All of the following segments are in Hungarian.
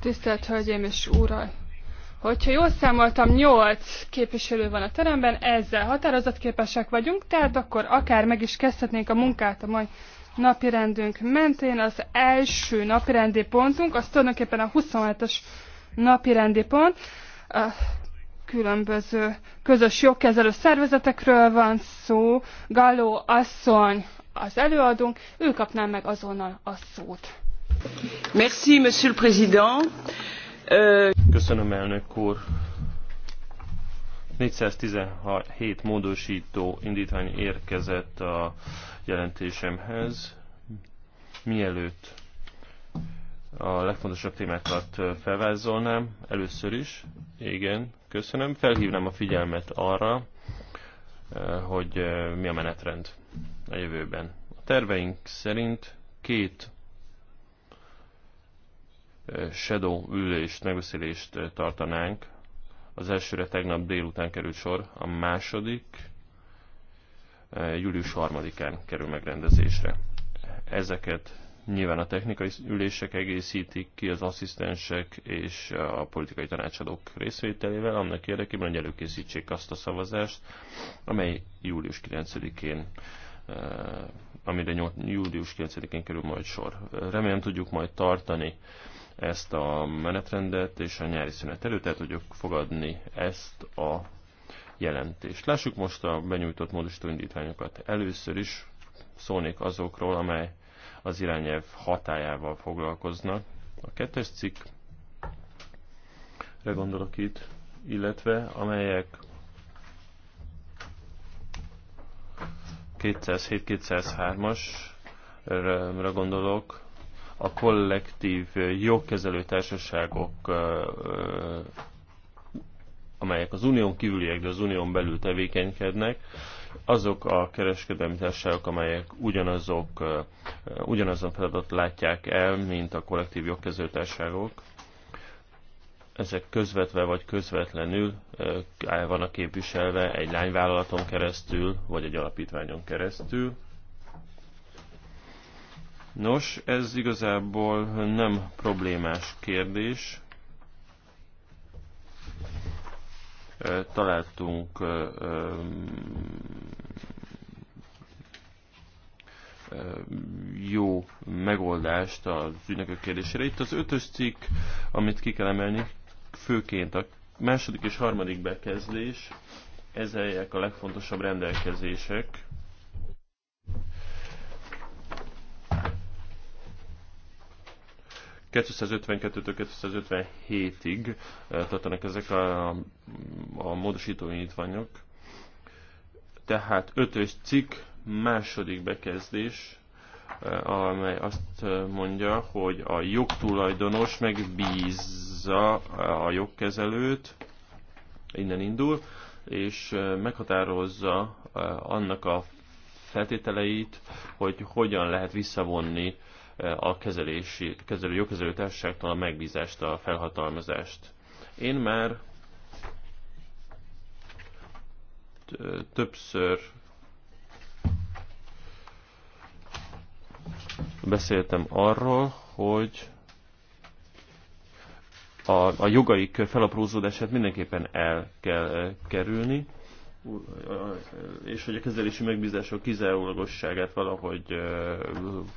Tisztelt Hölgyeim és Urak! Hogyha jól számoltam, 8 képviselő van a teremben, ezzel határozatképesek vagyunk, tehát akkor akár meg is kezdhetnénk a munkát a mai napirendünk mentén. Az első napirendi pontunk, az tulajdonképpen a 27-es napirendi pont, a különböző közös jogkezelő szervezetekről van szó, Galó asszony az előadónk, ő kapná meg azonnal a szót. Monsieur le Président. Euh, köszönöm, elnök úr. 417 módostó indtvány érkezett a jelentésemhez. Mielőtt a legfontosabb témákat felvázolnám, először is, igen, köszönöm, felhívnám a figyelmet arra, eh, hogy eh, mi a menetrend a jövőben. A terveink szerint két shadow ülést, megbeszélést tartanánk. Az elsőre tegnap délután került sor, a második eh, július 3-án kerül megrendezésre. Ezeket nyilván a technikai ülések egészítik ki az asszisztensek és a politikai tanácsadók részvételével, annak érdekében, hogy előkészítsék azt a szavazást, amely július 9-én eh, amire július 9-én kerül majd sor. Remélem tudjuk majd tartani ezt a menetrendet, és a nyári szünet előtt el tudjuk fogadni ezt a jelentést. Lássuk most a benyújtott módosító indítványokat. Először is szólnék azokról, amely az irányelv hatájával foglalkoznak. A kettes cikk gondolok itt, illetve amelyek 207-203-asra gondolok, a kollektív jogkezelő társaságok, amelyek az unión kívüliek, de az unión belül tevékenykednek, azok a kereskedelmi társaságok, amelyek ugyanazok, ugyanazon feladatot látják el, mint a kollektív jogkezelő társaságok, ezek közvetve vagy közvetlenül el vannak képviselve egy lányvállalaton keresztül, vagy egy alapítványon keresztül. Nos, ez igazából nem problémás kérdés. Találtunk jó megoldást az ügynökök kérdésére. Itt az ötös cikk, amit ki kell emelni, főként a második és harmadik bekezdés, ezek a legfontosabb rendelkezések. 252 257-ig eh, tartanak ezek a, a módosító nyitványok. Tehát 5 cikk, második bekezdés, eh, amely azt eh, mondja, hogy a jogtulajdonos megbízza a jogkezelőt, innen indul, és meghatározza annak a feltételeit, hogy hogyan lehet visszavonni a kezelési, kezelő, jogkezelő társaságtól a megbízást, a felhatalmazást. Én már többször beszéltem arról, hogy a, a jogaik felaprózódását mindenképpen el kell eh, kerülni és hogy a kezelési megbízások kizárólagosságát valahogy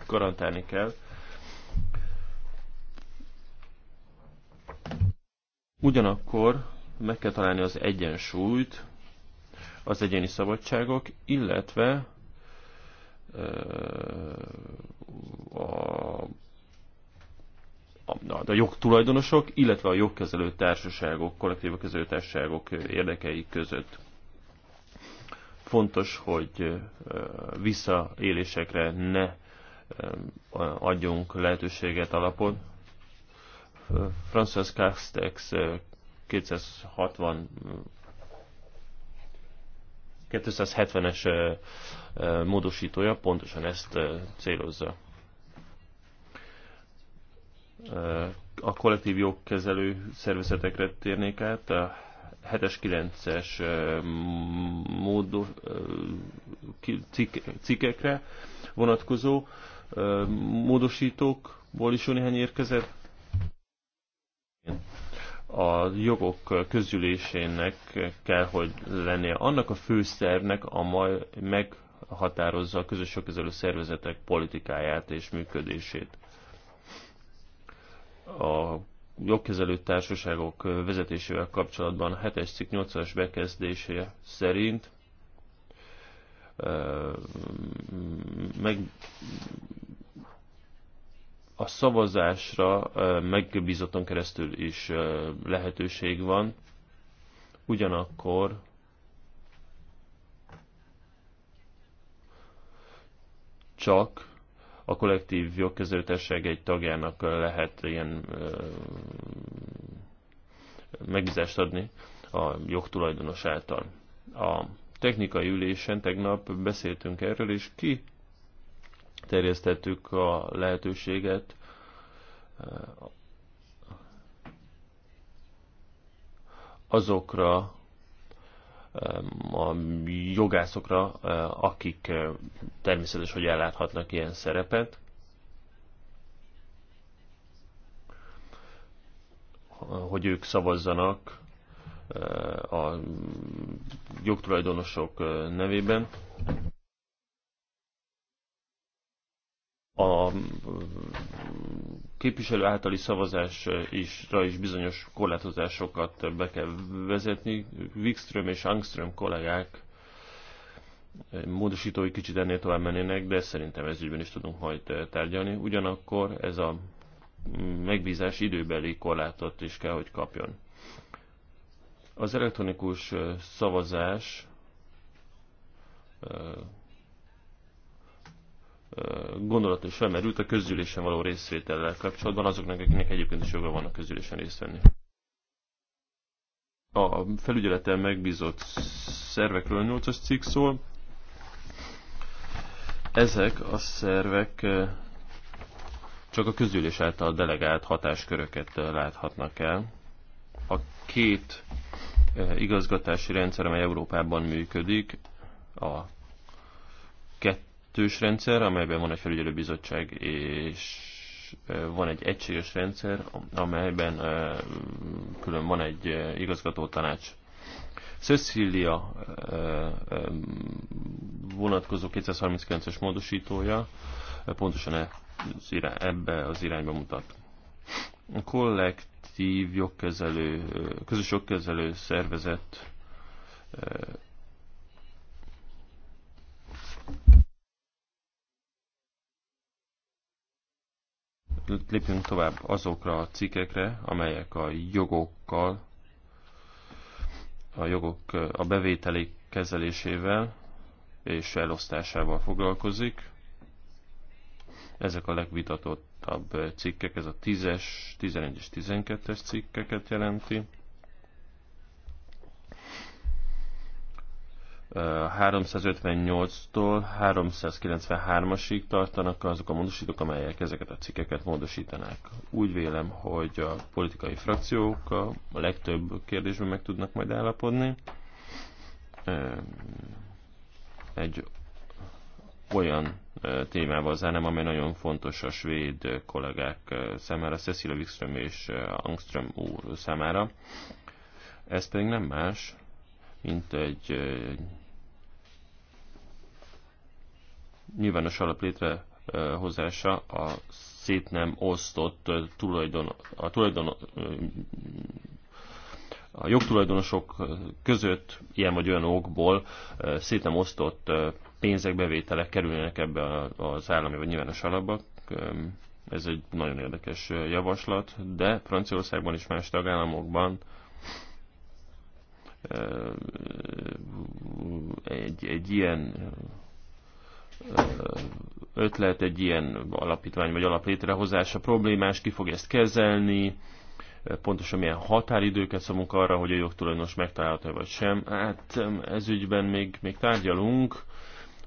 garantálni kell. Ugyanakkor meg kell találni az egyensúlyt, az egyéni szabadságok, illetve a, a, a jogtulajdonosok, illetve a jogkezelő társaságok, kollektív kezelő társaságok érdekei között. Fontos, hogy visszaélésekre ne adjunk lehetőséget alapon. Francis Castex 260 270-es módosítója pontosan ezt célozza. A kollektív jogkezelő szervezetekre térnék át, 7-es, 9-es módú cikkekre vonatkozó módosítókból is jó néhány érkezett. A jogok közülésének kell, hogy lennie annak a főszervnek, amely meghatározza a közös jogkezelő szervezetek politikáját és működését. A jogkezelő társaságok vezetésével kapcsolatban 7-es cikk 8-as bekezdése szerint meg a szavazásra megbízottan keresztül is lehetőség van, ugyanakkor csak a kollektív jogkezelőtársaság egy tagjának lehet ilyen megbízást adni a jogtulajdonos által. A technikai ülésen tegnap beszéltünk erről, és ki terjesztettük a lehetőséget azokra a jogászokra, akik természetes, hogy elláthatnak ilyen szerepet. Hogy ők szavazzanak a jogtulajdonosok nevében. A képviselő általi szavazásra is bizonyos korlátozásokat be kell vezetni. Wikström és Angström kollégák eh, módosítói kicsit ennél tovább mennének, de szerintem ez ügyben is tudunk majd eh, tárgyalni. Ugyanakkor ez a megbízás időbeli korlátot is kell, hogy kapjon. Az elektronikus eh, szavazás gondolat is felmerült a közgyűlésen való részvétellel kapcsolatban azoknak, akiknek egyébként is joga van a közgyűlésen részt venni. A felügyeleten megbízott szervekről 8-as cikk szól. Ezek a szervek csak a közgyűlés által delegált hatásköröket láthatnak el. A két igazgatási rendszer, amely Európában működik, a kettő kettős rendszer, amelyben van egy felügyelőbizottság, és van egy egységes rendszer, amelyben külön van egy igazgató tanács. Cecilia vonatkozó 239-es módosítója pontosan e- ebbe az irányba mutat. A kollektív jogkezelő, közös jogkezelő szervezet lépjünk tovább azokra a cikkekre, amelyek a jogokkal, a jogok a bevételi kezelésével és elosztásával foglalkozik. Ezek a legvitatottabb cikkek, ez a 10-es, 11 és 12-es cikkeket jelenti. 358-tól 393-asig tartanak azok a módosítók, amelyek ezeket a cikkeket módosítanák. Úgy vélem, hogy a politikai frakciók a legtöbb kérdésben meg tudnak majd állapodni. Egy olyan témával zárnám, amely nagyon fontos a svéd kollégák számára, Cecilia Wikström és Angström úr számára. Ez pedig nem más, mint egy nyilvános alap létrehozása a szét nem osztott tulajdon, a tulajdon a jogtulajdonosok között ilyen vagy olyan okból szét nem osztott pénzek, bevételek kerülnek ebbe az állami vagy nyilvános alapba. Ez egy nagyon érdekes javaslat, de Franciaországban és más tagállamokban eh, egy, egy ilyen ötlet egy ilyen alapítvány vagy alaplétrehozása problémás, ki fog ezt kezelni, pontosan milyen határidőket szabunk arra, hogy a jogtulajdonos megtalálható vagy sem. Hát ez ügyben még, még tárgyalunk,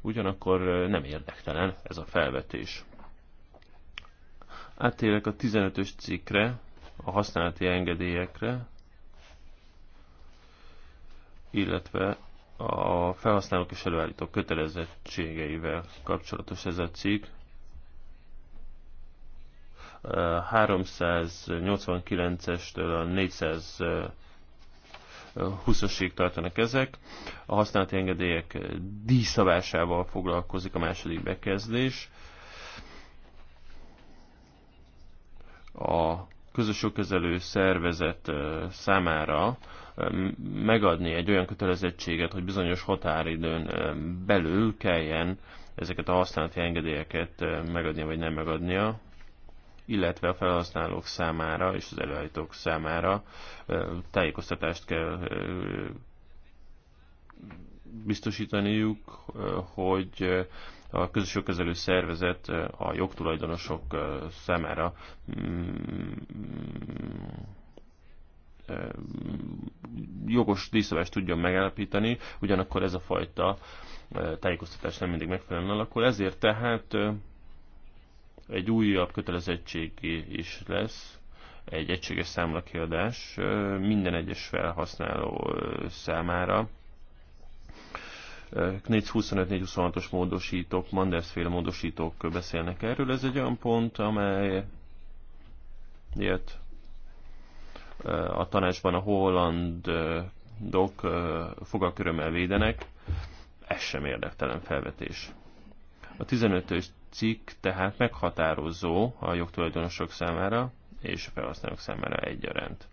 ugyanakkor nem érdektelen ez a felvetés. Áttérek a 15-ös cikkre, a használati engedélyekre, illetve a felhasználók és előállítók kötelezettségeivel kapcsolatos ez a cikk. 389-estől a 420 osig tartanak ezek. A használati engedélyek díszavásával foglalkozik a második bekezdés. A közös jogkezelő szervezet számára megadni egy olyan kötelezettséget, hogy bizonyos határidőn belül kelljen ezeket a használati engedélyeket megadnia vagy nem megadnia, illetve a felhasználók számára és az előállítók számára tájékoztatást kell biztosítaniuk, hogy a közös jogkezelő szervezet a jogtulajdonosok számára jogos díszabást tudjon megállapítani, ugyanakkor ez a fajta tájékoztatás nem mindig megfelelően alakul. Ezért tehát egy újabb kötelezettség is lesz, egy egységes számlakiadás minden egyes felhasználó számára. 425-426-os módosítók, Mandersféle módosítók beszélnek erről. Ez egy olyan pont, amelyet a tanácsban a hollandok fogakörömmel védenek, ez sem érdektelen felvetés. A 15-ös cikk tehát meghatározó a jogtulajdonosok számára és a felhasználók számára egyaránt.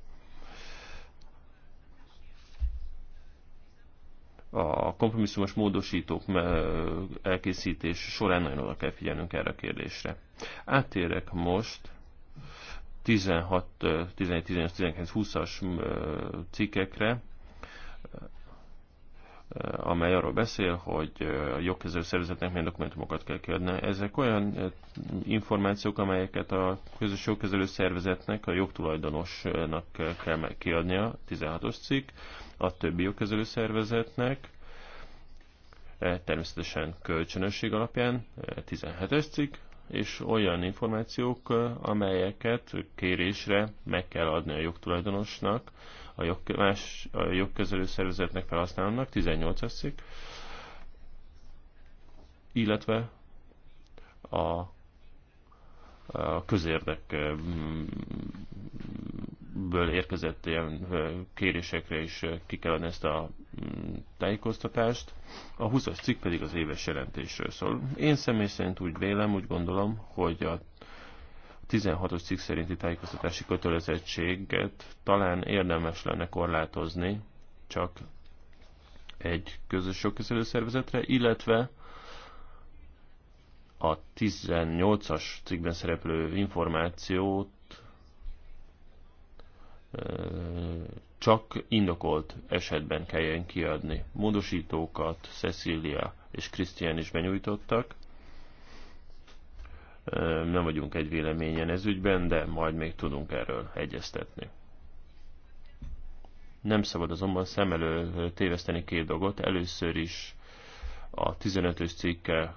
A kompromisszumos módosítók elkészítés során nagyon oda kell figyelnünk erre a kérdésre. Átérek most 16, 11, 18, 19, 20-as cikkekre, amely arról beszél, hogy a jogkezelő szervezetnek milyen dokumentumokat kell kiadni. Ezek olyan információk, amelyeket a közös jogkezelő szervezetnek, a jogtulajdonosnak kell kiadnia, 16-os cikk, a többi jogkezelő szervezetnek, természetesen kölcsönösség alapján, 17-es cikk, és olyan információk, amelyeket kérésre meg kell adni a jogtulajdonosnak, a, jog, más, a jogkezelő szervezetnek felhasználónak, 18 eszik, illetve a a közérdekből érkezett ilyen kérésekre is ki kellene ezt a mm, tájékoztatást. A 20-as cikk pedig az éves jelentésről szól. Én személy szerint úgy vélem, úgy gondolom, hogy a 16-os cikk szerinti tájékoztatási kötelezettséget talán érdemes lenne korlátozni csak egy közös jogkezelő szervezetre, illetve a 18-as cikkben szereplő információt csak indokolt esetben kelljen kiadni. Módosítókat Cecilia és Krisztián is benyújtottak. Nem vagyunk egy véleményen ez ügyben, de majd még tudunk erről egyeztetni. Nem szabad azonban szem elő téveszteni két dolgot. Először is a 15-ös cikkel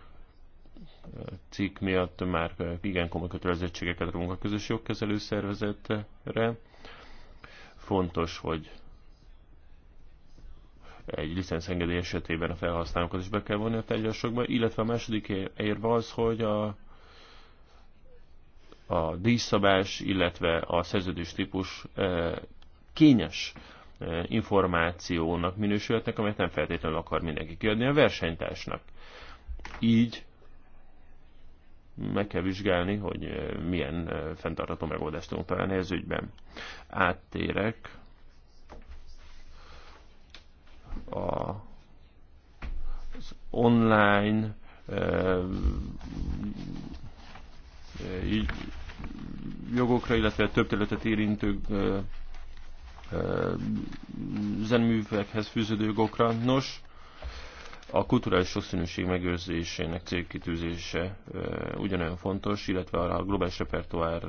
cikk miatt már igen komoly kötelezettségeket rólunk a közös jogkezelő szervezetre. Fontos, hogy egy licenszengedély esetében a felhasználókat is be kell vonni a tárgyalásokba, illetve a második érve az, hogy a, a díjszabás, illetve a szerződés típus e, kényes e, információnak minősülhetnek, amelyet nem feltétlenül akar mindenki kiadni a versenytársnak. Így meg kell vizsgálni, hogy milyen fenntartható megoldást tudunk találni ez ügyben. Áttérek a, az online jogokra, illetve több területet érintő zenművekhez fűződő jogokra. Nos, a kulturális sokszínűség megőrzésének célkitűzése ugyanolyan fontos, illetve a globális repertoár,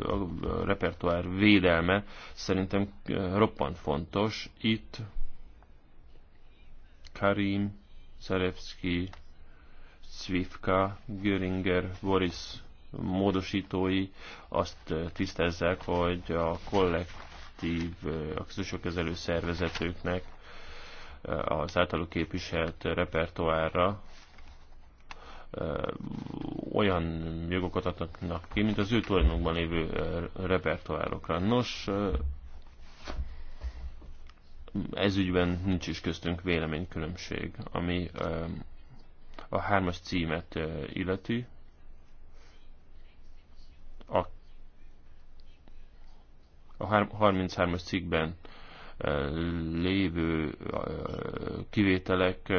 a repertoár védelme szerintem roppant fontos. Itt Karim, Szerevszki, Svifka, Göringer, Boris módosítói azt tisztázzák, hogy a kollektív, a közösségkezelő szervezetőknek az általuk képviselt repertoárra olyan jogokat adnak ki, mint az ő tulajdonokban lévő repertoárokra. Nos, ez ügyben nincs is köztünk véleménykülönbség, ami a hármas címet illeti. A, a 33-as cikkben lévő kivételek,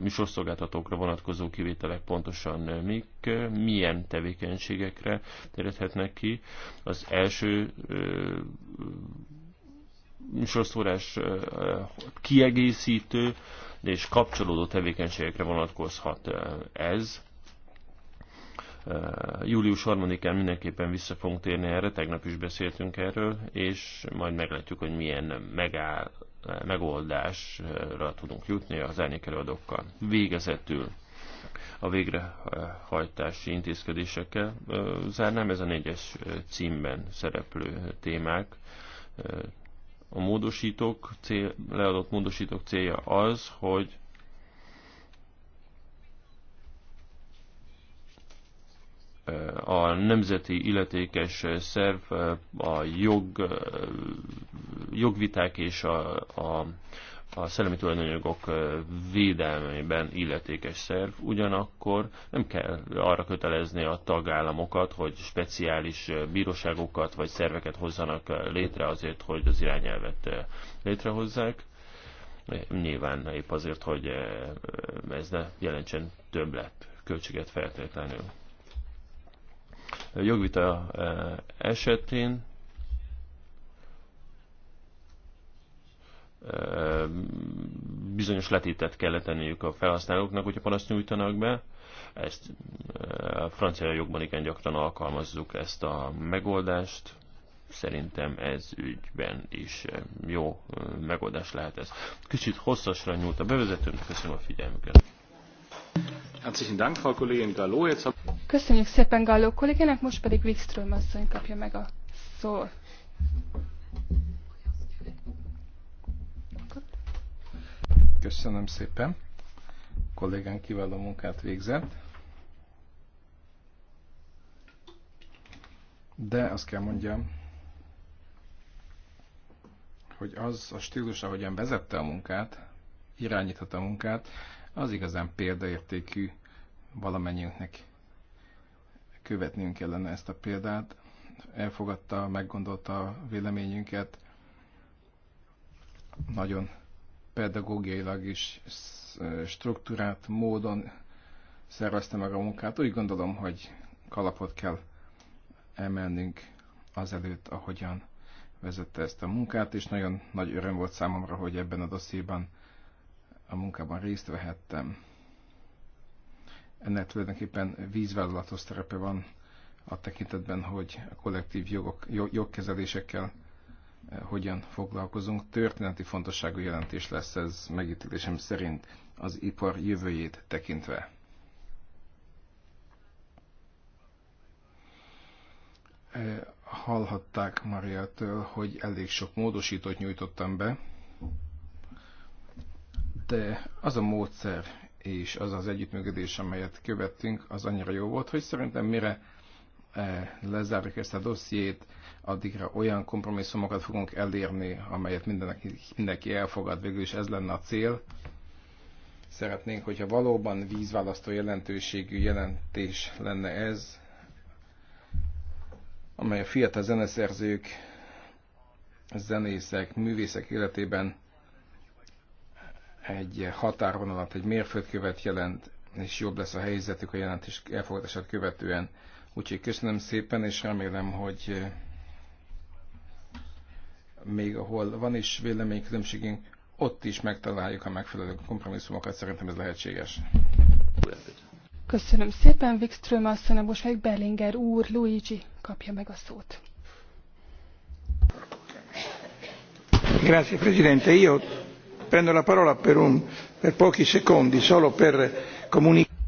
műsorszolgáltatókra vonatkozó kivételek pontosan mik, milyen tevékenységekre terjedhetnek ki. Az első műsorszórás kiegészítő és kapcsolódó tevékenységekre vonatkozhat ez. Július 3-án mindenképpen vissza fogunk térni erre, tegnap is beszéltünk erről, és majd meglátjuk, hogy milyen megáll, megoldásra tudunk jutni az árnyékelőadókkal. Végezetül a végrehajtási intézkedésekkel zárnám, ez a négyes címben szereplő témák. A módosítók cél, leadott módosítók célja az, hogy a nemzeti illetékes szerv a jog, jogviták és a, a, a szellemi tulajdonjogok védelmében illetékes szerv, ugyanakkor nem kell arra kötelezni a tagállamokat, hogy speciális bíróságokat vagy szerveket hozzanak létre azért, hogy az irányelvet létrehozzák. Nyilván épp azért, hogy ez ne jelentsen lett költséget feltétlenül jogvita eh, esetén eh, bizonyos letétet kell tenniük a felhasználóknak, hogyha panaszt nyújtanak be. Ezt eh, a francia jogban igen gyakran alkalmazzuk ezt a megoldást. Szerintem ez ügyben is jó megoldás lehet ez. Kicsit hosszasra nyúlt a bevezetőnk, köszönöm a figyelmüket. Köszönjük szépen Galló kollégának, most pedig Wikström asszony kapja meg a szót. Köszönöm szépen. A kollégán kiváló munkát végzett. De azt kell mondjam, hogy az a stílus, ahogyan vezette a munkát, irányította a munkát, az igazán példaértékű valamennyiünknek követnünk kellene ezt a példát. Elfogadta, meggondolta a véleményünket, nagyon pedagógiailag is struktúrát, módon szervezte meg a munkát. Úgy gondolom, hogy kalapot kell emelnünk azelőtt, ahogyan vezette ezt a munkát, és nagyon nagy öröm volt számomra, hogy ebben a dossziéban a munkában részt vehettem. Ennek tulajdonképpen vízvállalatos szerepe van a tekintetben, hogy a kollektív jogok, jogkezelésekkel eh, hogyan foglalkozunk. Történeti fontosságú jelentés lesz ez megítélésem szerint az ipar jövőjét tekintve. Eh, hallhatták Mariától, hogy elég sok módosítót nyújtottam be, de az a módszer és az az együttműködés, amelyet követtünk, az annyira jó volt, hogy szerintem mire eh, lezárjuk ezt a dossziét, addigra olyan kompromisszumokat fogunk elérni, amelyet mindenki, mindenki elfogad. Végül is ez lenne a cél. Szeretnénk, hogyha valóban vízválasztó jelentőségű jelentés lenne ez, amely a fiatal zeneszerzők, zenészek, művészek életében egy határvonalat, egy mérföldkövet jelent, és jobb lesz a helyzetük a jelentés elfogadását követően. Úgyhogy köszönöm szépen, és remélem, hogy eh, még ahol van is véleménykülönbségünk, ott is megtaláljuk a megfelelő kompromisszumokat, szerintem ez lehetséges. Köszönöm szépen, Wikström asszony, most meg Berlinger úr, Luigi kapja meg a szót. Grazie, Presidente. Io prendo la parola per, un, per pochi secondi solo per comunicare.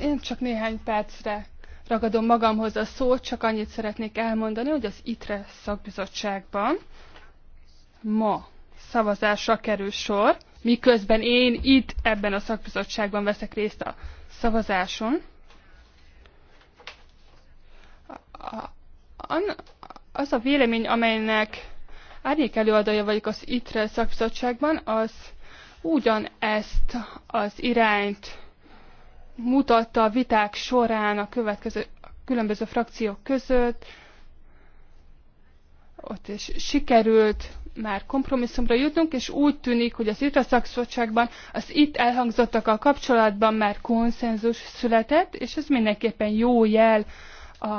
Én csak néhány percre ragadom magamhoz a szót, csak annyit szeretnék elmondani, hogy az ITRE szakbizottságban ma szavazásra kerül sor, miközben én itt ebben a szakbizottságban veszek részt a szavazáson. Az a vélemény, amelynek árnyék előadója vagyok az ITRE szakbizottságban, az ugyanezt az irányt mutatta a viták során a következő a különböző frakciók között. Ott is sikerült már kompromisszumra jutnunk, és úgy tűnik, hogy az a szakszottságban az itt elhangzottak a kapcsolatban már konszenzus született, és ez mindenképpen jó jel a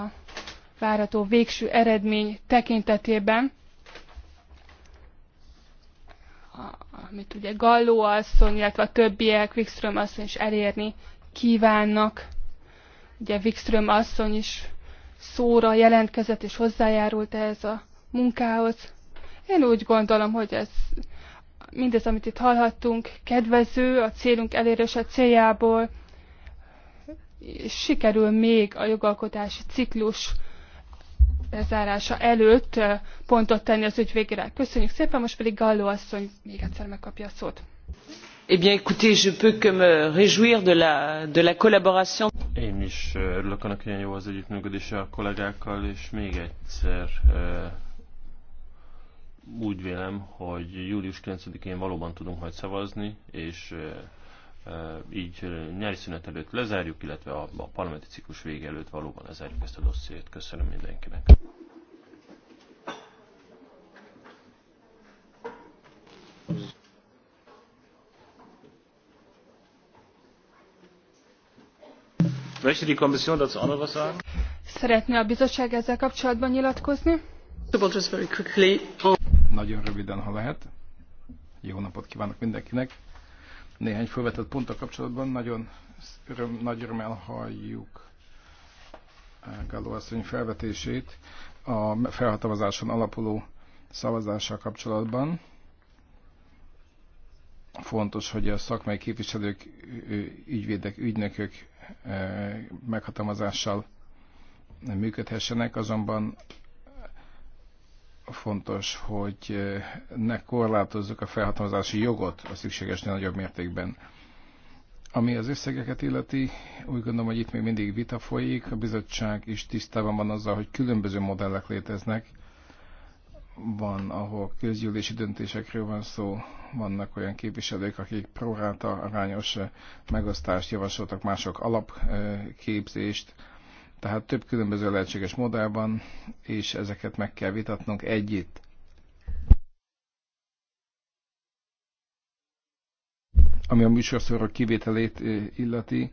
várató végső eredmény tekintetében amit ugye Galló asszony, illetve a többiek, Wikström asszony is elérni kívánnak. Ugye Wikström asszony is szóra jelentkezett és hozzájárult ehhez a munkához. Én úgy gondolom, hogy ez mindez, amit itt hallhattunk, kedvező a célunk elérése céljából, és sikerül még a jogalkotási ciklus lezárása előtt pontot tenni az ügy végére. Köszönjük szépen, most pedig Galló asszony még egyszer megkapja a szót. Eh bien, écoutez, je peux que me réjouir de la, de la collaboration. Én is örülök annak, hogy jó az együttműködés a kollégákkal, és még egyszer úgy vélem, hogy július 9-én valóban tudunk majd szavazni, és így nyári szünet előtt lezárjuk, illetve a, a parlamenti ciklus vége előtt valóban lezárjuk ezt a dossziét. Köszönöm mindenkinek. Möchte die Kommission dazu auch noch was sagen? a bizottság ezzel kapcsolatban nyilatkozni? Oh. Nagyon röviden, ha lehet. Jó napot kívánok mindenkinek! néhány felvetett ponttal kapcsolatban. Nagyon öröm, nagy örömmel halljuk eh, Gáló asszony felvetését a felhatalmazáson alapuló szavazással kapcsolatban. Fontos, hogy a szakmai képviselők, ügyvédek, ügynökök eh, meghatalmazással működhessenek, azonban fontos, hogy eh, ne korlátozzuk a felhatalmazási jogot a szükségesnél nagyobb mértékben. Ami az összegeket illeti, úgy gondolom, hogy itt még mindig vita folyik, a bizottság is tisztában van azzal, hogy különböző modellek léteznek. Van, ahol közgyűlési döntésekről van szó, vannak olyan képviselők, akik proráta arányos eh, megosztást javasoltak, mások alapképzést, tehát több különböző lehetséges modellben, és ezeket meg kell vitatnunk együtt. Ami a műsorszorok kivételét illeti,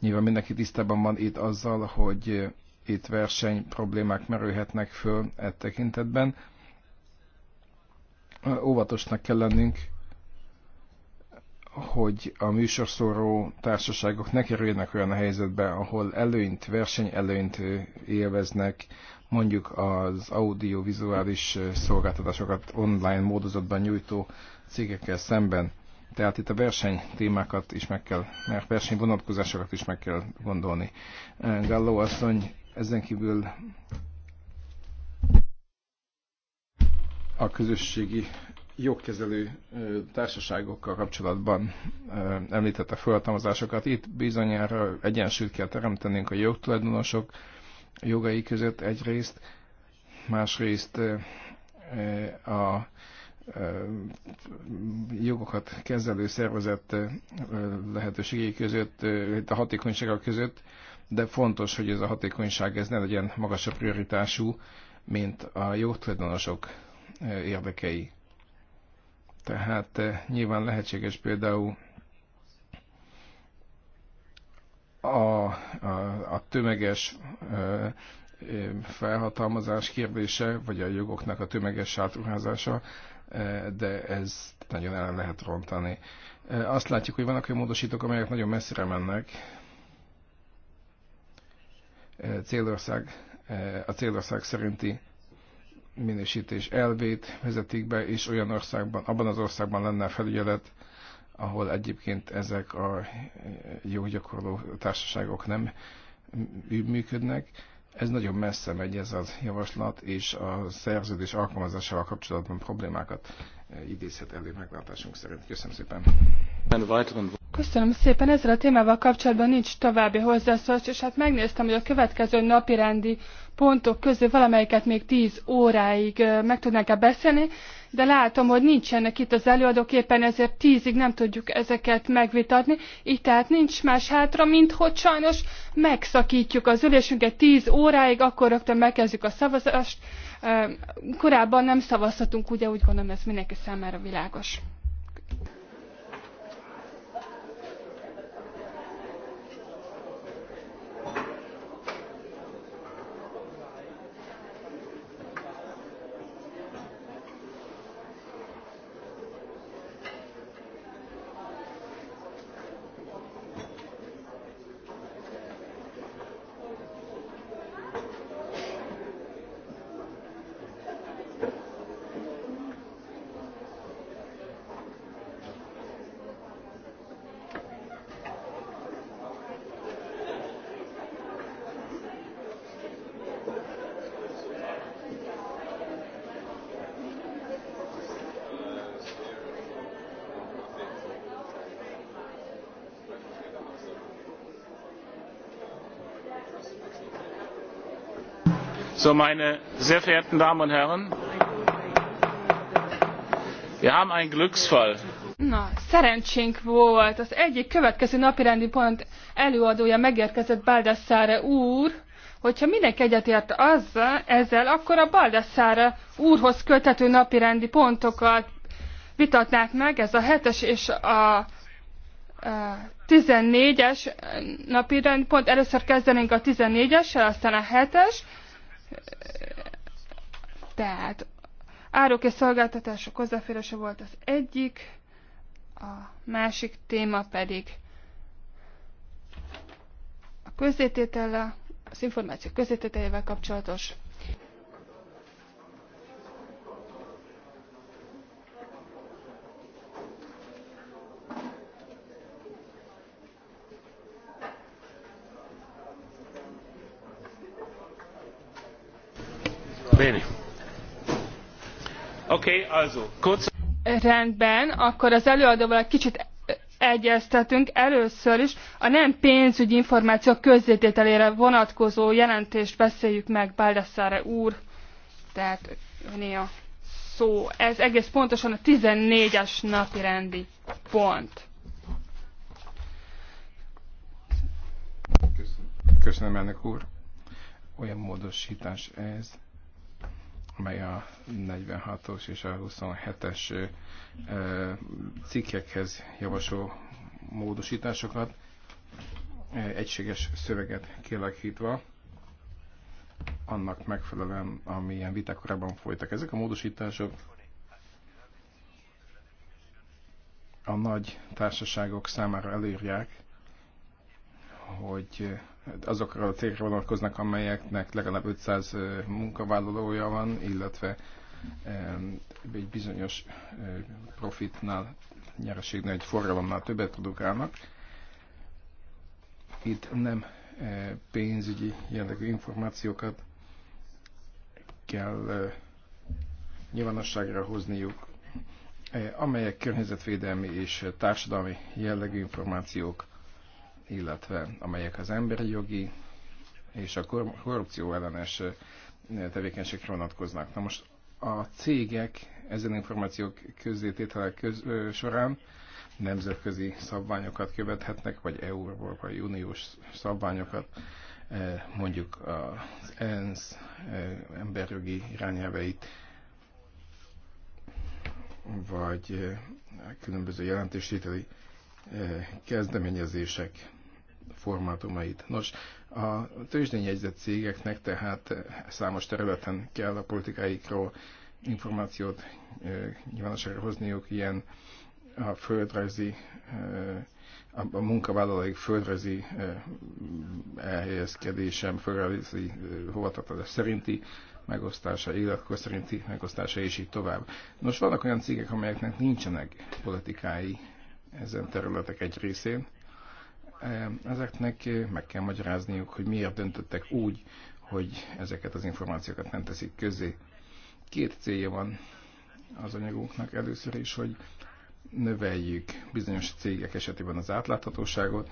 nyilván mindenki tisztában van itt azzal, hogy itt verseny problémák merülhetnek föl e tekintetben. Óvatosnak kell lennünk hogy a műsorszóró társaságok ne kerüljenek olyan helyzetbe, ahol előnyt, versenyelőnyt élveznek, mondjuk az audiovizuális szolgáltatásokat online módozatban nyújtó cégekkel szemben. Tehát itt a verseny témákat is meg kell, mert verseny vonatkozásokat is meg kell gondolni. Galló asszony ezen kívül a közösségi jogkezelő társaságokkal kapcsolatban említette föltalmazásokat. Itt bizonyára egyensúlyt kell teremtenünk a jogtulajdonosok jogai között egyrészt, másrészt a jogokat kezelő szervezet lehetőségei között, a hatékonysága között, de fontos, hogy ez a hatékonyság ez ne legyen magasabb prioritású, mint a jogtulajdonosok érdekei. Tehát eh, nyilván lehetséges például a, a, a tömeges eh, eh, felhatalmazás kérdése, vagy a jogoknak a tömeges sátruházása, de ez nagyon el lehet rontani. Azt látjuk, hogy vannak olyan módosítók, amelyek nagyon messzire mennek. Célország, a célország szerinti minősítés elvét vezetik be, és olyan országban, abban az országban lenne felügyelet, ahol egyébként ezek a jó gyakorló társaságok nem működnek. Ez nagyon messze megy ez az javaslat, és a szerződés alkalmazásával kapcsolatban problémákat idézhet elő meglátásunk szerint. Köszönöm szépen. Köszönöm szépen. Ezzel a témával kapcsolatban nincs további hozzászólás, és hát megnéztem, hogy a következő napi rendi pontok közül valamelyiket még 10 óráig meg tudnánk-e beszélni, de látom, hogy nincsenek itt az előadók, éppen ezért tízig nem tudjuk ezeket megvitatni, így tehát nincs más hátra, mint hogy sajnos megszakítjuk az ülésünket 10 óráig, akkor rögtön megkezdjük a szavazást, korábban nem szavazhatunk, ugye úgy gondolom ez mindenki számára világos. So, meine sehr verehrten Damen und Herren, wir haben einen Glücksfall. Na, szerencsénk volt. Az egyik következő napirendi pont előadója megérkezett Baldassare úr. Hogyha mindenki egyetért azzal, ezzel, akkor a Baldassare úrhoz köthető napirendi pontokat vitatnák meg. Ez a 7-es és a 14-es napi pont. Először kezdenénk a 14-essel, aztán a 7-es, tehát árok és szolgáltatások hozzáférése volt az egyik, a másik téma pedig a közzététele, az információ közzétételével kapcsolatos Oké, okay, Rendben, akkor az előadóval egy kicsit egyeztetünk. Először is a nem pénzügyi információk közzétételére vonatkozó jelentést beszéljük meg Baldassare úr. Tehát öné a szó. Ez egész pontosan a 14-es napi rendi pont. Köszönöm, Köszönöm elnök úr. Olyan módosítás ez, amely a 46-os és a 27-es cikkekhez javasol módosításokat, egységes szöveget kialakítva, annak megfelelően, amilyen viták folytak. Ezek a módosítások a nagy társaságok számára előírják, hogy Hát azokra a cégekre vonatkoznak, amelyeknek legalább 500 munkavállalója van, illetve egy bizonyos profitnál, nyereségnél, egy forgalomnál többet produkálnak. Itt nem pénzügyi jellegű információkat kell nyilvánosságra hozniuk, amelyek környezetvédelmi és társadalmi jellegű információk illetve amelyek az emberi jogi és a korrupció ellenes tevékenységre vonatkoznak. Na most a cégek ezen információk közzétételek köz, ö, során nemzetközi szabványokat követhetnek, vagy Európai Uniós szabványokat, mondjuk az ENSZ emberjogi irányelveit, vagy különböző jelentéstételi kezdeményezések formátumait. Nos, a tőzsdényegyzett cégeknek tehát számos területen kell a politikáikról információt nyilvánosságra hozniuk, ilyen a földrajzi, a munkavállalóik földrajzi elhelyezkedésem, földrajzi hovatartozás szerinti megosztása, életkor szerinti megosztása, és így tovább. Nos, vannak olyan cégek, amelyeknek nincsenek politikái ezen területek egy részén, ezeknek meg kell magyarázniuk, hogy miért döntöttek úgy, hogy ezeket az információkat nem teszik közé. Két célja van az anyagunknak. Először is, hogy növeljük bizonyos cégek esetében az átláthatóságot,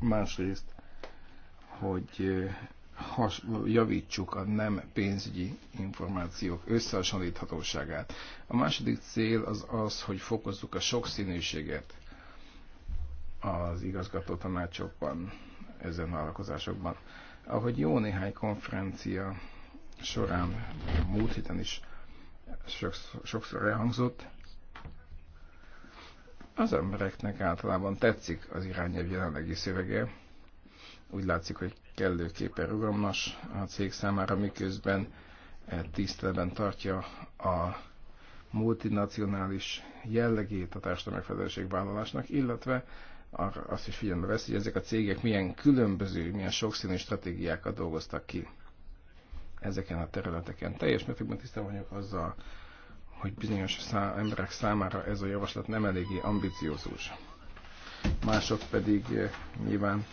másrészt, hogy has, javítsuk a nem pénzügyi információk összehasonlíthatóságát. A második cél az az, hogy fokozzuk a sokszínűséget az igazgató tanácsokban, ezen vállalkozásokban. Ahogy jó néhány konferencia során, múlt héten is sokszor, sokszor elhangzott, az embereknek általában tetszik az irányelv jelenlegi szövege. Úgy látszik, hogy kellőképpen rugalmas a cég számára, miközben e tiszteletben tartja a multinacionális jellegét a társadalmi felelősségvállalásnak, illetve azt is figyelme veszi, hogy ezek a cégek milyen különböző, milyen sokszínű stratégiákat dolgoztak ki ezeken a területeken. Teljes mértékben tisztában vagyok azzal, hogy bizonyos szá- emberek számára ez a javaslat nem eléggé ambiciózus. Mások pedig eh, nyilván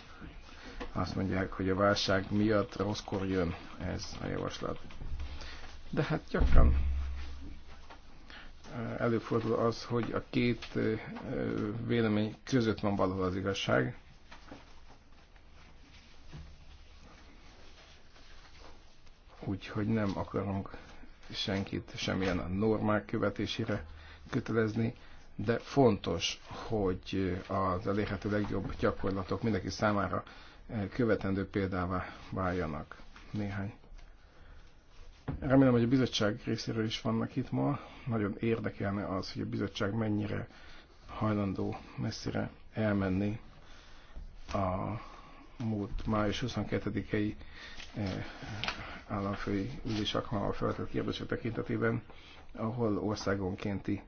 azt mondják, hogy a válság miatt rosszkor jön ez a javaslat. De hát gyakran előfordul az, hogy a két vélemény között van valahol az igazság. Úgyhogy nem akarunk senkit semmilyen a normák követésére kötelezni, de fontos, hogy az elérhető legjobb gyakorlatok mindenki számára követendő példává váljanak. Néhány Remélem, hogy a bizottság részéről is vannak itt ma. Nagyon érdekelne az, hogy a bizottság mennyire hajlandó messzire elmenni a múlt május 22-i eh, államfői ülés alkalmával feltett kérdések tekintetében, ahol országonkénti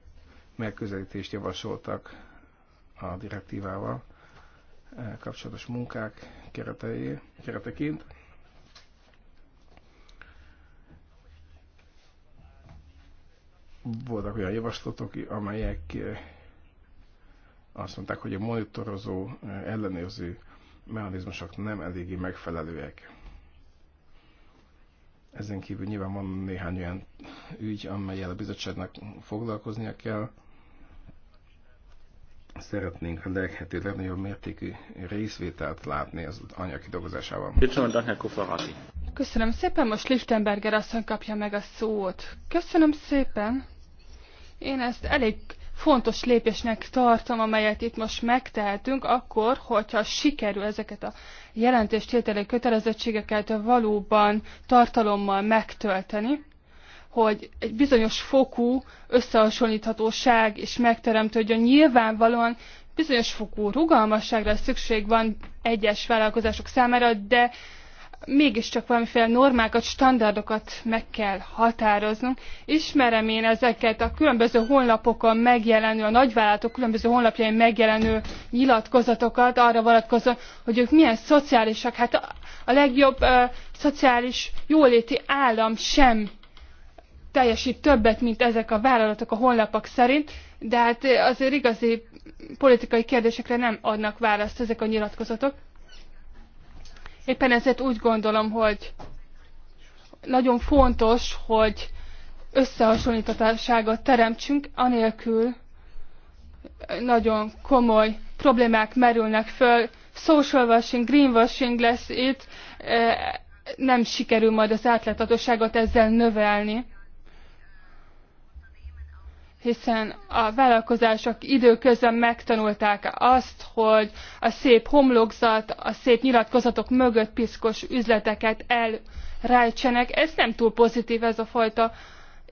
megközelítést javasoltak a direktívával eh, kapcsolatos munkák keretei, kereteként. voltak olyan javaslatok, amelyek eh, azt mondták, hogy a monitorozó, eh, ellenőrző mechanizmusok nem eléggé megfelelőek. Ezen kívül nyilván van néhány olyan ügy, amelyel a bizottságnak foglalkoznia kell. Szeretnénk a leghető legnagyobb mértékű részvételt látni az anyag kidolgozásában. Köszönöm, Daniel Kufarati. Köszönöm szépen, most Lichtenberger asszony kapja meg a szót. Köszönöm szépen. Én ezt elég fontos lépésnek tartom, amelyet itt most megtehetünk, akkor, hogyha sikerül ezeket a jelentéstételi kötelezettségeket valóban tartalommal megtölteni, hogy egy bizonyos fokú összehasonlíthatóság is megteremtődjön. Nyilvánvalóan bizonyos fokú rugalmasságra szükség van egyes vállalkozások számára, de mégiscsak valamiféle normákat, standardokat meg kell határoznunk. Ismerem én ezeket a különböző honlapokon megjelenő, a nagyvállalatok különböző honlapjain megjelenő nyilatkozatokat arra vonatkozóan, hogy ők milyen szociálisak. Hát a legjobb uh, szociális jóléti állam sem teljesít többet, mint ezek a vállalatok a honlapok szerint, de hát azért igazi politikai kérdésekre nem adnak választ ezek a nyilatkozatok. Éppen ezért úgy gondolom, hogy nagyon fontos, hogy összehasonlítatáságot teremtsünk, anélkül nagyon komoly problémák merülnek föl. Social washing, greenwashing lesz itt, eh, nem sikerül majd az átláthatóságot ezzel növelni hiszen a vállalkozások időközben megtanulták azt, hogy a szép homlokzat, a szép nyilatkozatok mögött piszkos üzleteket elrejtsenek. Ez nem túl pozitív ez a fajta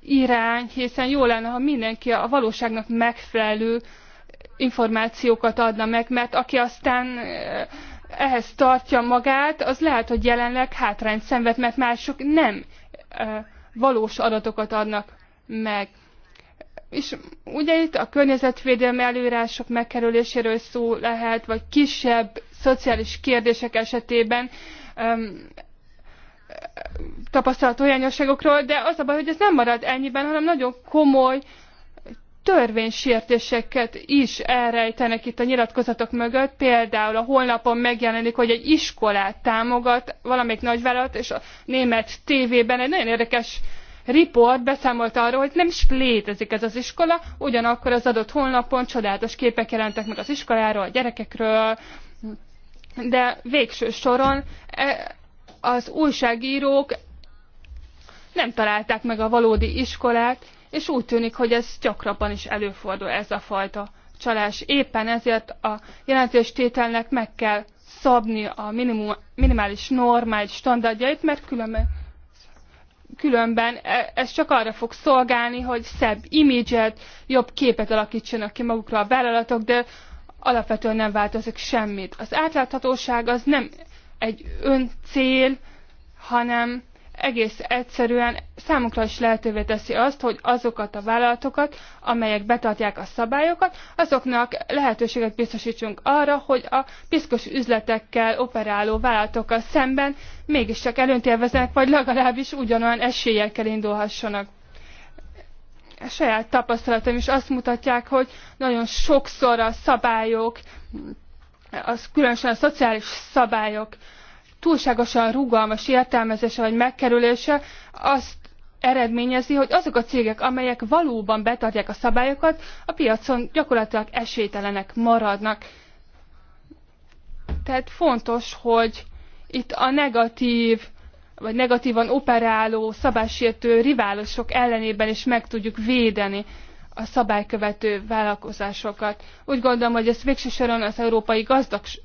irány, hiszen jó lenne, ha mindenki a valóságnak megfelelő információkat adna meg, mert aki aztán eh, ehhez tartja magát, az lehet, hogy jelenleg hátrányt szenved, mert mások nem eh, valós adatokat adnak meg és ugye itt a környezetvédelmi előírások megkerüléséről szó lehet, vagy kisebb szociális kérdések esetében um, tapasztalt olyanjosságokról, de az a baj, hogy ez nem marad ennyiben, hanem nagyon komoly törvénysértéseket is elrejtenek itt a nyilatkozatok mögött. Például a holnapon megjelenik, hogy egy iskolát támogat valamelyik nagyvállalat, és a német tévében egy nagyon érdekes uh, Riport beszámolt arról, hogy nem is létezik ez az iskola, ugyanakkor az adott honlapon csodálatos képek jelentek meg az iskoláról, a gyerekekről, de végső soron e, az újságírók nem találták meg a valódi iskolát, és úgy tűnik, hogy ez gyakrabban is előfordul ez a fajta csalás. Éppen ezért a jelentéstételnek meg kell szabni a minimum, minimális normális standardjait, mert különben különben e, ez csak arra fog szolgálni, hogy szebb imidzset, jobb képet alakítsanak ki magukra a vállalatok, de alapvetően nem változik semmit. Az átláthatóság az nem egy öncél, hanem egész egyszerűen számukra is lehetővé teszi azt, hogy azokat a vállalatokat, amelyek betartják a szabályokat, azoknak lehetőséget biztosítsunk arra, hogy a piszkos üzletekkel operáló vállalatokkal szemben mégiscsak előnyt élveznek, vagy legalábbis ugyanolyan esélyekkel indulhassanak. A saját tapasztalatom is azt mutatják, hogy nagyon sokszor a szabályok, az különösen a szociális szabályok, túlságosan rugalmas értelmezése vagy megkerülése azt eredményezi, hogy azok a cégek, amelyek valóban betartják a szabályokat, a piacon gyakorlatilag esélytelenek maradnak. Tehát fontos, hogy itt a negatív vagy negatívan operáló szabálysértő riválosok ellenében is meg tudjuk védeni a szabálykövető vállalkozásokat. Úgy gondolom, hogy ez végső soron az európai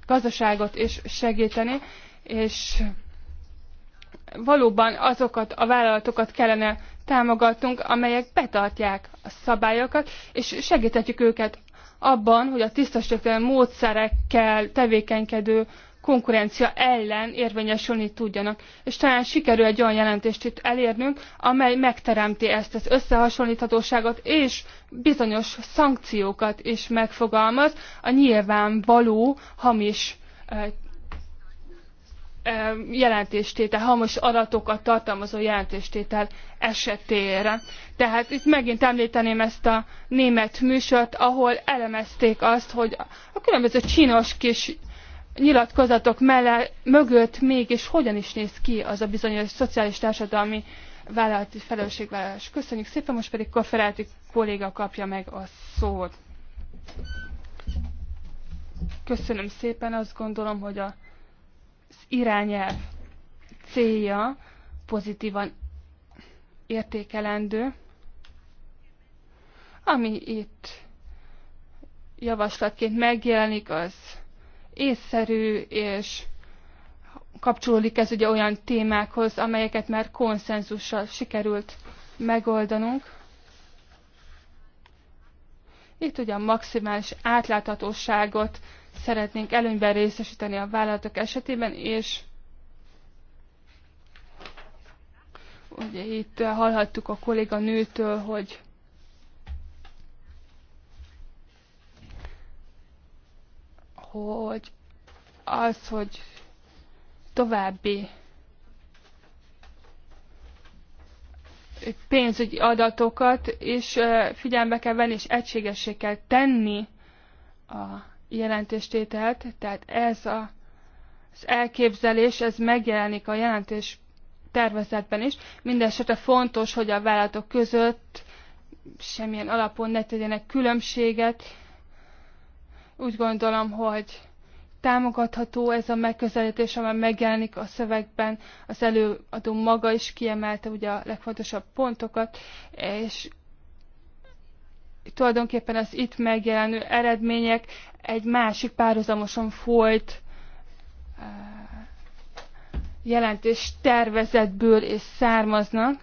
gazdaságot is segíteni, és valóban azokat a vállalatokat kellene támogatnunk, amelyek betartják a szabályokat, és segíthetjük őket abban, hogy a tisztességtelen módszerekkel tevékenykedő konkurencia ellen érvényesülni tudjanak. És talán sikerül egy olyan jelentést itt elérnünk, amely megteremti ezt az összehasonlíthatóságot, és bizonyos szankciókat is megfogalmaz a nyilvánvaló hamis jelentéstétel, hamos adatokat tartalmazó jelentéstétel esetére. Tehát itt megint említeném ezt a német műsort, ahol elemezték azt, hogy a különböző csinos kis nyilatkozatok mellett, mögött mégis hogyan is néz ki az a bizonyos szociális társadalmi vállalati felelősségvállalás. Köszönjük szépen, most pedig Kofferáti kolléga kapja meg a szót. Köszönöm szépen, azt gondolom, hogy a irányelv célja pozitívan értékelendő, ami itt javaslatként megjelenik, az észszerű és kapcsolódik ez ugye olyan témákhoz, amelyeket már konszenzussal sikerült megoldanunk. Itt ugye a maximális átláthatóságot szeretnénk előnyben részesíteni a vállalatok esetében, és ugye itt hallhattuk a kolléga nőtől, hogy hogy az, hogy további pénzügyi adatokat is figyelembe kell venni, és egységessé kell tenni a jelentéstételt. Tehát ez a, az elképzelés, ez megjelenik a jelentés tervezetben is. Mindenesetre fontos, hogy a vállalatok között semmilyen alapon ne tegyenek különbséget. Úgy gondolom, hogy támogatható ez a megközelítés, amely megjelenik a szövegben. Az előadó maga is kiemelte ugye a legfontosabb pontokat, és tulajdonképpen az itt megjelenő eredmények egy másik párhuzamosan folyt jelentés tervezetből és származnak.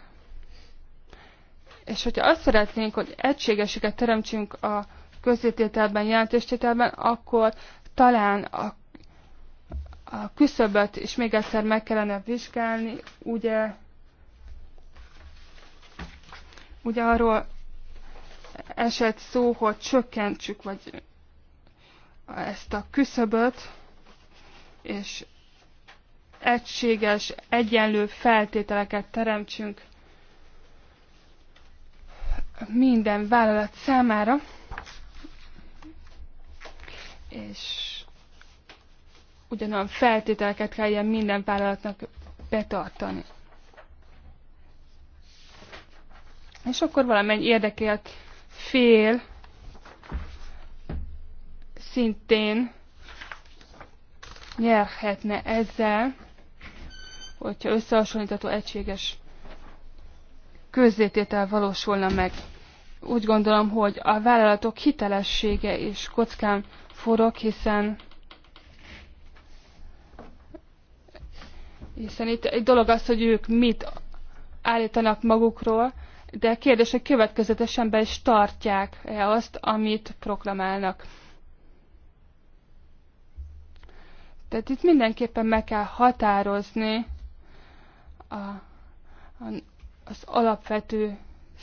És hogyha azt szeretnénk, hogy egységeseket teremtsünk a közétételben, jelentéstételben, akkor talán a, a küszöböt is még egyszer meg kellene vizsgálni, ugye, ugye arról esett szó, hogy csökkentsük, vagy ezt a küszöböt, és egységes, egyenlő feltételeket teremtsünk minden vállalat számára és ugyanolyan feltételeket kell ilyen minden vállalatnak betartani. És akkor valamennyi érdekelt fél szintén nyerhetne ezzel, hogyha összehasonlítható egységes közzététel valósulna meg úgy gondolom, hogy a vállalatok hitelessége is kockán forog, hiszen hiszen itt egy dolog az, hogy ők mit állítanak magukról, de kérdés, hogy következetesen be is tartják-e azt, amit proklamálnak. Tehát itt mindenképpen meg kell határozni a, a, az alapvető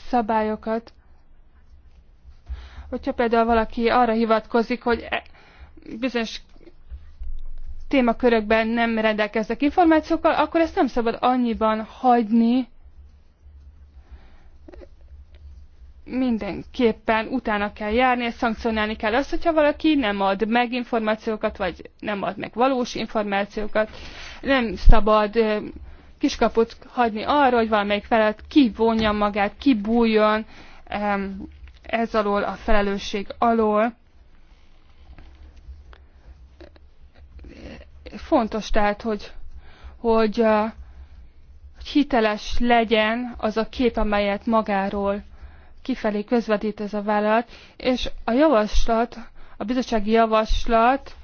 szabályokat, hogyha például valaki arra hivatkozik, hogy e- bizonyos témakörökben nem rendelkeznek információkkal, akkor ezt nem szabad annyiban hagyni, mindenképpen utána kell járni, és szankcionálni kell azt, hogyha valaki nem ad meg információkat, vagy nem ad meg valós információkat. Nem szabad kiskaput hagyni arra, hogy valamelyik felett kivonja magát, kibújjon, ez alól, a felelősség alól. Fontos tehát, hogy, hogy, hogy hiteles legyen az a kép, amelyet magáról kifelé közvetít ez a vállalat, és a javaslat, a bizottsági javaslat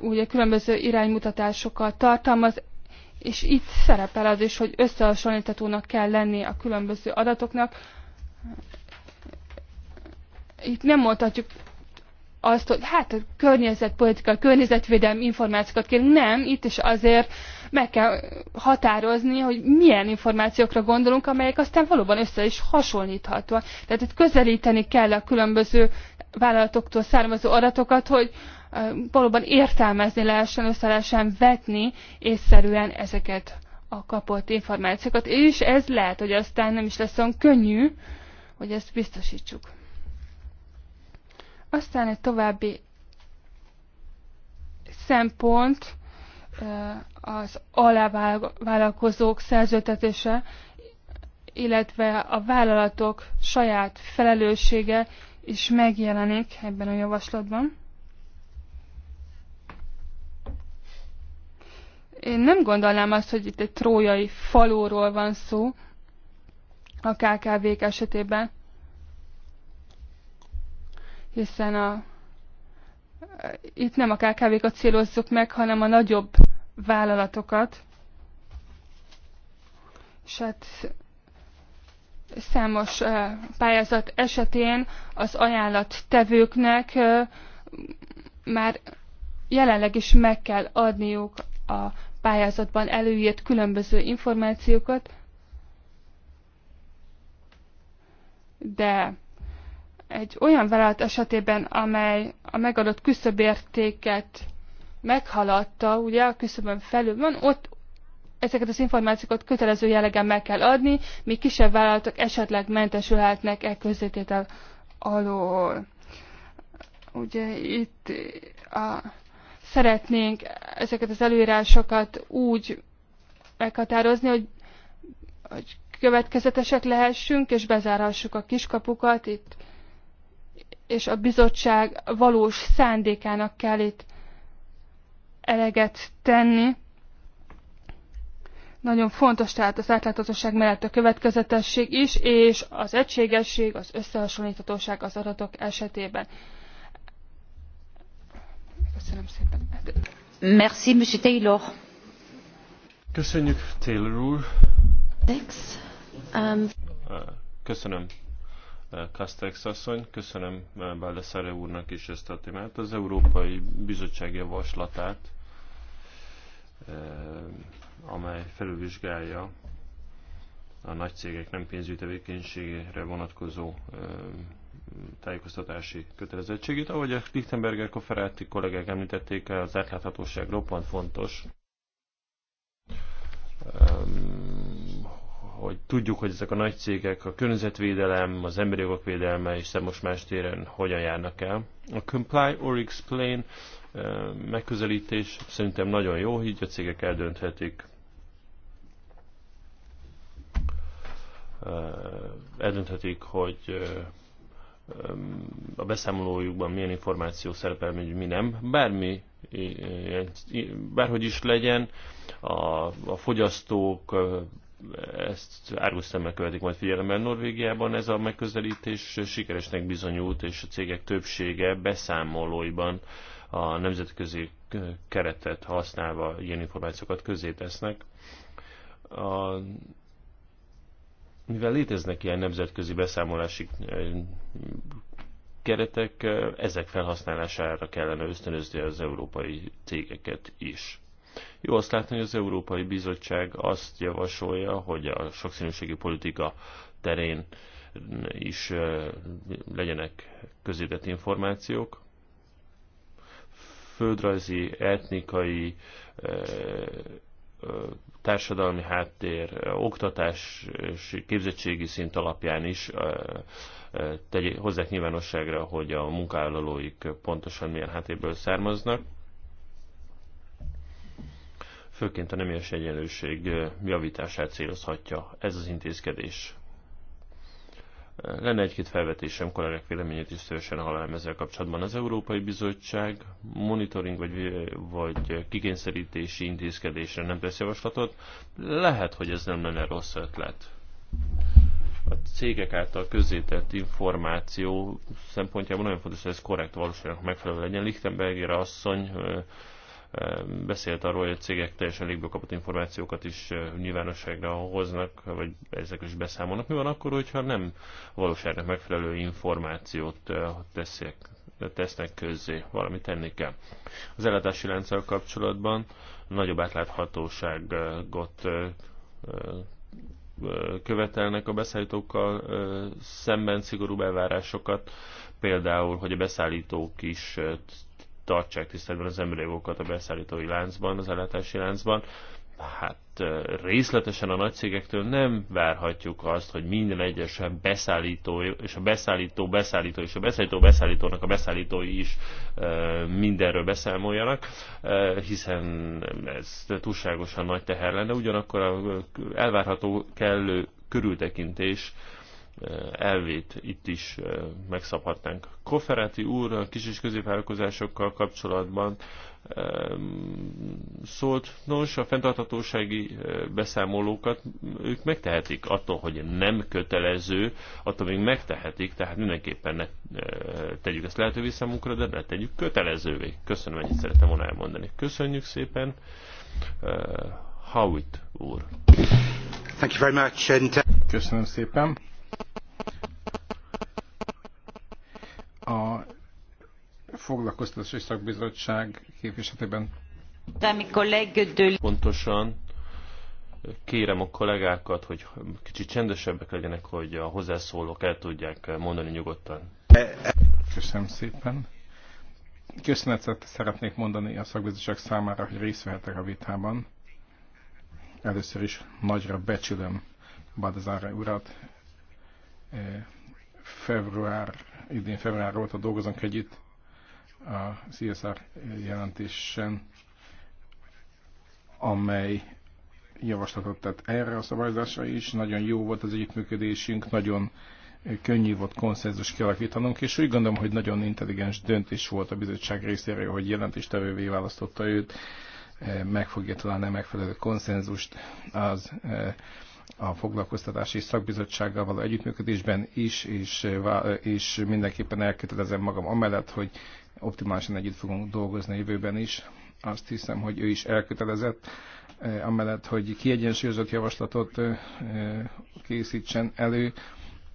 ugye különböző iránymutatásokat tartalmaz, és itt szerepel az is, hogy összehasonlítatónak kell lenni a különböző adatoknak, itt nem mondhatjuk azt, hogy hát a környezetpolitika, a környezetvédelmi információkat kérünk. Nem, itt is azért meg kell határozni, hogy milyen információkra gondolunk, amelyek aztán valóban össze is hasonlíthatóak. Tehát itt közelíteni kell a különböző vállalatoktól származó adatokat, hogy valóban értelmezni lehessen, össze lehessen vetni észszerűen ezeket a kapott információkat, és ez lehet, hogy aztán nem is lesz olyan könnyű, hogy ezt biztosítsuk. Aztán egy további szempont az alávállalkozók szerződtetése, illetve a vállalatok saját felelőssége is megjelenik ebben a javaslatban. Én nem gondolnám azt, hogy itt egy trójai falóról van szó a KKV-k esetében, hiszen a, itt nem a KKV-kat célozzuk meg, hanem a nagyobb vállalatokat. És hát számos eh, pályázat esetén az ajánlattevőknek eh, már jelenleg is meg kell adniuk a pályázatban előírt különböző információkat, de egy olyan vállalat esetében, amely a megadott küszöbértéket meghaladta, ugye a küszöbön felül van, ott ezeket az információkat kötelező jellegen meg kell adni, míg kisebb vállalatok esetleg mentesülhetnek e közzététel alól. Ugye itt a, szeretnénk ezeket az előírásokat úgy meghatározni, hogy, hogy következetesek lehessünk, és bezárhassuk a kiskapukat. Itt és a bizottság valós szándékának kell itt eleget tenni. Nagyon fontos tehát az átláthatóság mellett a következetesség is, és az egységesség, az összehasonlíthatóság az adatok esetében. Köszönöm szépen. Merci, M. Taylor. Köszönjük, Taylor úr. Thanks. Um... Köszönöm. Kastex asszony, köszönöm eh, Baldeszere úrnak is ezt a témát. Az Európai Bizottság javaslatát, eh, amely felülvizsgálja a nagy cégek nem pénzügyi tevékenységére vonatkozó eh, tájékoztatási kötelezettségét. Ahogy a Lichtenberger konferáti kollégák említették, az átláthatóság roppant fontos hogy tudjuk, hogy ezek a nagy cégek a környezetvédelem, az emberi jogok védelme és most más téren hogyan járnak el. A Comply or Explain megközelítés szerintem nagyon jó, így a cégek eldönthetik, eldönthetik, hogy a beszámolójukban milyen információ szerepel, hogy mi nem. Bármi, bárhogy is legyen, a, a fogyasztók ezt árgus szemmel követik majd figyelemben. Norvégiában ez a megközelítés sikeresnek bizonyult, és a cégek többsége beszámolóiban a nemzetközi keretet használva ilyen információkat közé tesznek. A, mivel léteznek ilyen nemzetközi beszámolási keretek, ezek felhasználására kellene ösztönözni az európai cégeket is. Jó azt látni, hogy az Európai Bizottság azt javasolja, hogy a sokszínűségi politika terén is legyenek közéleti információk. Földrajzi, etnikai, társadalmi háttér, oktatás és képzettségi szint alapján is hozzák nyilvánosságra, hogy a munkállalóik pontosan milyen háttérből származnak főként a nemies egyenlőség javítását célozhatja ez az intézkedés. Lenne egy-két felvetésem, kollégák véleményét is szívesen hallanám ezzel kapcsolatban. Az Európai Bizottság monitoring vagy, vagy kikényszerítési intézkedésre nem tesz javaslatot. Lehet, hogy ez nem lenne rossz ötlet. A cégek által közzétett információ szempontjából nagyon fontos, hogy ez korrekt valóságnak megfelelő legyen. Lichtenberger asszony beszélt arról, hogy a cégek teljesen légből kapott információkat is nyilvánosságra hoznak, vagy ezek is beszámolnak. Mi van akkor, hogyha nem valóságnak megfelelő információt teszek, tesznek közzé, valamit tenni kell. Az ellátási lánccal kapcsolatban nagyobb átláthatóságot követelnek a beszállítókkal szemben szigorú elvárásokat, például, hogy a beszállítók is tartsák tiszteletben az emberjogokat a beszállítói láncban, az ellátási láncban. Hát részletesen a nagycégektől nem várhatjuk azt, hogy minden egyes beszállító és a beszállító beszállító és a beszállító beszállítónak a beszállítói is mindenről beszámoljanak, hiszen ez túlságosan nagy teher lenne, ugyanakkor elvárható kellő körültekintés elvét itt is megszabhatnánk. Koferáti úr a kis és középvállalkozásokkal kapcsolatban szólt, nos, a fenntarthatósági beszámolókat ők megtehetik attól, hogy nem kötelező, attól még megtehetik, tehát mindenképpen ne tegyük ezt lehetővé számunkra, de ne tegyük kötelezővé. Köszönöm, ennyit szeretem volna elmondani. Köszönjük szépen. Howitt úr. Thank you very much. Uh, Köszönöm szépen. A foglalkoztatási szakbizottság képviseletében pontosan kérem a kollégákat, hogy kicsit csendesebbek legyenek, hogy a hozzászólók el tudják mondani nyugodtan. Köszönöm szépen. Köszönetet szeretnék mondani a szakbizottság számára, hogy részt vehetek a vitában. Először is nagyra becsülöm Badazára urat február, idén február óta dolgozunk együtt a CSR jelentésen, amely javaslatot tett erre a szabályzásra is. Nagyon jó volt az együttműködésünk, nagyon könnyű volt konszenzus kialakítanunk, és úgy gondolom, hogy nagyon intelligens döntés volt a bizottság részéről, hogy jelentéstevővé választotta őt, meg fogja találni a megfelelő konszenzust az a foglalkoztatási szakbizottsággal való együttműködésben is, és, eh, eh, és mindenképpen elkötelezem magam amellett, hogy optimálisan együtt fogunk dolgozni a jövőben is. Azt hiszem, hogy ő is elkötelezett eh, amellett, hogy kiegyensúlyozott javaslatot készítsen elő,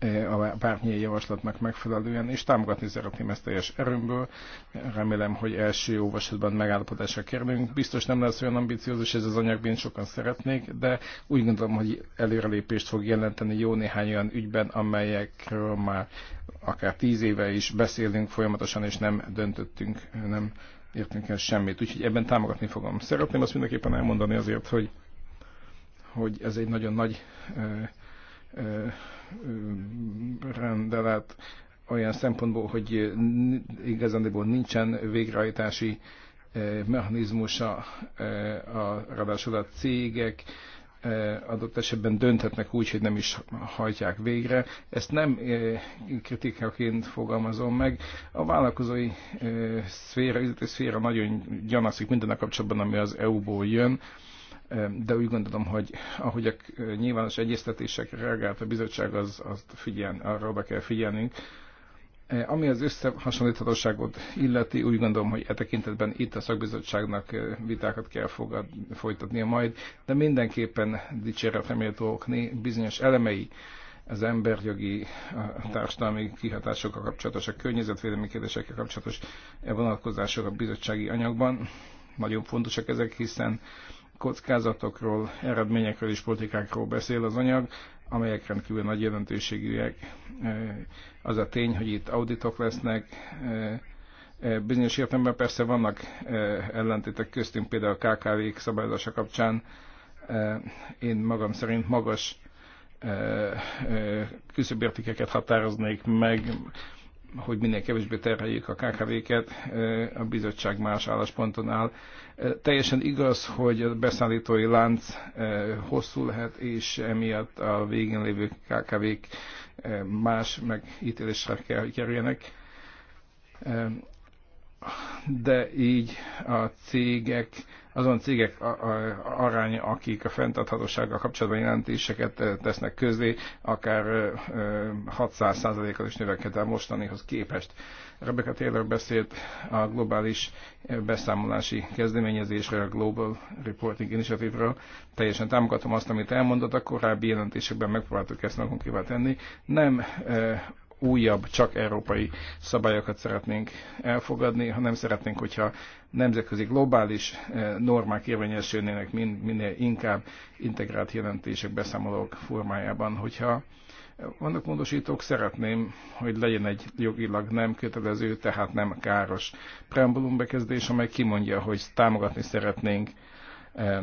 a bármilyen javaslatnak megfelelően, és támogatni szeretném ezt teljes erőmből. Remélem, hogy első óvasatban megállapodásra kerülünk. Biztos nem lesz olyan ambiciózus ez az anyag, mint sokan szeretnék, de úgy gondolom, hogy előrelépést fog jelenteni jó néhány olyan ügyben, amelyekről már akár tíz éve is beszélünk folyamatosan, és nem döntöttünk, nem értünk el semmit. Úgyhogy ebben támogatni fogom. Szeretném azt mindenképpen elmondani azért, hogy, hogy ez egy nagyon nagy rendelet olyan szempontból, hogy igazándiból nincsen végrehajtási eh, mechanizmusa, eh, a, ráadásul a cégek eh, adott esetben dönthetnek úgy, hogy nem is hajtják végre. Ezt nem kritikaként fogalmazom meg. A vállalkozói szféra, üzleti szféra nagyon gyanaszik minden kapcsolatban, ami az EU-ból jön de úgy gondolom, hogy ahogy a nyilvános egyeztetések reagált a bizottság, az, azt figyel, arra be kell figyelnünk. Ami az összehasonlíthatóságot illeti, úgy gondolom, hogy e tekintetben itt a szakbizottságnak vitákat kell fogad, folytatnia majd, de mindenképpen dicséretre méltók bizonyos elemei az emberjogi, a társadalmi kihatásokkal kapcsolatos, a környezetvédelmi kérdésekkel kapcsolatos vonatkozások a bizottsági anyagban. Nagyon fontosak ezek, hiszen kockázatokról, eredményekről és politikákról beszél az anyag, amelyek rendkívül nagy jelentőségűek. E, az a tény, hogy itt auditok lesznek, e, e, bizonyos értelemben persze vannak ellentétek köztünk, például a kkv szabályozása kapcsán én magam szerint magas küszöbértékeket határoznék meg, hogy minél kevésbé terheljük a KKV-ket, a bizottság más állásponton áll. Teljesen igaz, hogy a beszállítói lánc hosszú lehet, és emiatt a végén lévő KKV-k más megítélésre kell, hogy kerüljenek de így a cégek, azon cégek aránya, akik a fenntarthatósággal kapcsolatban jelentéseket eh, tesznek közé, akár 600%-kal eh, eh, is növekedett el mostanihoz képest. Rebecca Taylor beszélt a globális beszámolási kezdeményezésről, a Global Reporting Initiative-ről. Teljesen támogatom azt, amit elmondott, a korábbi jelentésekben megpróbáltuk ezt magunkévá tenni. Nem újabb, csak európai szabályokat szeretnénk elfogadni, ha nem szeretnénk, hogyha nemzetközi globális eh, normák érvényesülnének minél inkább integrált jelentések, beszámolók formájában. Hogyha vannak módosítók, szeretném, hogy legyen egy jogilag nem kötelező, tehát nem káros preambulum bekezdés, amely kimondja, hogy támogatni szeretnénk Eh,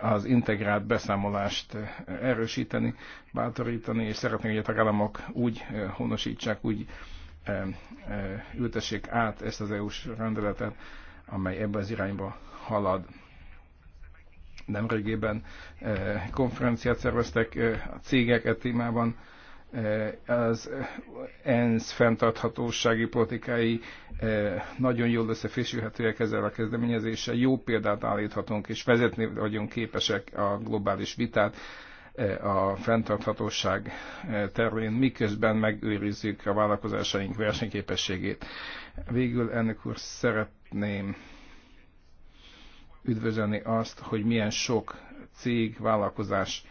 az integrált beszámolást eh, erősíteni, bátorítani, és szeretnénk, hogy a tagállamok úgy eh, honosítsák, úgy ültessék át ezt az EU-s rendeletet, amely ebbe az irányba halad. Nemrégében konferenciát szerveztek a cégek e témában, az ENSZ fenntarthatósági politikái eh, nagyon jól összefésülhetőek ezzel a kezdeményezéssel. Jó példát állíthatunk, és vezetni vagyunk képesek a globális vitát eh, a fenntarthatóság eh, terén, miközben megőrizzük a vállalkozásaink versenyképességét. Végül ennek úr szeretném üdvözölni azt, hogy milyen sok cég, vállalkozás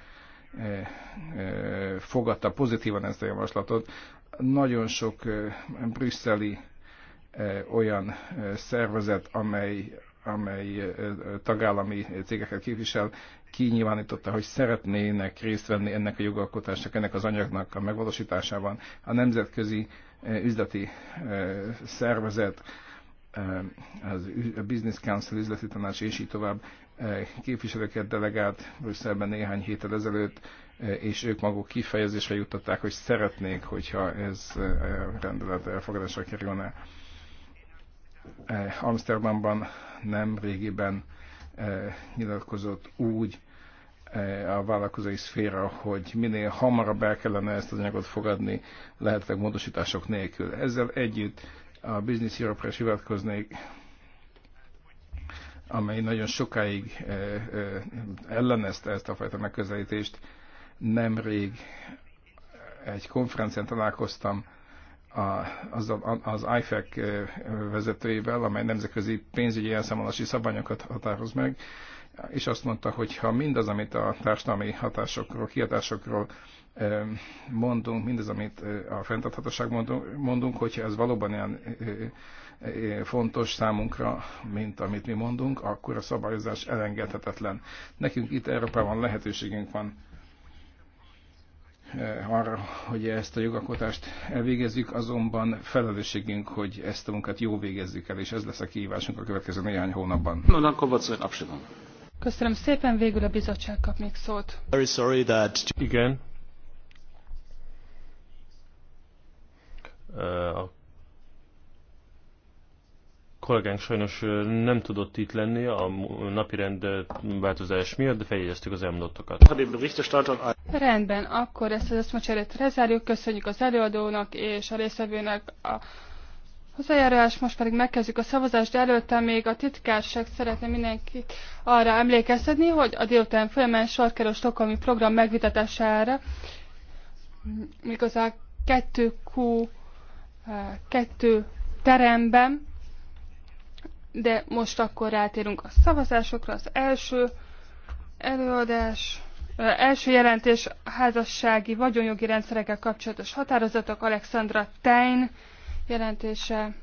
fogadta pozitívan ezt a javaslatot. Nagyon sok brüsszeli olyan szervezet, amely, amely tagállami cégeket képvisel, kinyilvánította, hogy szeretnének részt venni ennek a jogalkotásnak, ennek az anyagnak a megvalósításában. A nemzetközi üzleti szervezet Eh, az, a Business Council üzleti tanács és így tovább eh, képviselőket delegált Brüsszelben néhány héttel ezelőtt, eh, és ők maguk kifejezésre juttatták, hogy szeretnék, hogyha ez rendelet elfogadásra kerülne. Amsterdamban nem régiben nyilatkozott úgy a vállalkozói szféra, hogy minél hamarabb el kellene ezt az anyagot fogadni, lehetőleg módosítások nélkül. Ezzel együtt a Business Europe-ra is hivatkoznék, amely nagyon sokáig eh, eh, ellenezte ezt a fajta megközelítést. Nemrég egy konferencián találkoztam a, az, az IFEC eh, vezetőjével, amely nemzetközi pénzügyi elszámolási szabványokat határoz meg, és azt mondta, hogy ha mindaz, amit a társadalmi hatásokról, kiadásokról mondunk, mindez, amit a fenntarthatóság mondunk, hogyha ez valóban ilyen fontos számunkra, mint amit mi mondunk, akkor a szabályozás elengedhetetlen. Nekünk itt Európában lehetőségünk van arra, hogy ezt a jogalkotást elvégezzük, azonban felelősségünk, hogy ezt a munkát jó végezzük el, és ez lesz a kihívásunk a következő néhány hónapban. Köszönöm szépen, végül a bizottság kap még szót. Igen, A kollégánk sajnos nem tudott itt lenni a rend változás miatt, de feljegyeztük az elmondottakat. Rendben, akkor ezt az eszmecserét rezárjuk. Köszönjük az előadónak és a részvevőnek a hozzájárulás, most pedig megkezdjük a szavazást, de előtte még a titkárság szeretne mindenkit arra emlékeztetni, hogy a délután folyamán sor kerül stokholmi program megvitatására, miközben 2Q kettő teremben, de most akkor rátérünk a szavazásokra. Az első előadás, első jelentés házassági vagyonjogi rendszerekkel kapcsolatos határozatok Alexandra Tein jelentése.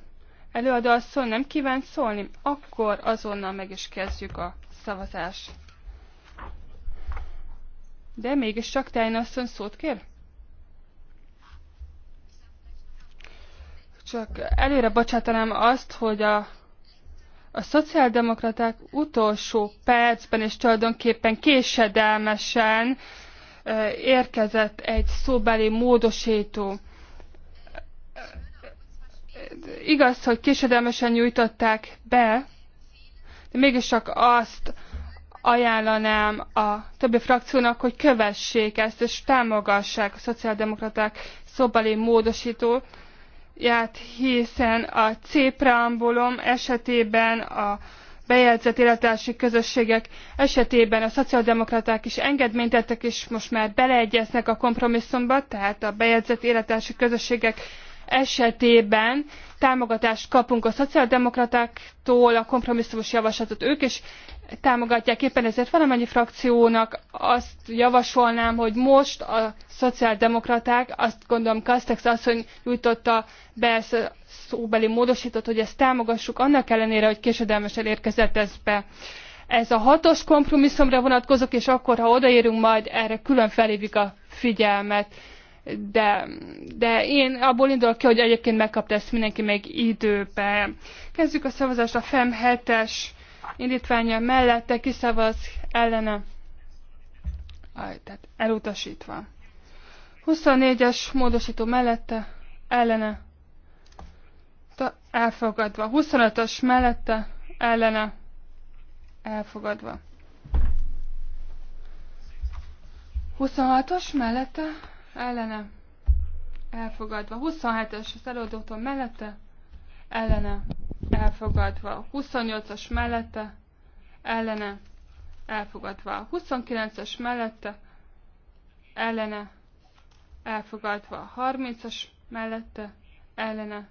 Előadó asszony nem kíván szólni, akkor azonnal meg is kezdjük a szavazást. De mégiscsak Tein asszony szót kér? csak előre bocsátanám azt, hogy a, a szociáldemokraták utolsó percben és tulajdonképpen késedelmesen érkezett egy szóbeli módosító. Igaz, hogy késedelmesen nyújtották be, de mégiscsak azt ajánlanám a többi frakciónak, hogy kövessék ezt, és támogassák a szociáldemokraták szobali módosítót, ját, hiszen a C preambulum esetében a bejegyzett élettársi közösségek esetében a szociáldemokraták is engedményt tettek, és most már beleegyeznek a kompromisszumba, tehát a bejegyzett élettársi közösségek esetében támogatást kapunk a szociáldemokratáktól, a kompromisszumos javaslatot ők is támogatják. Éppen ezért valamennyi frakciónak azt javasolnám, hogy most a szociáldemokraták, azt gondolom Kastex asszony nyújtotta be ezt a szóbeli módosított, hogy ezt támogassuk, annak ellenére, hogy késedelmesen érkezett ez be. Ez a hatos kompromisszumra vonatkozok, és akkor, ha odaérünk, majd erre külön felhívjuk a figyelmet. De, de én abból indulok ki, hogy egyébként megkapta ezt mindenki még időben. Kezdjük a szavazást a FEM 7-es indítványa mellette kiszavaz ellene, Aj, tehát elutasítva. 24-es módosító mellette ellene, elfogadva. 25-ös mellette ellene, elfogadva. 26-os mellette ellene, elfogadva. 27-es az előadótól mellette ellene, elfogadva. 28-as mellette, ellene, elfogadva. 29 as mellette, ellene, elfogadva. 30-as mellette, ellene,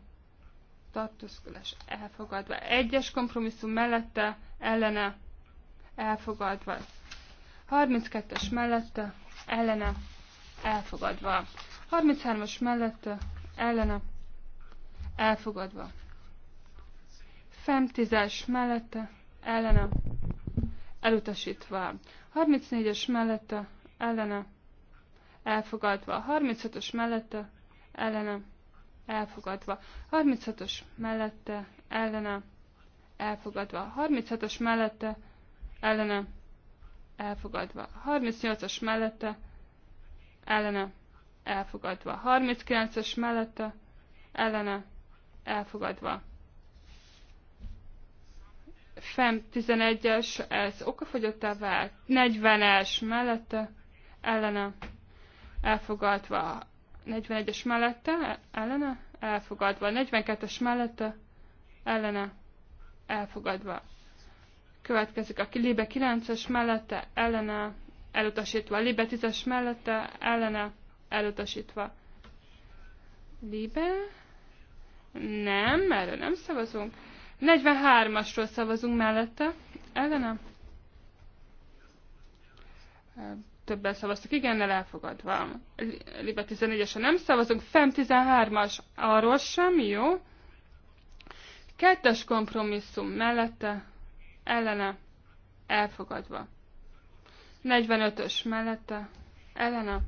tartózkodás elfogadva. Egyes kompromisszum mellette, ellene, elfogadva. 32-es mellette, ellene, elfogadva. 33-as mellette, ellene, elfogadva. FEM 10 mellette ellene elutasítva. 34-es mellette ellene elfogadva. 36-os mellette ellene elfogadva. 36-os mellette ellene elfogadva. 36-os mellette ellene elfogadva. 38-as mellette ellene elfogadva. 39-es mellette ellene elfogadva. FEM 11-es, ez okafogyottá vált, 40-es mellette, ellene, elfogadva, 41-es mellette, ellene, elfogadva, 42-es mellette, ellene, elfogadva. Következik a Libe 9-es mellette, ellene, elutasítva, Libe 10-es mellette, ellene, elutasítva. Libe? Nem, erre nem szavazunk. 43-asról szavazunk mellette. Ellenem? Többen szavaztak igen, el elfogadva. Liba 14-esen nem szavazunk. Fem 13-as arról sem, jó? Kettes kompromisszum mellette. Ellene? Elfogadva. 45-ös mellette. Ellene?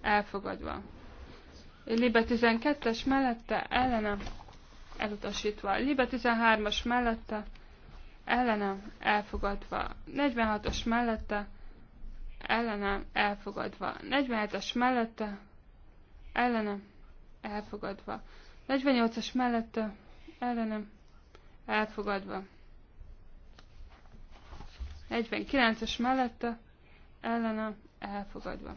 Elfogadva. Liba 12-es mellette. Ellene? elutasítva. Libe 13-as mellette, ellenem elfogadva. 46 as mellette, ellenem elfogadva. 47 as mellette, ellenem elfogadva. 48-as mellette, ellenem elfogadva. 49-es mellette, ellenem elfogadva.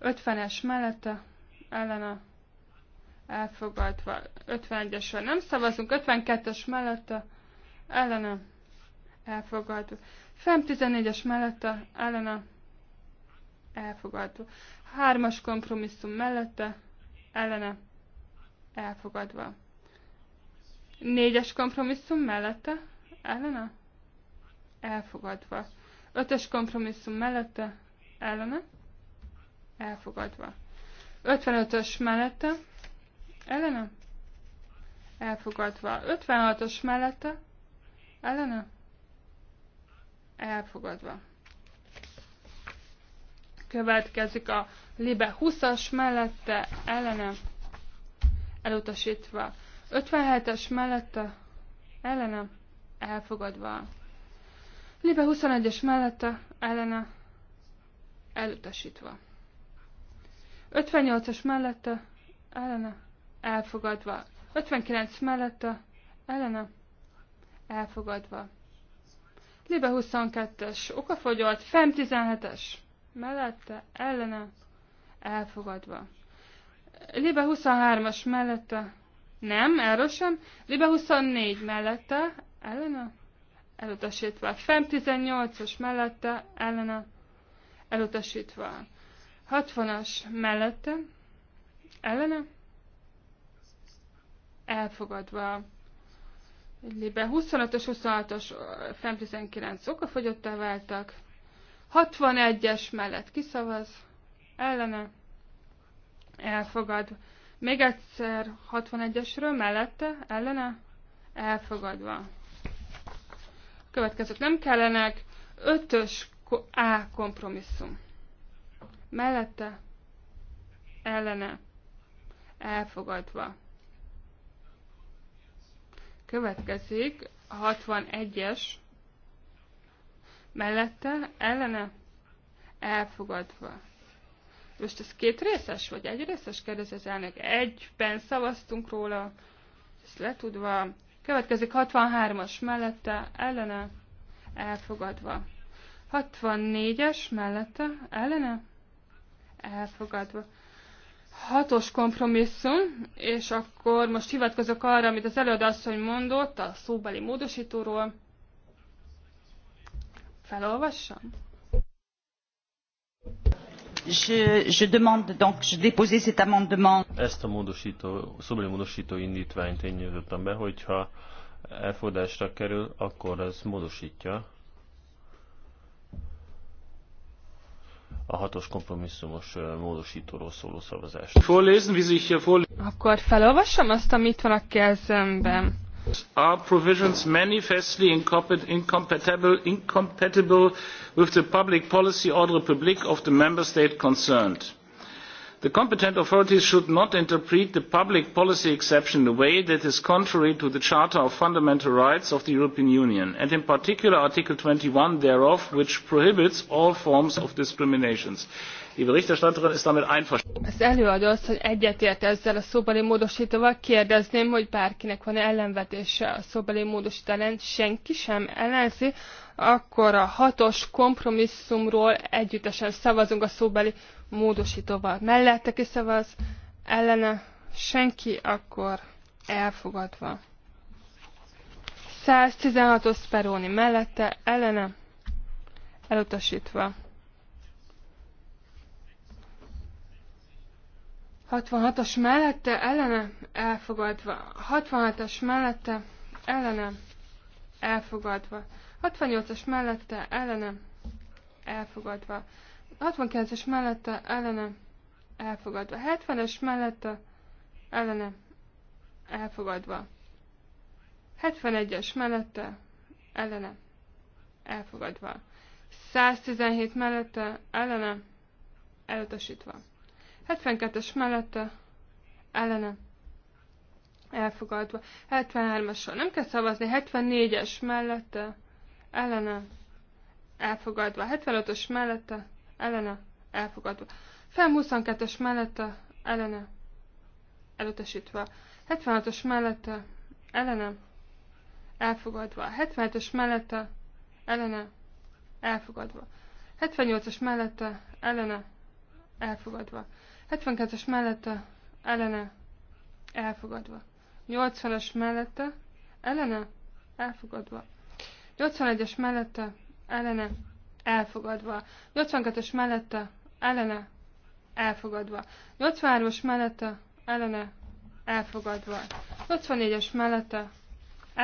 50-es mellette, ellenem elfogadva. 51-esről nem szavazunk, 52-es mellette ellene elfogadva. Fem 14-es mellette ellene elfogadva. 3-as kompromisszum mellette ellene elfogadva. 4-es kompromisszum mellette ellene elfogadva. 5-es kompromisszum mellette ellene elfogadva. 55-ös mellette Elena? Elfogadva. 56-os mellette? Elena? Elfogadva. Következik a Libe 20-as mellette, Elena? elutasítva. 57-es mellette, Elena? elfogadva. Libe 21-es mellette, Elena? elutasítva. 58-as mellette, Elena? ellene, elfogadva. 59 mellette, ellene, elfogadva. Libe 22-es, okafogyolt, FEM 17-es, mellette, ellene, elfogadva. Libe 23-as mellette, nem, erről sem. Libe 24 mellette, ellene, elutasítva. FEM 18-as mellette, ellene, elutasítva. 60-as mellette, ellene, elfogadva. Libe 25-ös, 26-os, FEM 19 okafogyottá váltak. 61-es mellett kiszavaz, ellene, elfogad. Még egyszer 61-esről mellette, ellene, elfogadva. Következők nem kellenek. 5-ös A kompromisszum. Mellette, ellene, elfogadva. Következik 61-es mellette, ellene elfogadva. Most ez két részes, vagy egy részes? kérdez az elnök. Egyben szavaztunk róla, ezt letudva. Következik 63-as mellette, ellene elfogadva. 64-es mellette, ellene elfogadva hatos kompromisszum, és akkor most hivatkozok arra, amit az előadászony mondott a szóbeli módosítóról. Felolvassam? Je, je demande donc, je déposé cet amendement. Ezt a módosító, szóbeli módosító indítványt én nyújtottam be, hogyha elfogadásra kerül, akkor ez módosítja a hatos kompromisszumos módosítóról szóló szavazást. Akkor felolvasom azt, amit van a kezemben. Are provisions manifestly incompatible, incompatible with the public policy or the public of the member state concerned? the competent authorities should not interpret the public policy exception in a way that is contrary to the charter of fundamental rights of the european union and in particular article twenty one thereof which prohibits all forms of discrimination. die berichterstatterin ist damit einverstanden. az előadó asszony egyetért ezzel a szóbeli módostóval. kérdezném hogy bárkinek van e ellenvetése a szóbeli módostó ellen? senki sem ellenzi. akkor a hatos kompromisszumról együttesen szavazunk a szóbeli módosítóval mellette kiszavaz, szóval ellene senki, akkor elfogadva. 116-os Speroni mellette, ellene elutasítva. 66 os mellette, ellene elfogadva. 66-as mellette, ellene elfogadva. 68-as mellette, ellene elfogadva. 69-es mellette ellene elfogadva. 70-es mellette ellene elfogadva. 71-es mellette ellene elfogadva. 117 mellette ellene elutasítva. 72-es mellette ellene elfogadva. 73-asról nem kell szavazni. 74-es mellette ellene elfogadva. 75-ös mellette Elena, elfogadva. Fem 22-es mellette Elena, elutasítva. 76-os mellette Elena, elfogadva. 77-es mellette Elena, elfogadva. 78-as mellette Elena, elfogadva. 72-es mellette Elena, elfogadva. 80-as mellette Elena, elfogadva. 81-es mellette ellene elfogadva. 82-es mellette ellene elfogadva. 83-as mellette ellene elfogadva. 84-es mellette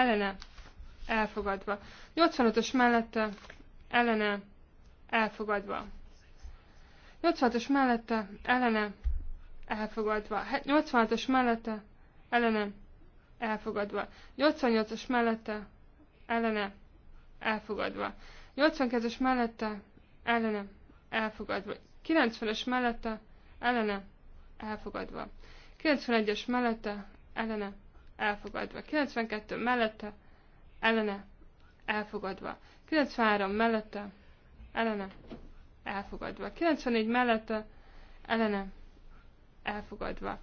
ellene elfogadva. 85-ös mellette ellene elfogadva. 86-os mellette ellene elfogadva. 86-os mellette ellene elfogadva. 88-os mellette ellene elfogadva. 82-es mellette ellene elfogadva. 90-es mellette ellene elfogadva. 91-es mellette ellene elfogadva. 92 mellette ellene elfogadva. 93 mellette ellene elfogadva. 94 mellette ellene elfogadva.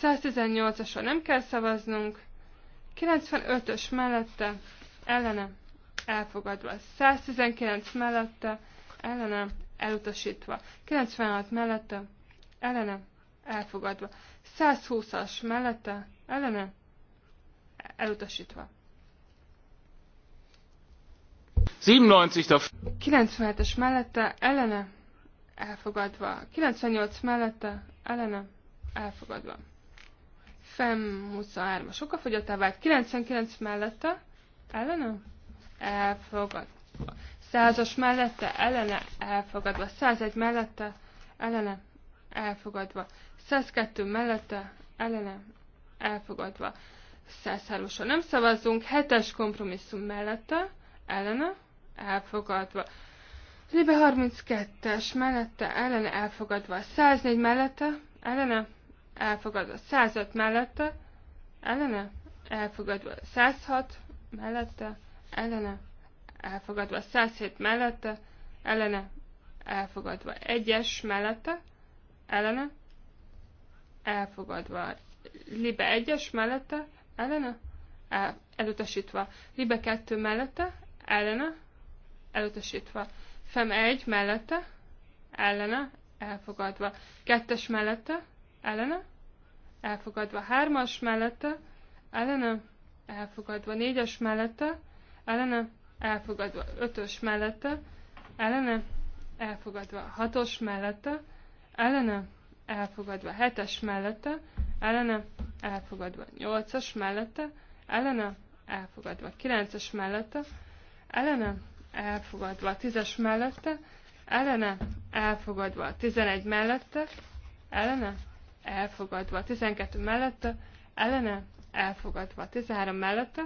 118-asra nem kell szavaznunk. 95-ös mellette ellene elfogadva. 119 mellette, ellenem elutasítva. 96 mellette, ellenem elfogadva. 120-as mellette, ellenem elutasítva. 97-es mellette, ellene, elfogadva. 98 mellette, ellene, elfogadva. FEM 23-as okafogyottá vált, 99 mellette, ellene, elfogadva. 100 mellette ellene elfogadva. 101 mellette ellene elfogadva. 102 mellette ellene elfogadva. 103-osra nem szavazzunk, 7-es kompromisszum mellette ellene elfogadva. Libe 32-es mellette ellene elfogadva. 104 mellette ellene elfogadva. 105 mellette ellene elfogadva. 106 mellette ellene, elfogadva 107 mellette, ellene, elfogadva 1-es mellette, ellene, elfogadva libe 1-es mellette, ellene, el, elutasítva libe 2 mellette, ellene, elutasítva fem 1 mellette, ellene, elfogadva 2-es mellette, ellene, elfogadva 3-as mellette, ellene, elfogadva 4-es mellette, ellene, elfogadva. Ötös mellette, ellene, elfogadva. Hatos mellette, ellene, elfogadva. Hetes mellette, ellene, elfogadva. Nyolcas mellette, ellene, elfogadva. Kilences mellette, ellene, elfogadva. Tízes mellette, ellene, elfogadva. Tizenegy mellette, ellene, elfogadva. Tizenkettő mellette, ellene, elfogadva. Tizenhárom mellette,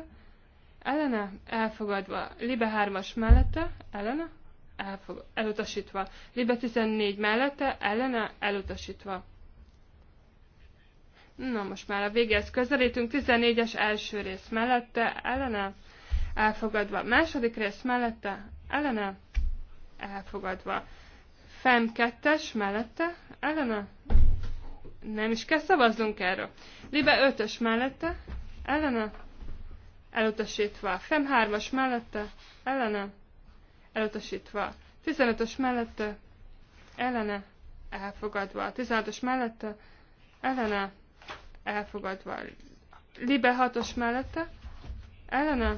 Elena elfogadva, libe 3-as mellette, Elena elfog, elutasítva, libe 14 mellette, Elena elutasítva. Na most már a végéhez közelítünk, 14-es első rész mellette, Elena elfogadva, második rész mellette, Elena elfogadva. Fem 2-es mellette, Elena nem is kell szavaznunk erről. Libe 5-ös mellette, ellene, elutasítva. Fem hármas mellette, ellene, elutasítva. 15-ös mellette, ellene, elfogadva. 16-os mellette, ellene, elfogadva. Libe 6-os mellette, ellene,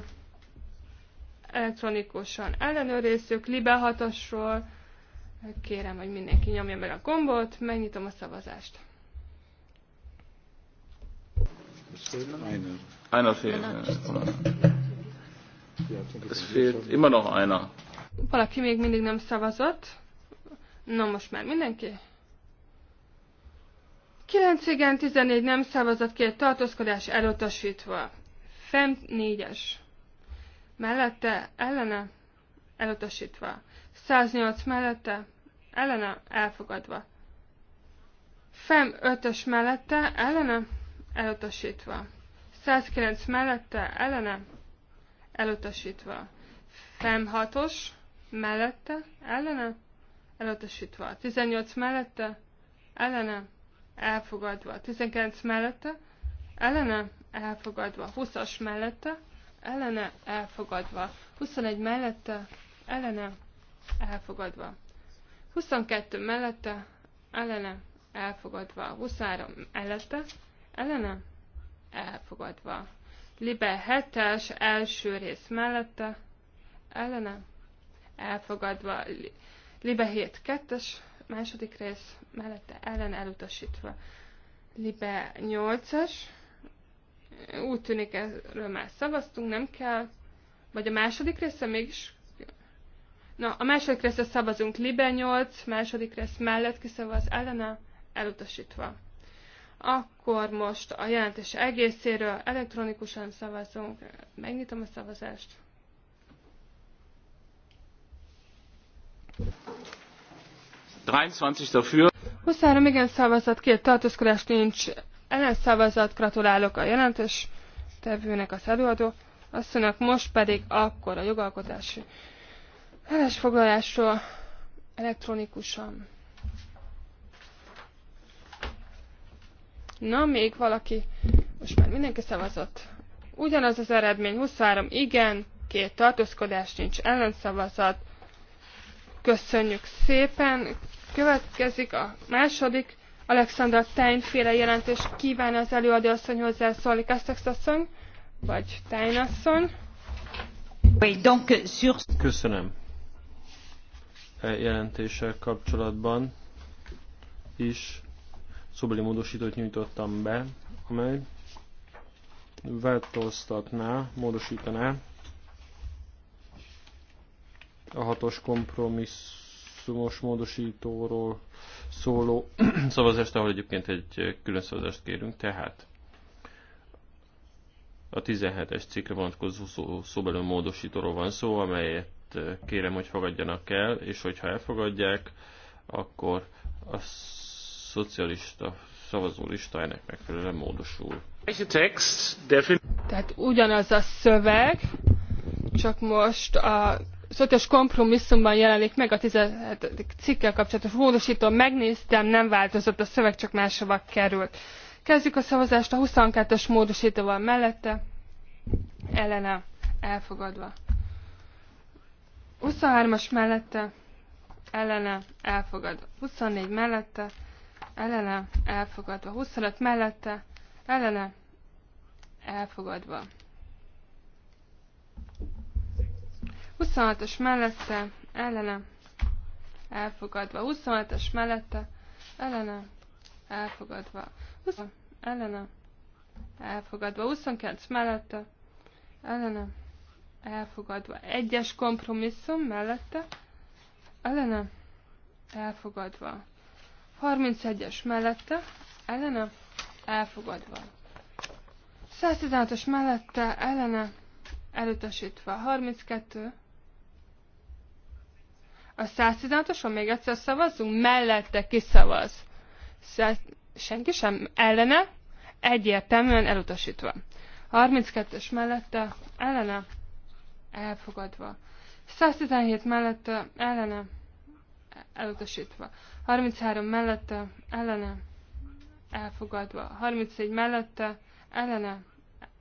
elektronikusan ellenőrizzük. Libe 6-osról kérem, hogy mindenki nyomja meg a gombot, megnyitom a szavazást. Köszönöm. Einer fehlt. Es fehlt immer noch einer. Valaki még mindig nem szavazott. Na most már mindenki? 9 igen, 14 nem szavazat, két tartózkodás elutasítva. Fem 4-es. Mellette, ellene, elutasítva. 108 mellette, ellene, elfogadva. Fem 5-ös mellette, ellene, elutasítva. 109 mellette, ellene, elutasítva. Fem 6-os, mellette, ellene, elutasítva. 18 mellette, ellene, elfogadva. 19 mellette, ellene, elfogadva. 20-as mellette, ellene, elfogadva. 21 mellette, ellene, elfogadva. 22 mellette, ellene, elfogadva. 23 mellette, ellene, elfogadva. Libe 7-es első rész mellette, ellene, elfogadva. Libe 7 2-es második rész mellette, ellen elutasítva. Libe 8-es, úgy tűnik erről már szavaztunk, nem kell. Vagy a második része mégis? Na, a második része szavazunk Libe 8, második rész mellett kiszavaz ellene, elutasítva. Akkor most a jelentés egészéről elektronikusan szavazunk. Megnyitom a szavazást. Dafür. 23 igen szavazat, két tartózkodás nincs, szavazat gratulálok a jelentés tevőnek az előadó. mondjuk, most pedig akkor a jogalkotási állásfoglalásról elektronikusan Na, még valaki, most már mindenki szavazott. Ugyanaz az eredmény, 23 igen, két tartózkodás, nincs ellenszavazat. Köszönjük szépen. Következik a második Alexander Tein féle jelentés. Kíván az előadó asszony hozzászólni, Kastex asszony, vagy Tein asszony. Köszönöm. E jelentéssel kapcsolatban is szobeli módosítót nyújtottam be, amely változtatná, módosítaná a hatos kompromisszumos módosítóról szóló szavazást, ahol egyébként egy külön szavazást kérünk, tehát a 17-es cikkre vonatkozó szó, szóbelő módosítóról van szó, amelyet eh, kérem, hogy fogadjanak el, és hogyha elfogadják, akkor az szocialista szavazólista ennek megfelelően módosul. Tehát ugyanaz a szöveg, csak most a szociális kompromisszumban jelenik meg a 17. cikkel kapcsolatos módosító. Megnéztem, nem változott a szöveg, csak máshova került. Kezdjük a szavazást a 22-es módosítóval mellette. Ellene elfogadva. 23-as mellette. Ellene elfogadva. 24 mellette ellene elfogadva. 25 mellette ellene elfogadva. 26-os mellette ellene elfogadva. 26-os mellette ellene elfogadva. 20 ellene elfogadva. 29 mellette ellene elfogadva. Egyes kompromisszum mellette ellene elfogadva. 31-es mellette, ellene, elfogadva. 116-os mellette, ellene, elutasítva. 32. A 116-oson még egyszer szavazunk, mellette kiszavaz. Száz... Senki sem ellene, egyértelműen elutasítva. 32-es mellette, ellene, elfogadva. 117 mellette, ellene, elutasítva. 33 mellette, ellene, elfogadva. 31 mellette, ellene,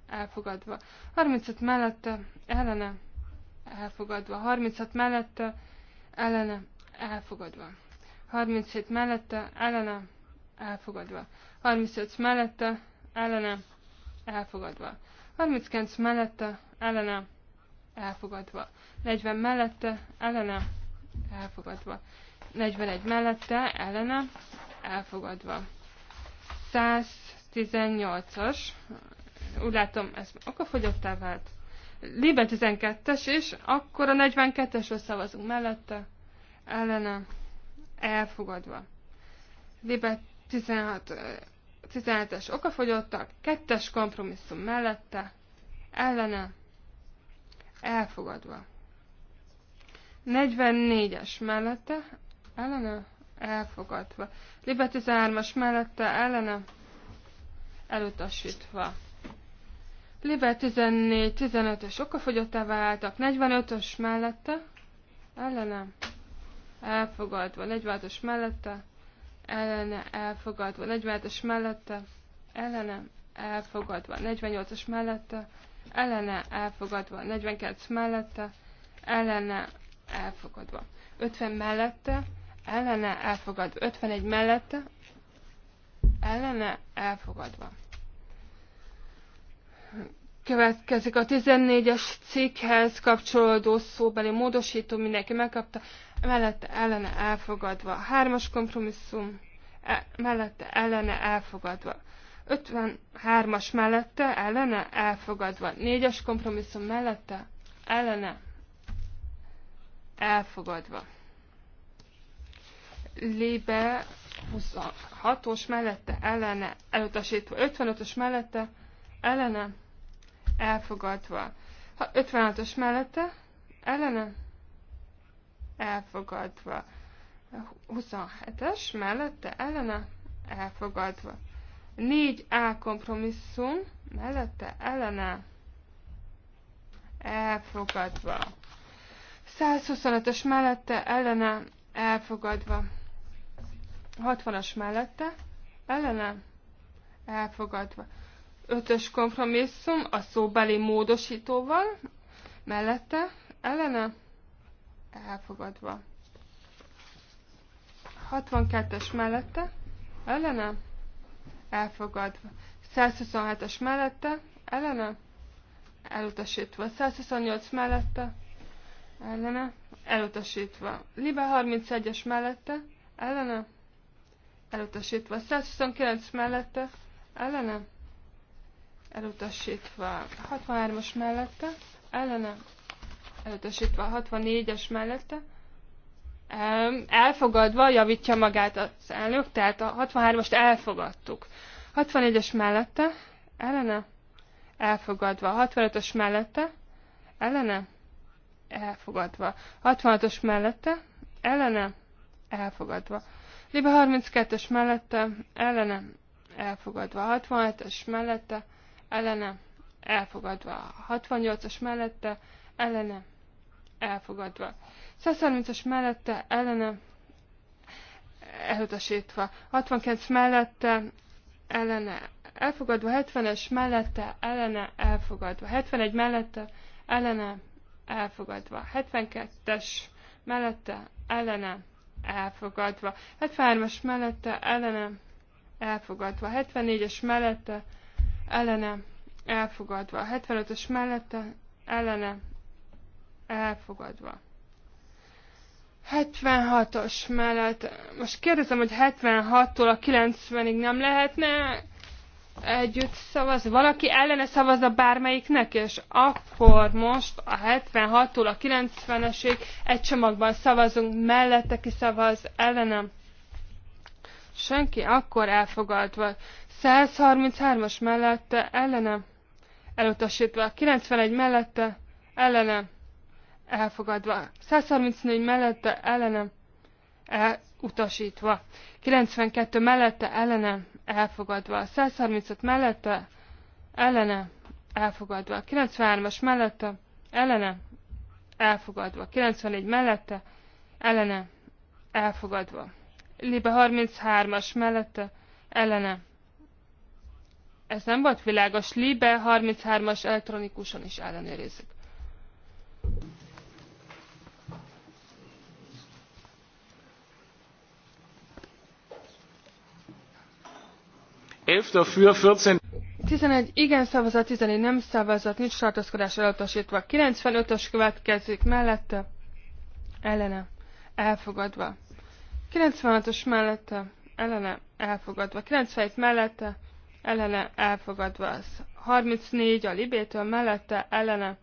elfogadva. 35 mellette, ellene, elfogadva. 36 mellette, ellene, elfogadva. 37 mellette, ellene, elfogadva. 35 mellette, ellene, elfogadva. 39 mellette, ellene, elfogadva. 40 mellette, ellene, elfogadva. 41 mellette, ellene, elfogadva. 118-as, úgy látom, ez okafogyottá vált. Libe 12-es is, akkor a 42-esről szavazunk mellette, ellene, elfogadva. Libe 16, 17-es okafogyottak, 2-es kompromisszum mellette, ellene, elfogadva. 44-es mellette, ellene, elfogadva. Libe 13-as mellette ellene, elutasítva. Libe 14-15-ös okafogyottá váltak, 45-ös mellette, ellene, elfogadva. 46-os mellette, ellene, elfogadva. 47-es mellette, ellene, elfogadva. 48 os mellette, ellene, elfogadva. 49 mellette, ellene, elfogadva. 50 mellette, ellene elfogadva. 51 mellette ellene elfogadva. Következik a 14-es cikkhez kapcsolódó szóbeli módosító, mindenki megkapta, mellette ellene elfogadva. Hármas kompromisszum, e, mellette ellene elfogadva. 53-as mellette ellene elfogadva. 4-es kompromisszum mellette ellene elfogadva. Lébe 26-os mellette ellene elutasítva, 55-ös mellette ellene elfogadva, 56-os mellette ellene elfogadva, 27-es mellette ellene elfogadva, 4A kompromisszum mellette ellene elfogadva, 125-ös mellette ellene elfogadva. 60-as mellette, ellene, elfogadva. Ötös kompromisszum a szóbeli módosítóval, mellette, ellene, elfogadva. 62-es mellette, ellene, elfogadva. 127-es mellette, ellene, elutasítva. 128 mellette, ellene, elutasítva. Libe 31-es mellette, ellene, elutasítva. 129 mellette, ellene, elutasítva. 63-as mellette, ellene, elutasítva. 64-es mellette, elfogadva, javítja magát az elnök, tehát a 63-ast elfogadtuk. 64-es mellette, ellene, elfogadva. 65-ös mellette, ellene, elfogadva. 66-os mellette, ellene, elfogadva. Libe 32-es mellette, ellene, elfogadva 67-es mellette, ellene, elfogadva 68-as mellette, ellene, elfogadva. 130-as mellette, ellene, elutasítva. 69 mellette, ellene, elfogadva. 70-es mellette, ellene, elfogadva. 71 mellette, ellene, elfogadva. 72-es mellette, ellene, elfogadva. 73-as mellette ellene elfogadva. 74-es mellette ellene elfogadva. 75-ös mellette ellene elfogadva. 76-os mellett, most kérdezem, hogy 76-tól a 90-ig nem lehetne együtt szavaz, valaki ellene szavazza bármelyiknek, és akkor most a 76-tól a 90-esig egy csomagban szavazunk, mellette ki szavaz, ellenem. Senki akkor elfogadva. 133-as mellette, ellenem. Elutasítva. 91 mellette, ellenem. Elfogadva. 134 mellette, ellenem elutasítva. 92 mellette ellene elfogadva. 135 mellette ellene elfogadva. 93-as mellette ellene elfogadva. 94 mellette ellene elfogadva. Libe 33-as mellette ellene. Ez nem volt világos. Libe 33-as elektronikusan is ellenőrizzük. 11 dafür, 14. 11 igen szavazat, 14 nem szavazat, nincs tartózkodás elutasítva. 95-ös következik mellette, ellene, elfogadva. 96-os mellette, ellene, elfogadva. 97 mellette, ellene, elfogadva. 34 a libétől mellette, ellene,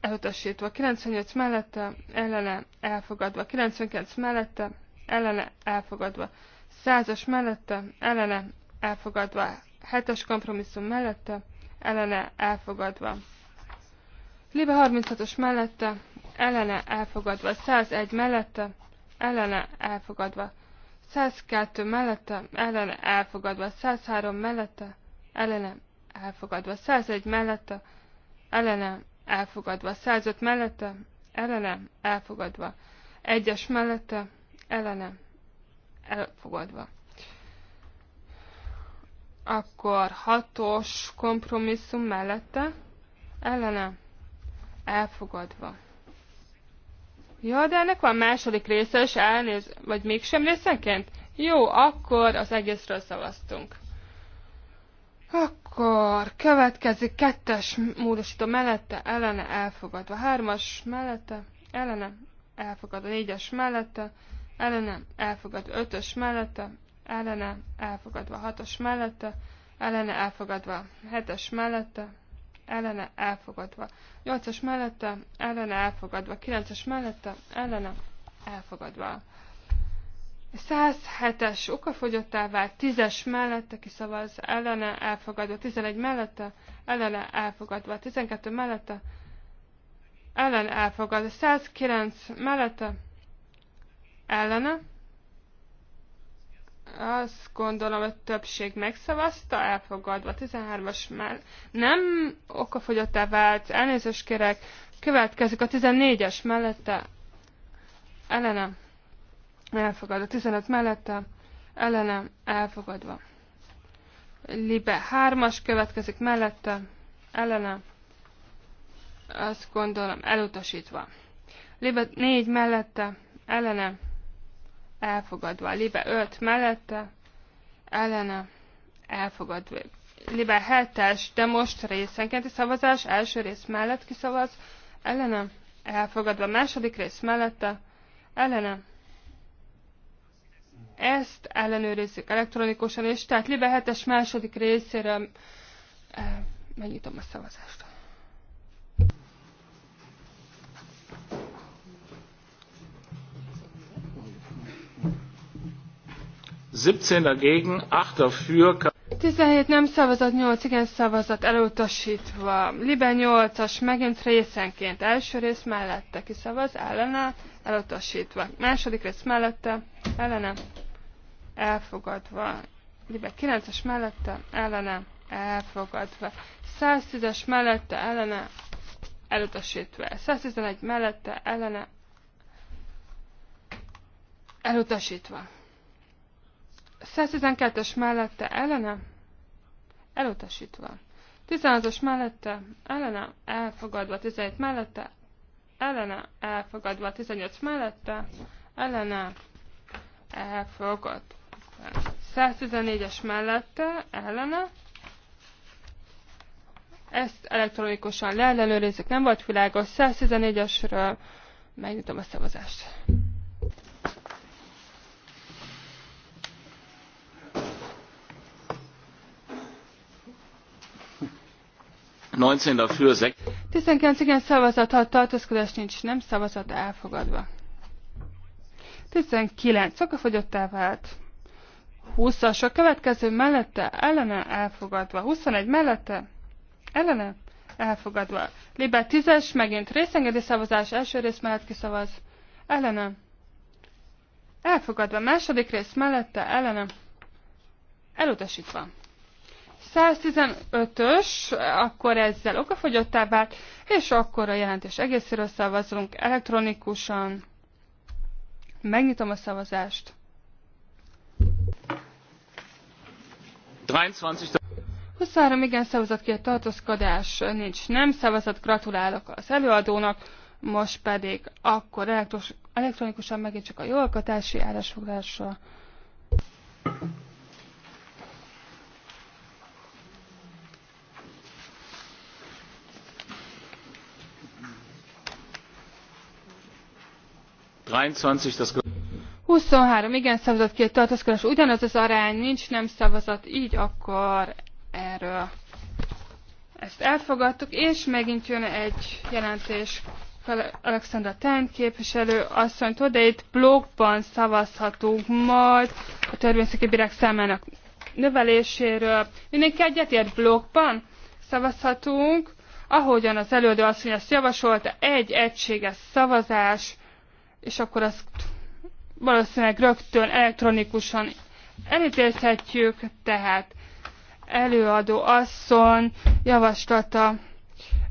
elutasítva. 98 mellette, ellene, elfogadva. 99 mellette, ellene, elfogadva. 100-as mellette, ellene, elfogadva. Hetes kompromisszum mellette, ellene elfogadva. Libe 36-os mellette, ellene elfogadva. 101 mellette, ellene elfogadva. 102 mellette, ellene elfogadva. 103 mellette, ellene elfogadva. 101 mellette, ellene elfogadva. 105 mellette, ellene elfogadva. 1-es mellette, ellene elfogadva. Akkor hatos kompromisszum mellette, ellene, elfogadva. Ja, de ennek van második része is, elnéz, vagy mégsem részenként? Jó, akkor az egészről szavaztunk. Akkor következik kettes módosító mellette, ellene elfogadva. Hármas mellette, ellene elfogadva. Négyes mellette, ellene elfogadva. Ötös mellette, ellene elfogadva. Hatos mellette ellene elfogadva. Hetes mellette ellene elfogadva. Nyolcas mellette ellene elfogadva. Kilences mellette ellene elfogadva. 107-es okafogyottá vált, 10-es mellette kiszavaz, ellene elfogadva, 11 mellette, ellene elfogadva, 12 mellette, ellene elfogadva, 109 mellette, ellene azt gondolom, hogy többség megszavazta, elfogadva. 13-as már nem okafogyottá vált, elnézést kérek. Következik a 14-es mellette. Ellenem. Elfogadva. 15 mellette. Ellenem. Elfogadva. Libe 3-as következik mellette. Ellenem. Azt gondolom, elutasítva. Libe 4 mellette. Ellenem elfogadva. Libe 5 mellette, ellene, elfogadva. Libe 7-es, de most részenkénti szavazás, első rész mellett kiszavaz, ellene, elfogadva. Második rész mellette, ellene. Ezt ellenőrizzük elektronikusan, és tehát Libe 7-es második részére eh, megnyitom a szavazást. 17 dagegen, 8 dafür. 17 nem szavazat, 8 igen szavazat elutasítva. Libe 8-as megint részenként. Első rész mellette kiszavaz, ellene, elutasítva. Második rész mellette, ellene, elfogadva. Libe 9-es mellette, ellene, elfogadva. 110-es mellette, ellene, elutasítva. 111 mellette, ellene, elutasítva. 112-es mellette ellene elutasítva. 16-os mellette ellene elfogadva, 17 mellette ellene elfogadva, 18 mellette ellene elfogadva. 114-es mellette ellene ezt elektronikusan leellenőrizzük, nem volt világos. 114-esről megnyitom a szavazást. 19 dafür, 6. 19 igen szavazat, 6 tartózkodás nincs, nem szavazat elfogadva. 19 szakafogyottá vált. 20-as a következő mellette, ellene elfogadva. 21 mellette, ellene elfogadva. Libert 10-es, megint részengedi szavazás, első rész mellett kiszavaz. Ellene. Elfogadva. Második rész mellette, ellene. Elutasítva. 115-ös, akkor ezzel okafogyottá vált, és akkor a jelentés egészéről szavazunk elektronikusan. Megnyitom a szavazást. 23 igen szavazat két tartózkodás nincs nem szavazat, gratulálok az előadónak, most pedig akkor elektros, elektronikusan megint csak a jogalkotási állásfoglásra. 23 igen szavazat, két tartózkodás, ugyanaz az arány, nincs nem szavazat, így akkor erről. Ezt elfogadtuk, és megint jön egy jelentés Alexandra Tent képviselő asszony, de itt blogban szavazhatunk majd a törvényszaki bírák számának növeléséről. Mindenki egyetért blogban szavazhatunk, ahogyan az előadó asszony ezt javasolta, egy egységes szavazás és akkor azt valószínűleg rögtön elektronikusan elítélhetjük, tehát előadó asszon javaslata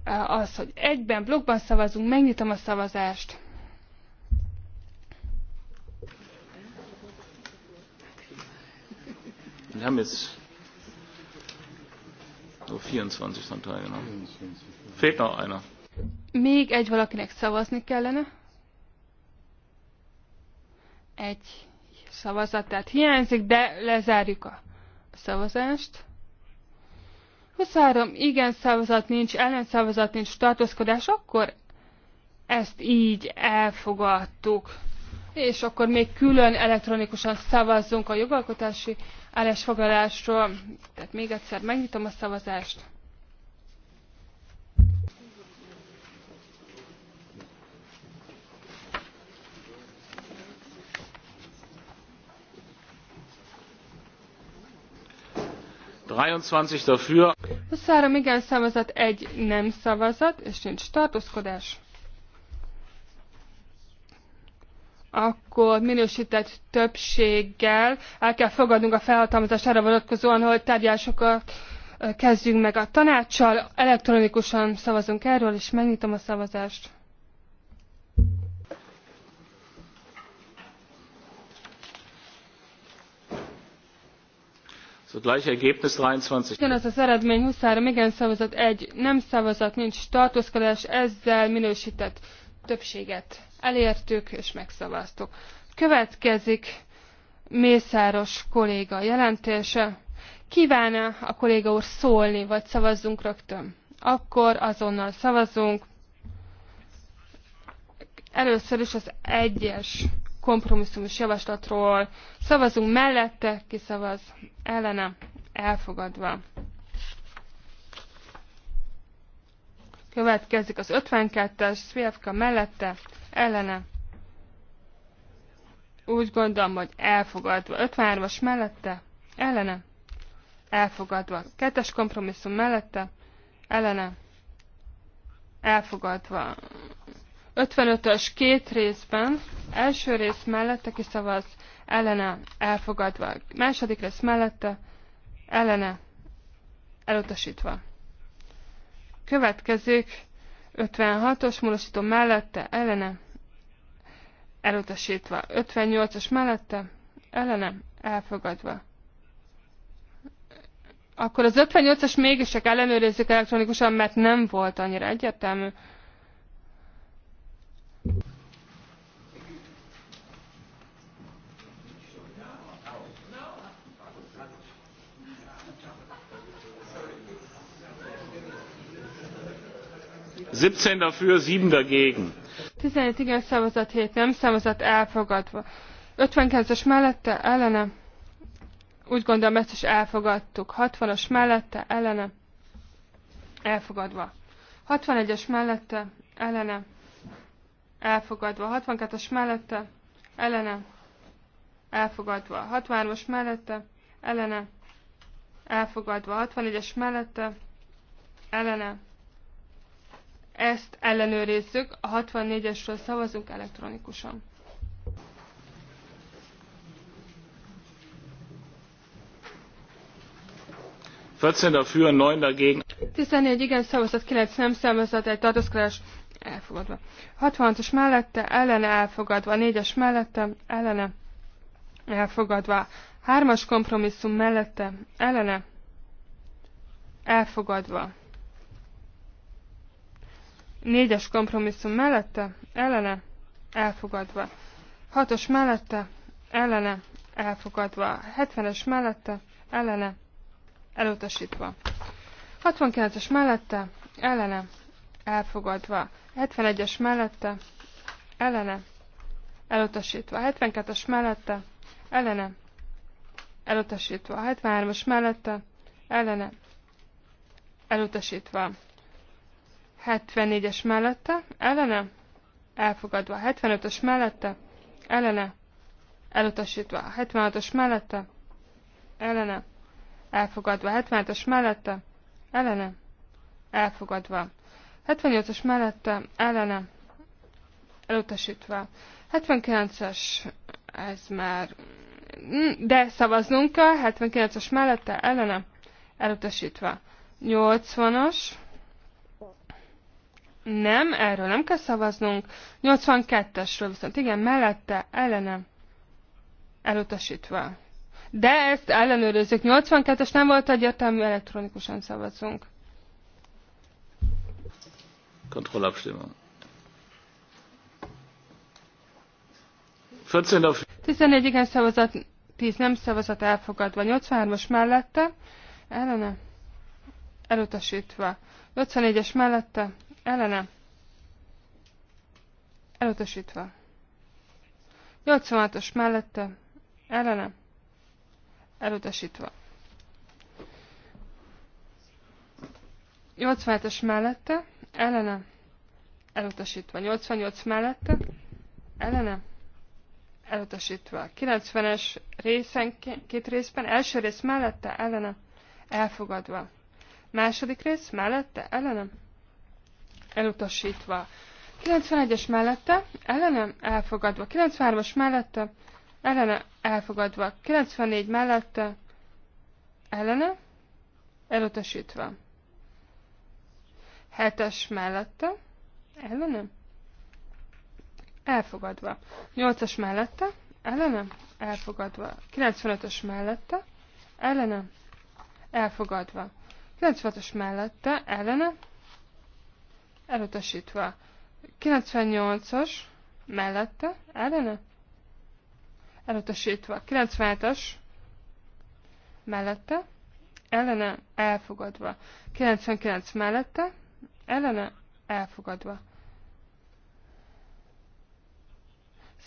e, az, hogy egyben blokkban szavazunk, megnyitom a szavazást. Wir haben jetzt nur 24 von teilgenommen. Fehlt noch einer. Még egy valakinek szavazni kellene. Egy szavazat, tehát hiányzik, de lezárjuk a szavazást. 23 igen szavazat nincs, ellenszavazat nincs, tartózkodás, akkor ezt így elfogadtuk. És akkor még külön elektronikusan szavazzunk a jogalkotási állásfoglalásról. Tehát még egyszer megnyitom a szavazást. 23 dafür. 23 igen szavazat, egy nem szavazat, és nincs tartózkodás. akkor minősített többséggel el kell fogadnunk a felhatalmazást arra vonatkozóan, hogy tárgyásokat kezdjünk meg a tanácssal. Elektronikusan szavazunk erről, és megnyitom a szavazást. So, gleich 23. Ugyanaz az eredmény 23 igen szavazat, egy nem szavazat, nincs tartózkodás, ezzel minősített többséget elértük és megszavaztuk. Következik Mészáros kolléga jelentése. kíván -e a kolléga úr szólni, vagy szavazzunk rögtön? Akkor azonnal szavazunk. Először is az egyes kompromisszumos javaslatról. Szavazunk mellette, ki szavaz ellene, elfogadva. Következik az 52-es, Szvijevka mellette, ellene. Úgy gondolom, hogy elfogadva. 53-as mellette, ellene. Elfogadva. Kettes kompromisszum mellette, ellene. Elfogadva. 55-ös két részben, első rész mellette kiszavaz, ellene elfogadva, második rész mellette, ellene elutasítva. Következik 56-os módosító mellette, ellene elutasítva, 58 os mellette, ellene elfogadva. Akkor az 58-as mégis csak ellenőrizzük elektronikusan, mert nem volt annyira egyértelmű. siebzehn dafür sieben dagegen. tizenhét igen szavazat hét nem szavazat elfogadva. fifty nine es mellette ellene úgy gondolom ezt is elfogadtuk. 60-as mellette ellene elfogadva. 61-es mellette ellene elfogadva. 62-es mellette ellene elfogadva. 63-as mellette ellene elfogadva. 61-es mellette ellene ezt ellenőrizzük, a 64-esről szavazunk elektronikusan. Dafür, 9 dagegen. 14 igen szavazat, 9 nem szavazat, egy tartózkodás elfogadva. 66-os mellette, ellene elfogadva, 4-es mellette, ellene elfogadva, 3-as kompromisszum mellette, ellene elfogadva. Négyes kompromisszum mellette, ellene, elfogadva. Hatos mellette, ellene, elfogadva. 70-es mellette, ellene, elutasítva. 69-es mellette, ellene, elfogadva. 71-es mellette, ellene, elutasítva. 72-es mellette, ellene, elutasítva. 73-as mellette, ellene, elutasítva. 74-es mellette, ellene, elfogadva. 75-ös mellette, ellene, elutasítva. 76-os mellette, ellene, elfogadva. 77-es mellette, ellene, elfogadva. 78 os mellette, ellene, elutasítva. 79-es, ez már, mm, de szavaznunk kell, 79-es mellette, ellene, elutasítva. 80-as, nem, erről nem kell szavaznunk. 82-esről viszont igen, mellette, ellene, Elutasítva. De ezt ellenőrizzük. 82-es nem volt egyértelmű, elektronikusan szavazunk. Kontrollabstimmung. 14 igen szavazat, 10 nem szavazat elfogadva. 83-as mellette, ellene, elutasítva. 84-es mellette, ellene elutasítva. 86-os mellette ellene elutasítva. 87-es mellette ellene elutasítva. 88 mellette ellene elutasítva. 90-es részen, két részben, első rész mellette ellene elfogadva. Második rész mellette ellene elutasítva. 91-es mellette, ellene elfogadva. 93-as mellette, ellene elfogadva. 94 mellette, ellene elutasítva. 7-es mellette, ellene elfogadva. 8-as mellette, ellene elfogadva. 95-ös mellette, ellene elfogadva. 96-os mellette, ellene elutasítva. 98-as mellette, ellene, elutasítva. 97-as mellette, ellene, elfogadva. 99 mellette, ellene, elfogadva.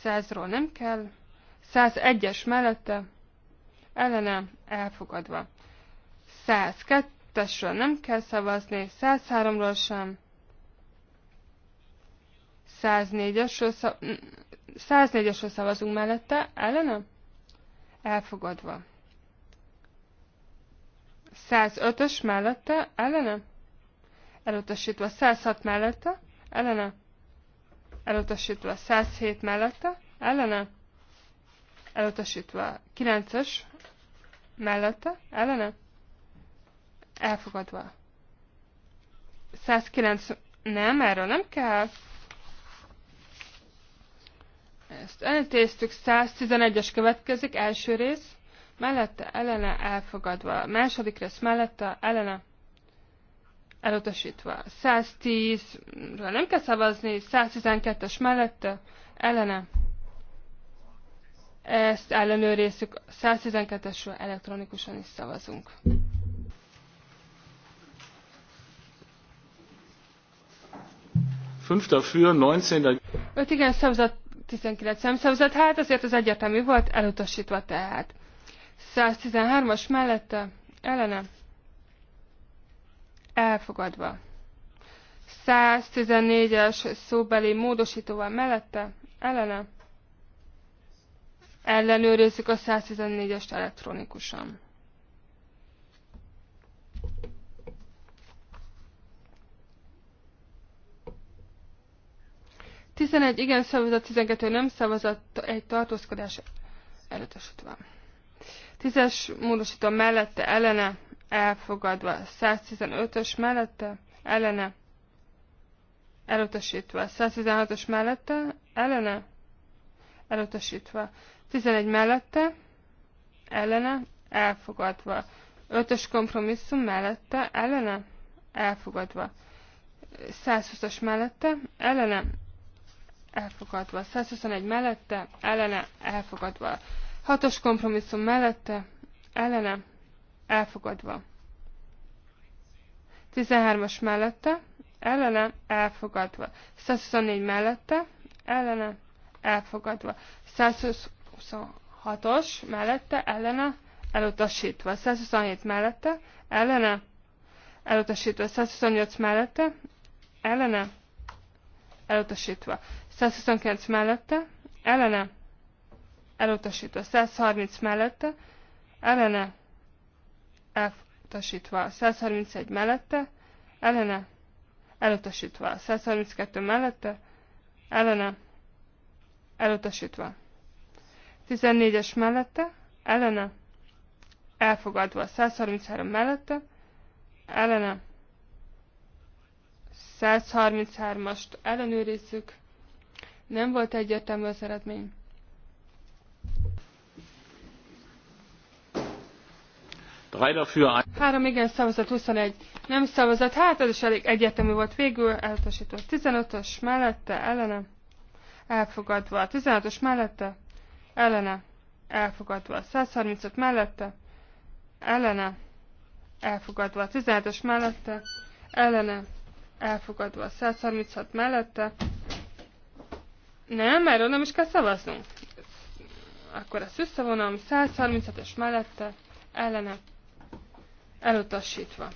100-ról nem kell, 101-es mellette, ellene, elfogadva. 102-esről nem kell szavazni, 103-ról sem, 104-esről szav... 104 szavazunk mellette, ellene? Elfogadva. 105-ös mellette, ellene? Elutasítva. 106 mellette, ellene? Elutasítva. 107 mellette, ellene? Elutasítva. 9-ös mellette, ellene? Elfogadva. 109 nem, erről nem kell. Ezt elintéztük, 111-es következik, első rész, mellette ellene elfogadva, második rész mellette ellene elutasítva. 110-ről nem kell szavazni, 112-es mellette ellene. Ezt ellenőrizzük, 112-esről elektronikusan is szavazunk. Fünfter für, 19 Öt igen szavazat, 19 szemszavazat, hát azért az egyetemű volt, elutasítva tehát. 113-as mellette, ellene, elfogadva. 114-es szóbeli módosítóval mellette, ellene, ellenőrizzük a 114-est elektronikusan. 11 igen szavazat, 12 nem szavazat, egy tartózkodás elutasítva. 10-es módosító mellette ellene elfogadva, 115-ös mellette ellene elutasítva, 116-os mellette ellene elutasítva, 11 mellette ellene elfogadva, 5-ös kompromisszum mellette ellene elfogadva, 120-as mellette ellene elfogadva. 121 mellette, ellene, elfogadva. 6-os kompromisszum mellette, ellene, elfogadva. 13-as mellette, ellene, elfogadva. 124 mellette, ellene, elfogadva. 126-os mellette, ellene, elutasítva. 127 mellette, ellene, elutasítva. 128 mellette, ellene, elutasítva. 129 mellette, ellene, elutasítva 130 mellette, ellene, elutasítva 131 mellette, ellene, elutasítva 132 mellette, ellene, elutasítva. 14-es mellette, ellene, elfogadva 133 mellette, ellene, 133-ast ellenőrizzük, nem volt egyértelmű az eredmény. Három igen szavazat, 21 nem szavazat. Hát ez is elég egyértelmű volt végül. Elutasító 15-ös mellette, ellene. Elfogadva. 16-os mellette, ellene. Elfogadva. 135 mellette, ellene. Elfogadva. 17-es mellette, ellene. Elfogadva. 136 mellette, nem, erről nem is kell szavaznunk. Akkor ezt összevonom, 137-es mellette, ellene, elutasítva.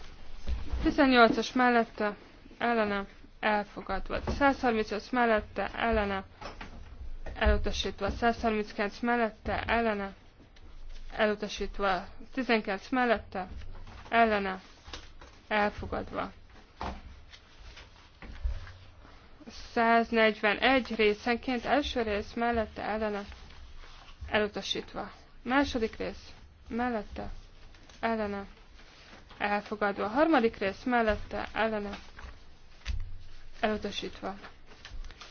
18-as mellette, ellene, elfogadva. 138 mellette, ellene, elutasítva. 139 mellette, ellene, elutasítva. 19 mellette, ellene, elfogadva. 141 részenként első rész mellette ellene elutasítva. Második rész mellette ellene elfogadva. harmadik rész mellette ellene elutasítva.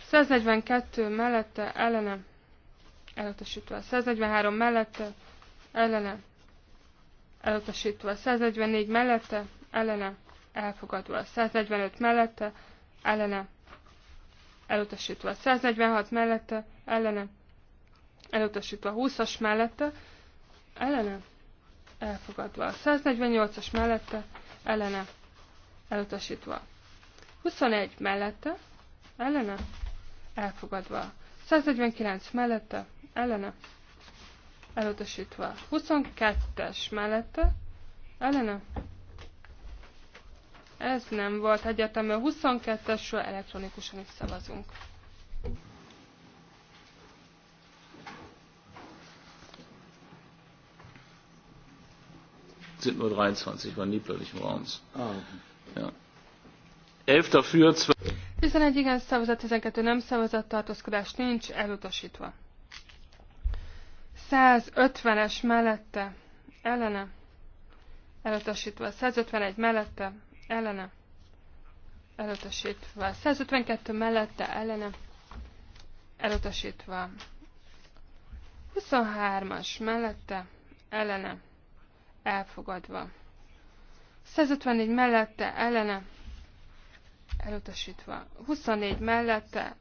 142 mellette ellene elutasítva. 143 mellette ellene elutasítva. 144 mellette ellene elfogadva. 145 mellette ellene elutasítva. 146 mellette, ellene, elutasítva. 20-as mellette, ellene, elfogadva. 148-as mellette, ellene, elutasítva. 21 mellette, ellene, elfogadva. 149 mellette, ellene, elutasítva. 22-es mellette, ellene, ez nem volt egyetemű. A 22-esről elektronikusan is szavazunk. sind nur 23, war Niebler nicht im Raum. Ah, ja. 11 dafür, 12. 11 igen szavazat, 12 nem szavazat, tartózkodás nincs, elutasítva. 150-es mellette, ellene, elutasítva. 151 mellette, ellene elutasítva. 152 mellette ellene elutasítva. 23-as mellette ellene elfogadva. 154 mellette ellene elutasítva. 24 mellette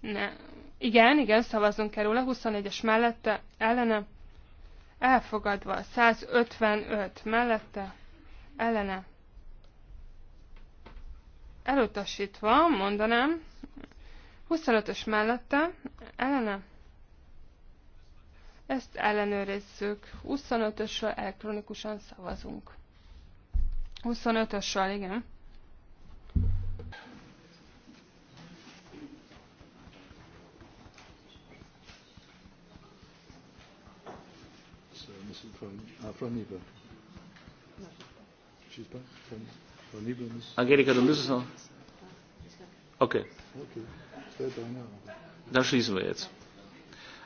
ne. Igen, igen, szavazunk kell róla. 24-es mellette ellene elfogadva. 155 mellette ellene elutasítva, mondanám, 25-ös mellette, ellene, ezt ellenőrizzük, 25-ösről elektronikusan szavazunk. 25-ösről, igen. from, uh, from Eva. She's back from... Angelika, du müsstest noch. Okay. Dann schließen wir jetzt.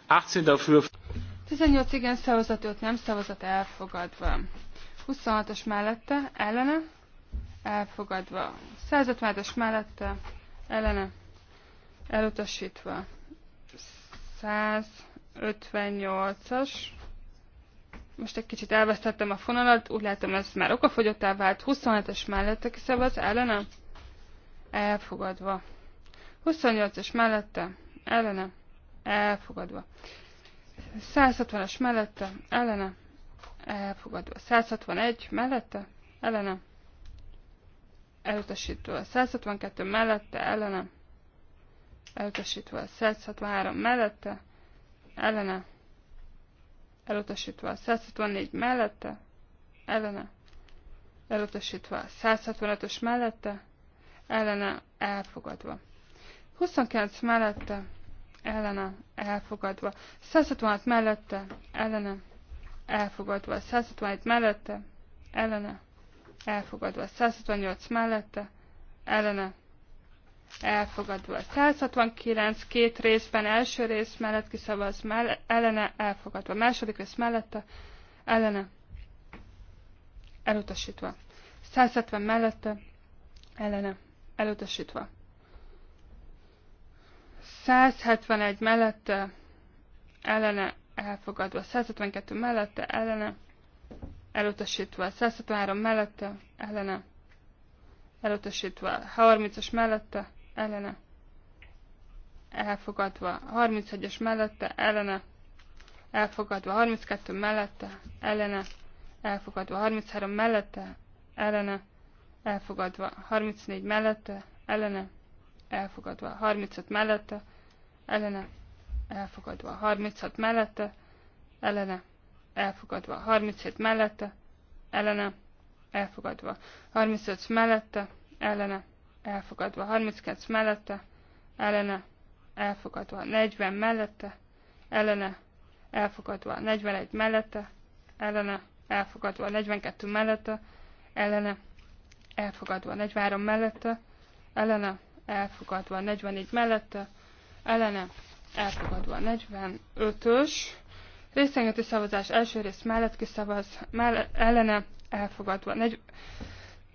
18 dafür. 18 igen szavazat, 5 nem szavazat elfogadva. 26-os mellette, ellene, elfogadva. 157-es mellette, ellene, elutasítva. 158-as most egy kicsit elvesztettem a fonalat, úgy látom ez már okafogyottá vált. 27-es mellette kiszavaz, ellene? Elfogadva. 28-es mellette, ellene? Elfogadva. 160-as mellette, ellene? Elfogadva. 161 mellette, ellene? Elutasítva. 162 mellette, ellene? Elutasítva. 163 mellette, ellene? elutasítva a 164 mellette, ellene, elutasítva a 165-ös mellette, ellene, elfogadva. 29 mellette, ellene, elfogadva. 166 mellette, ellene, elfogadva. 161 mellette, ellene, elfogadva. 168 mellette, ellene, elfogadva. 169 két részben, első rész mellett kiszavaz mell ellene, elfogadva. Második rész mellette, ellene, elutasítva. 170 mellette, ellene, elutasítva. 171 mellette, ellene, elfogadva. 172 mellette, ellene, elutasítva. 173 mellette, ellene, elutasítva. 30-as mellette, ellene elfogadva, 31-es mellette ellene elfogadva, 32 mellette ellene elfogadva, 33 mellette ellene elfogadva, 34 mellette ellene elfogadva, 35 mellette ellene elfogadva, 36 mellette ellene elfogadva, 37 mellette ellene elfogadva, 35 mellette ellene elfogadva. 39 mellette, ellene, elfogadva. 40 mellette, ellene, elfogadva. 41 mellette, ellene, elfogadva. 42 mellette, ellene, elfogadva. 43 mellette, ellene, elfogadva. 44 mellette, ellene, elfogadva. 45-ös részengeti szavazás első rész mellett kiszavaz, mell ellene, elfogadva. Negy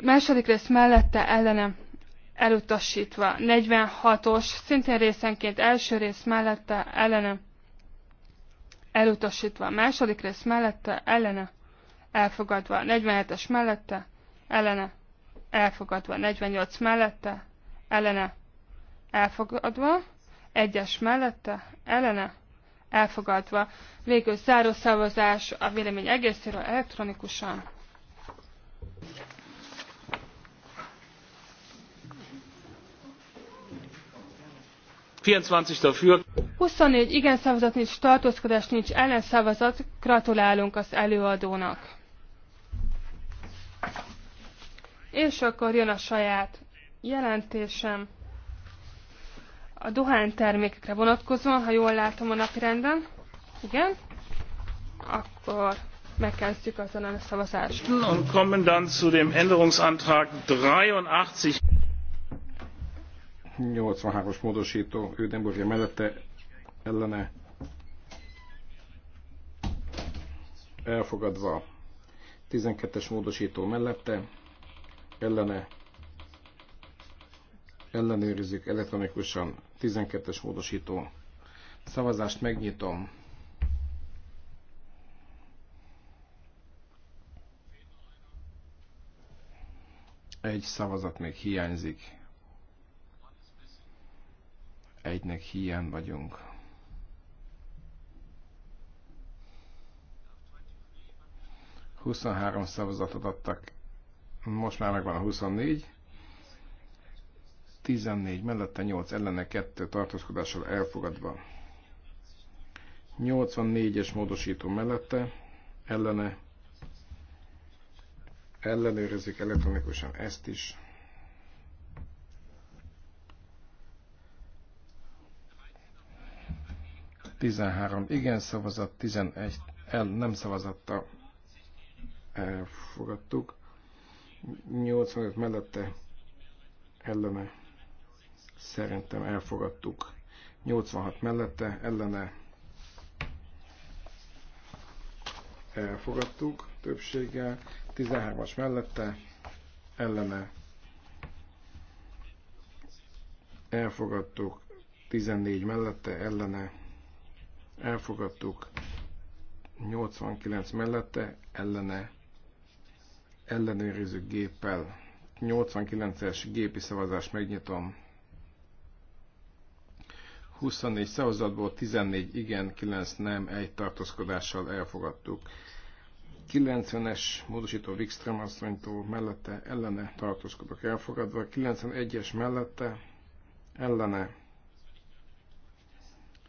második rész mellette, ellene, elutasítva. 46-os, szintén részenként első rész mellette ellene elutasítva. Második rész mellette ellene elfogadva. 47-es mellette ellene elfogadva. 48 mellette ellene elfogadva. 1-es mellette ellene elfogadva. Végül záró szavazás a vélemény egészéről elektronikusan. 24 igen szavazat nincs, tartózkodás nincs, ellenszavazat. Gratulálunk az előadónak. És akkor jön a saját jelentésem. A dohánytermékekre vonatkozóan, ha jól látom a napirenden. Igen? Akkor megkezdjük az a szavazást. nun kommen dann zu dem Änderungsantrag 83. 83-as módosító Ödenburgja mellette ellene elfogadva 12-es módosító mellette ellene ellenőrizzük elektronikusan 12-es módosító szavazást megnyitom egy szavazat még hiányzik egynek hiány vagyunk. Huszonhárom szavazatot adtak, most már megvan a 24. 14 mellette 8 ellene 2 tartózkodással elfogadva. 84-es módosító mellette ellene ellenőrizzük elektronikusan ezt is. 13 igen szavazat, 11 el nem szavazatta elfogadtuk. 85 mellette ellene szerintem elfogadtuk. 86 mellette ellene elfogadtuk többséggel, 13-as mellette ellene elfogadtuk, 14 mellette ellene elfogadtuk 89 mellette, ellene ellenőriző géppel. 89-es gépi szavazás megnyitom. 24 szavazatból 14 igen, 9 nem, egy tartózkodással elfogadtuk. 90-es módosító Wikström asszonytól mellette ellene tartózkodok elfogadva, 91-es mellette ellene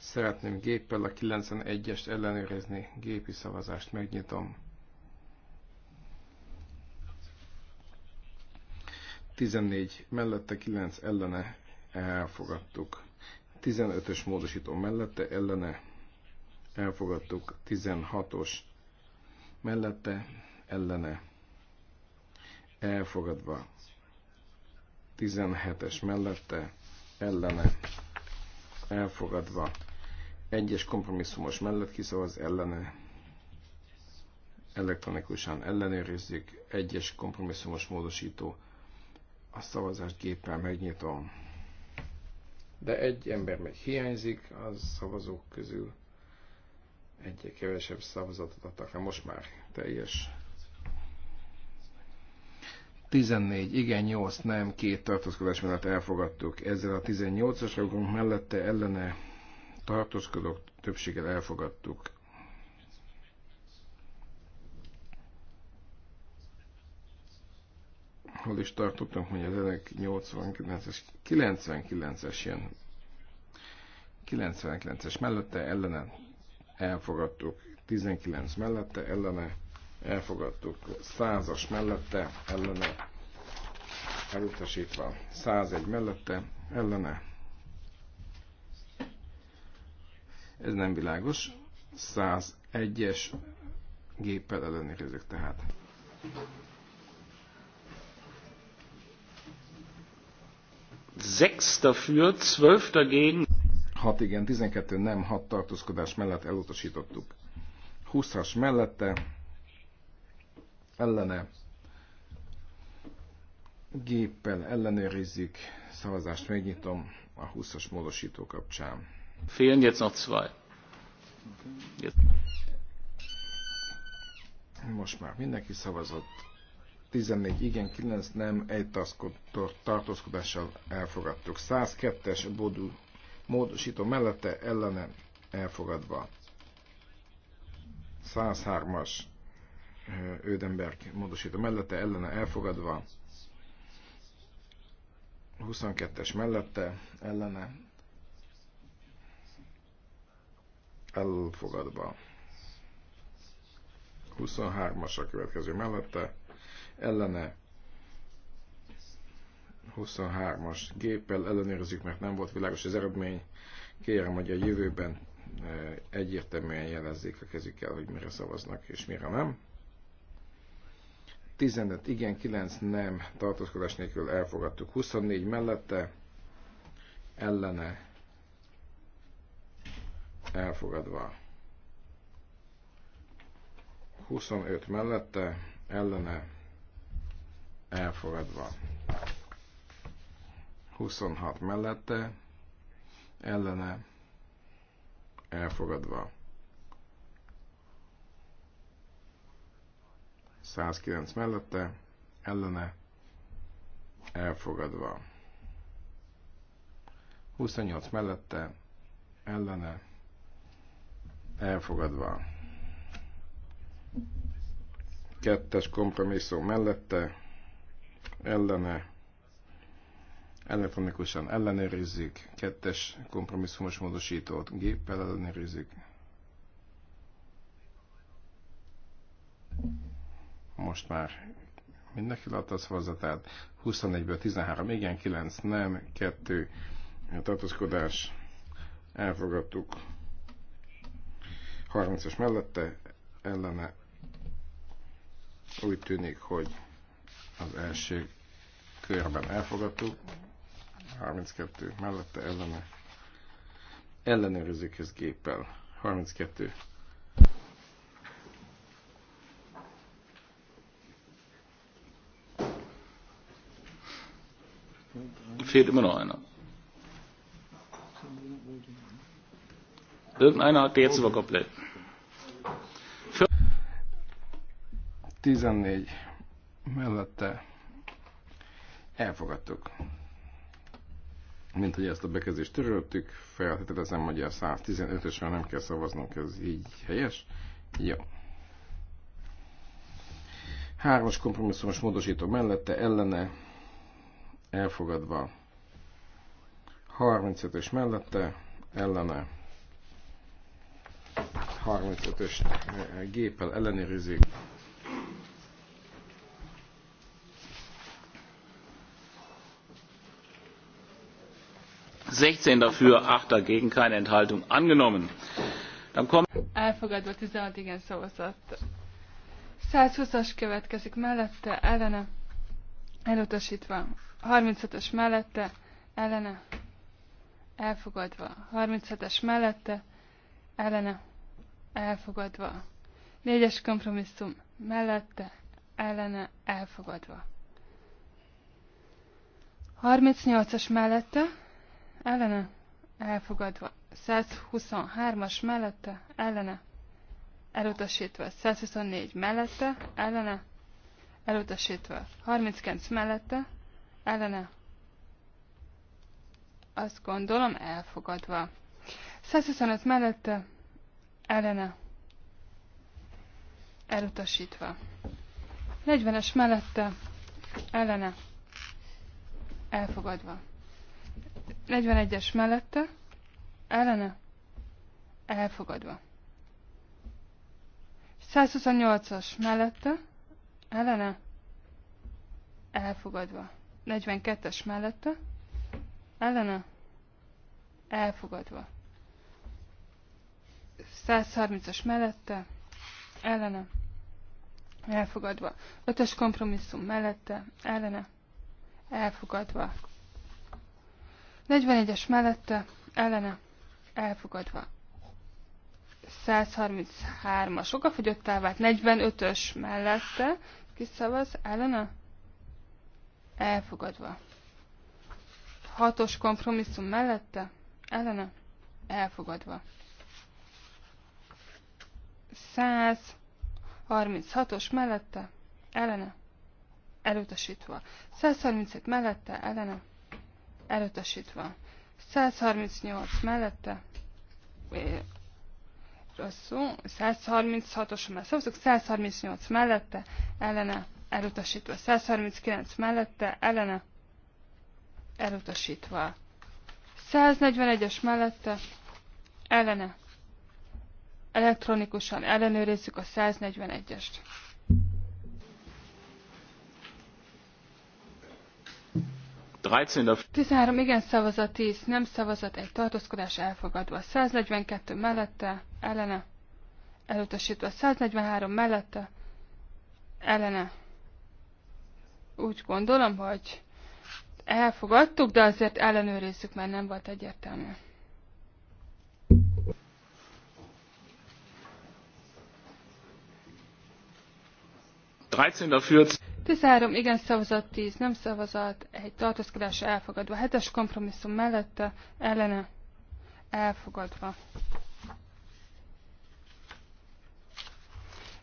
Szeretném géppel a 91-est ellenőrizni. Gépi szavazást megnyitom. 14 mellette, 9 ellene elfogadtuk. 15-ös módosító mellette, ellene elfogadtuk. 16-os mellette, ellene elfogadva. 17-es mellette, ellene elfogadva. Egyes kompromisszumos mellett kiszavaz ellene. Elektronikusan ellenőrizzük. Egyes kompromisszumos módosító. A szavazást géppel megnyitom. De egy ember még hiányzik a szavazók közül. egy kevesebb szavazatot adtak, most már teljes 14, igen, 8, nem, két tartózkodás mellett elfogadtuk. Ezzel a 18-as mellette ellene tartózkodók többséggel elfogadtuk. Hol is tartottunk, hogy az ennek 89-es, 99-es ilyen, 99-es mellette ellene elfogadtuk, 19 mellette ellene elfogadtuk, 100-as mellette ellene elutasítva, 101 mellette ellene Ez nem világos. 101-es géppel ellenőrizzük tehát. Sechs dafür, zwölf dagegen. Hat igen, 12 nem, Hat tartózkodás mellett elutasítottuk. 20-as mellette, ellene, géppel ellenőrizzük, szavazást megnyitom a 20-as módosító kapcsán. Fehlen jetzt noch zwei. Most már mindenki szavazott. 14 igen, 9 nem, egy tartózkodással elfogadtuk. 102-es bodú módosító mellette ellene elfogadva. 103-as eh, Ödenberg módosító mellette ellene elfogadva. 22-es mellette ellene elfogadva. 23-as a következő mellette, ellene 23-as géppel ellenőrizzük, mert nem volt világos az eredmény. Kérem, hogy a jövőben eh, egyértelműen jelezzék a kezükkel, hogy mire szavaznak és mire nem. 15 igen, 9 nem, tartózkodás nélkül elfogadtuk. 24 mellette, ellene elfogadva. 25 mellette, ellene, elfogadva. 26 mellette, ellene, elfogadva. 109 mellette, ellene, elfogadva. 28 mellette, ellene, elfogadva elfogadva. Kettes kompromisszum mellette, ellene, elektronikusan ellenőrizzük, kettes kompromisszumos módosítót géppel ellenőrizzük. Most már mindenki látta a szavazatát. 21-ből 13, igen, 9, nem, 2, tartózkodás, elfogadtuk. 30-as mellette ellene úgy tűnik, hogy az első körben elfogadó. 32 mellette ellene ellenőrizzük ezt géppel, 32 Firmenajna. Irgendeiner hat die jetzt überkomplett. 14 mellette elfogadtuk. Mint hogy ezt a bekezdést töröltük, feltételezem, hogy a 115-ösre nem kell szavaznunk, ez így helyes. Jó. Hármas kompromisszumos módosító mellette, ellene, elfogadva. 35-ös mellette, ellene. 35-ös géppel ellenőrizik. sechzehn dafür acht dagegen keine enthaltung angenommen. Dann kommt elfogadva sixteen igen szavazat. 120-as következik mellette, ellene, elutasítva. 35-ös mellette, ellene, elfogadva. 37-es mellette, ellene, elfogadva. 4-es kompromisszum mellette, ellene, elfogadva. 38-as mellette, ellene elfogadva, 123-as mellette, ellene elutasítva, 124 mellette, ellene elutasítva, 39 mellette, ellene azt gondolom elfogadva. 125 mellette, ellene elutasítva. 40-es mellette, ellene elfogadva. 41-es mellette, ellene, elfogadva. 128-as mellette, ellene, elfogadva. 42-es mellette, ellene, elfogadva. 130-as mellette, ellene, elfogadva. 5-ös kompromisszum mellette, ellene, elfogadva. 41-es mellette ellene elfogadva. 133-as sokafogyottá vált, 45-ös mellette kiszavaz ellene elfogadva. 6-os kompromisszum mellette ellene elfogadva. 136-os mellette ellene elutasítva. 137 mellette ellene elutasítva. 138 mellette, rosszul, 136-os mert szavazok, 138 mellette, ellene elutasítva. 139 mellette, ellene elutasítva. 141-es mellette, ellene elektronikusan ellenőrizzük a 141-est. 13 igen szavazat, 10 nem szavazat, egy tartózkodás elfogadva. 142 mellette, ellene, elutasítva. 143 mellette, ellene. Úgy gondolom, hogy elfogadtuk, de azért ellenőrizzük, mert nem volt egyértelmű. Dafür. 13 igen szavazat, 10 nem szavazat, egy tartózkodás elfogadva. 7-es kompromisszum mellette ellene elfogadva.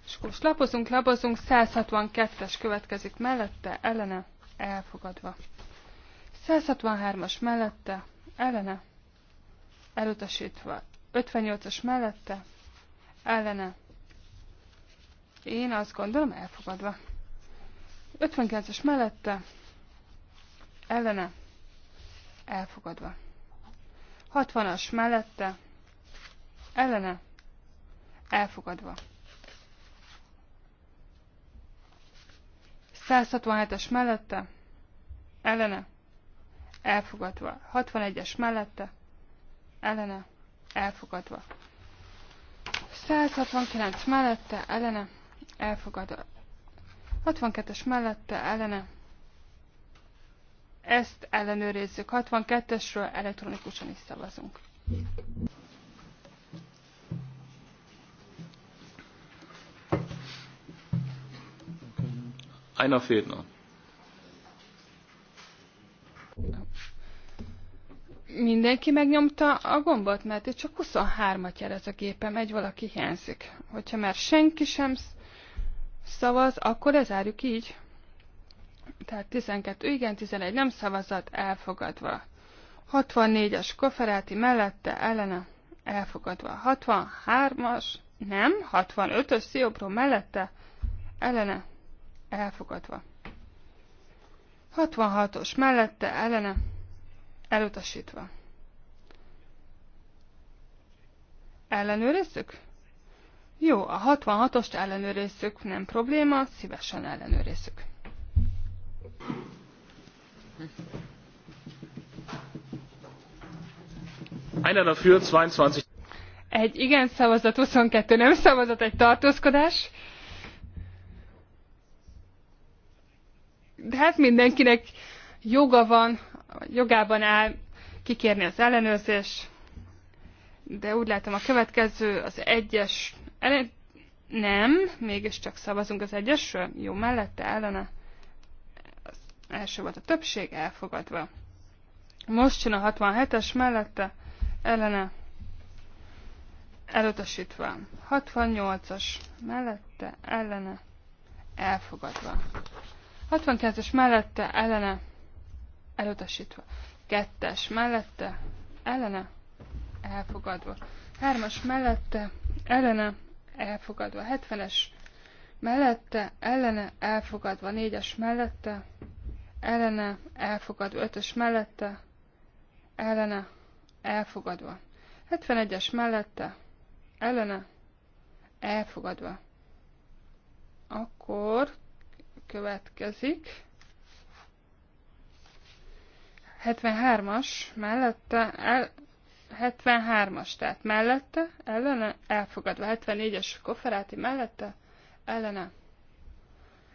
És akkor most lapozunk, lapozunk, 162-es következik mellette, ellene elfogadva. 163-as mellette, ellene elutasítva. 58-as mellette, ellene. Én azt gondolom elfogadva. 59-es mellette ellene elfogadva. 60-as mellette ellene elfogadva. 167-es mellette ellene elfogadva. 61-es mellette ellene elfogadva. 169 mellette ellene elfogadva. 62-es mellette ellene. Ezt ellenőrizzük. 62-esről elektronikusan is szavazunk. Einer fehlt noch. Mindenki megnyomta a gombot, mert itt csak 23-at ez a gépem, egy valaki hiányzik. Hogyha már senki sem szavaz, akkor lezárjuk így. Tehát 12 igen, 11 nem szavazat elfogadva. 64-es koferáti mellette ellene elfogadva. 63-as nem, 65-ös Sziobró mellette ellene elfogadva. 66-os mellette ellene elutasítva. Ellenőrizzük? Jó, a 66-ost ellenőrizzük, nem probléma, szívesen ellenőrizzük. Einer dafür, 22. Egy igen szavazat, 22 nem szavazat, egy tartózkodás. De hát mindenkinek joga van, jogában áll kikérni az ellenőrzés, de úgy látom a következő, az egyes Ele nem, mégiscsak szavazunk az egyesről. Jó, mellette ellene. Az első volt a többség, elfogadva. Most jön a 67-es mellette, ellene elutasítva. 68-as mellette, ellene elfogadva. 69-es mellette, ellene elutasítva. 2-es mellette, ellene elfogadva. 3-as mellette, ellene elfogadva. 70-es mellette, ellene elfogadva. 4-es mellette, ellene elfogadva. 5-ös mellette, ellene elfogadva. 71-es mellette, ellene elfogadva. Akkor következik. 73-as mellette el, 73-as, tehát mellette, ellene, elfogadva. 74-es kofferáti mellette, ellene.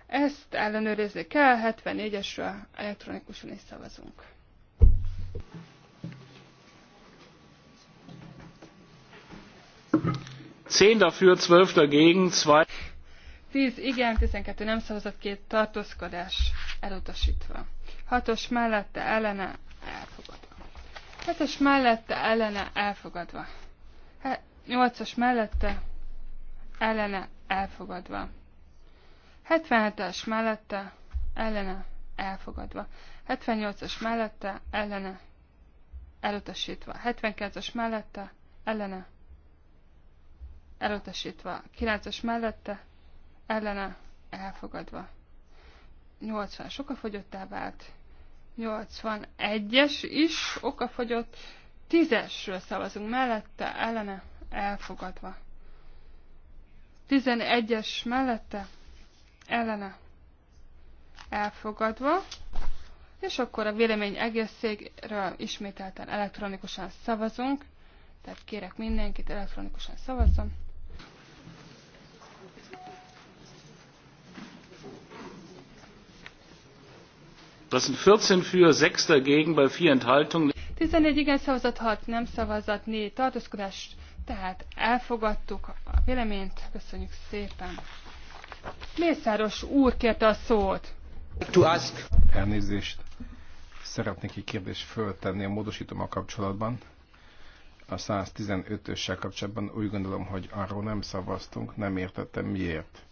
Ezt ellenőrizni kell, 74-esről elektronikusan is szavazunk. Zehn dafür, 12 dagegen, 2... 10 igen, 12 nem szavazott két tartózkodás elutasítva. 6-os mellette ellene elfogadva. 70-es mellette ellene elfogadva. Hát, nyolcas mellette ellene elfogadva. 77-es mellette ellene elfogadva. 78-as mellette ellene elutasítva. 79-es mellette ellene elutasítva. 9-es mellette ellene elfogadva. 80 sokafogyottá vált. 81-es is okafogyott, 10-esről szavazunk mellette, ellene elfogadva. 11-es mellette, ellene elfogadva, és akkor a vélemény egészségről ismételten elektronikusan szavazunk, tehát kérek mindenkit elektronikusan szavazzon. Das 14 igen szavazat, 6 nem szavazat, 4 tartózkodás. Tehát elfogadtuk a véleményt. Köszönjük szépen. Mészáros úr kérte a szót. To ask. Elnézést. Szeretnék egy kérdést föltenni a módosítommal kapcsolatban. A 115-össel kapcsolatban úgy gondolom, hogy arról nem szavaztunk, nem értettem miért.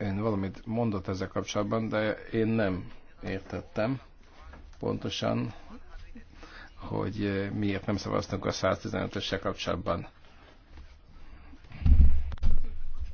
Ön valamit mondott ezzel kapcsolatban, de én nem értettem pontosan, hogy eh, miért nem szavaztunk a 115-össel kapcsolatban.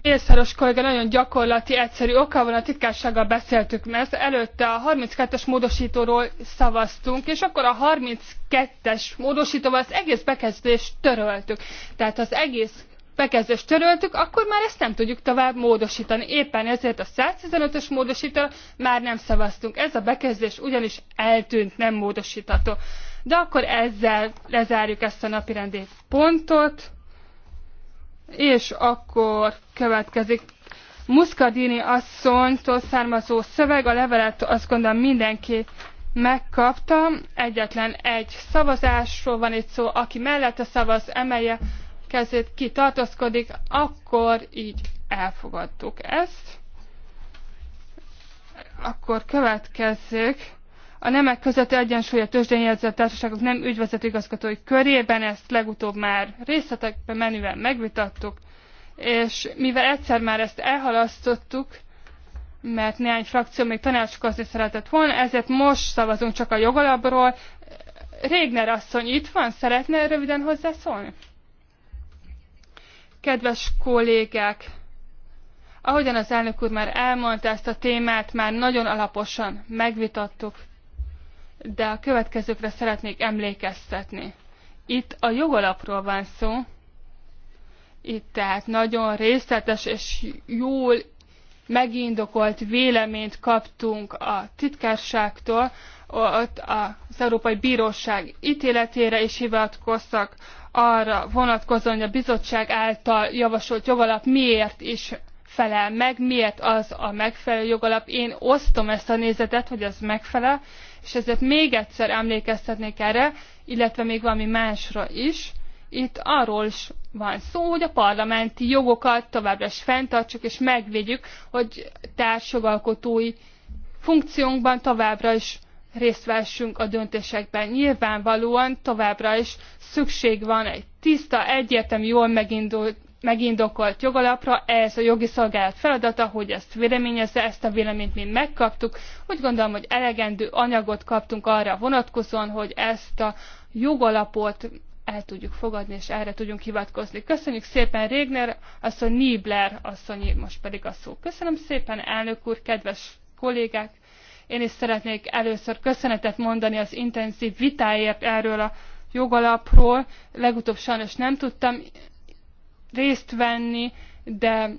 Észáros kolléga nagyon gyakorlati, egyszerű oka van, a titkársággal beszéltük, mert előtte a 32-es módosítóról szavaztunk, és akkor a 32-es módosítóval az egész bekezdést töröltük. Tehát az egész bekezdést töröltük, akkor már ezt nem tudjuk tovább módosítani. Éppen ezért a 115-ös módosítóra már nem szavaztunk. Ez a bekezdés ugyanis eltűnt, nem módosítható. De akkor ezzel lezárjuk ezt a napirendi pontot, és akkor következik Muscadini asszonytól származó szöveg, a levelet azt gondolom mindenki megkapta, egyetlen egy szavazásról van itt szó, aki mellette szavaz, emelje kezét, ki tartózkodik, akkor így elfogadtuk ezt. Akkor következzük. A nemek közötti egyensúly a tőzsdényjelzett társaságok nem ügyvezető igazgatói körében, ezt legutóbb már részletekben menüvel megvitattuk, és mivel egyszer már ezt elhalasztottuk, mert néhány frakció még tanácskozni szeretett volna, ezért most szavazunk csak a jogalapról. Régner asszony itt van, szeretne röviden hozzászólni? Kedves kollégák, ahogyan az elnök úr már elmondta, ezt a témát már nagyon alaposan megvitattuk, de a következőkre szeretnék emlékeztetni. Itt a jogalapról van szó, itt tehát nagyon részletes és jól megindokolt véleményt kaptunk a titkárságtól, az Európai Bíróság ítéletére is hivatkoztak, arra vonatkozóan, hogy a bizottság által javasolt jogalap miért is felel meg, miért az a megfelelő jogalap. Én osztom ezt a nézetet, hogy ez megfelel, és ezért még egyszer emlékeztetnék erre, illetve még valami másra is. Itt arról is van szó, hogy a parlamenti jogokat továbbra is fenntartsuk és megvédjük, hogy társjogalkotói funkciónkban továbbra is részt vessünk a döntésekben. Nyilvánvalóan továbbra is szükség van egy tiszta, egyértelmű, jól megindult megindokolt jogalapra, ez a jogi szolgálat feladata, hogy ezt véleményezze, ezt a véleményt mi megkaptuk. Úgy gondolom, hogy elegendő anyagot kaptunk arra vonatkozóan, hogy ezt a jogalapot el tudjuk fogadni, és erre tudjunk hivatkozni. Köszönjük szépen Régner, asszony Niebler asszony, most pedig a szó. Köszönöm szépen, elnök úr, kedves kollégák! Én is szeretnék először köszönetet mondani az intenzív vitáért erről a jogalapról. Legutóbb sajnos nem tudtam részt venni, de,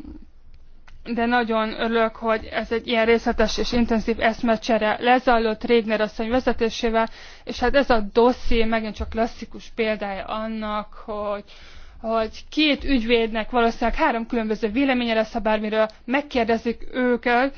de nagyon örülök, hogy ez egy ilyen részletes és intenzív eszmecsere lezajlott Régner asszony vezetésével, és hát ez a dosszié megint csak klasszikus példája annak, hogy, hogy két ügyvédnek valószínűleg három különböző véleménye lesz, ha bármiről megkérdezik őket,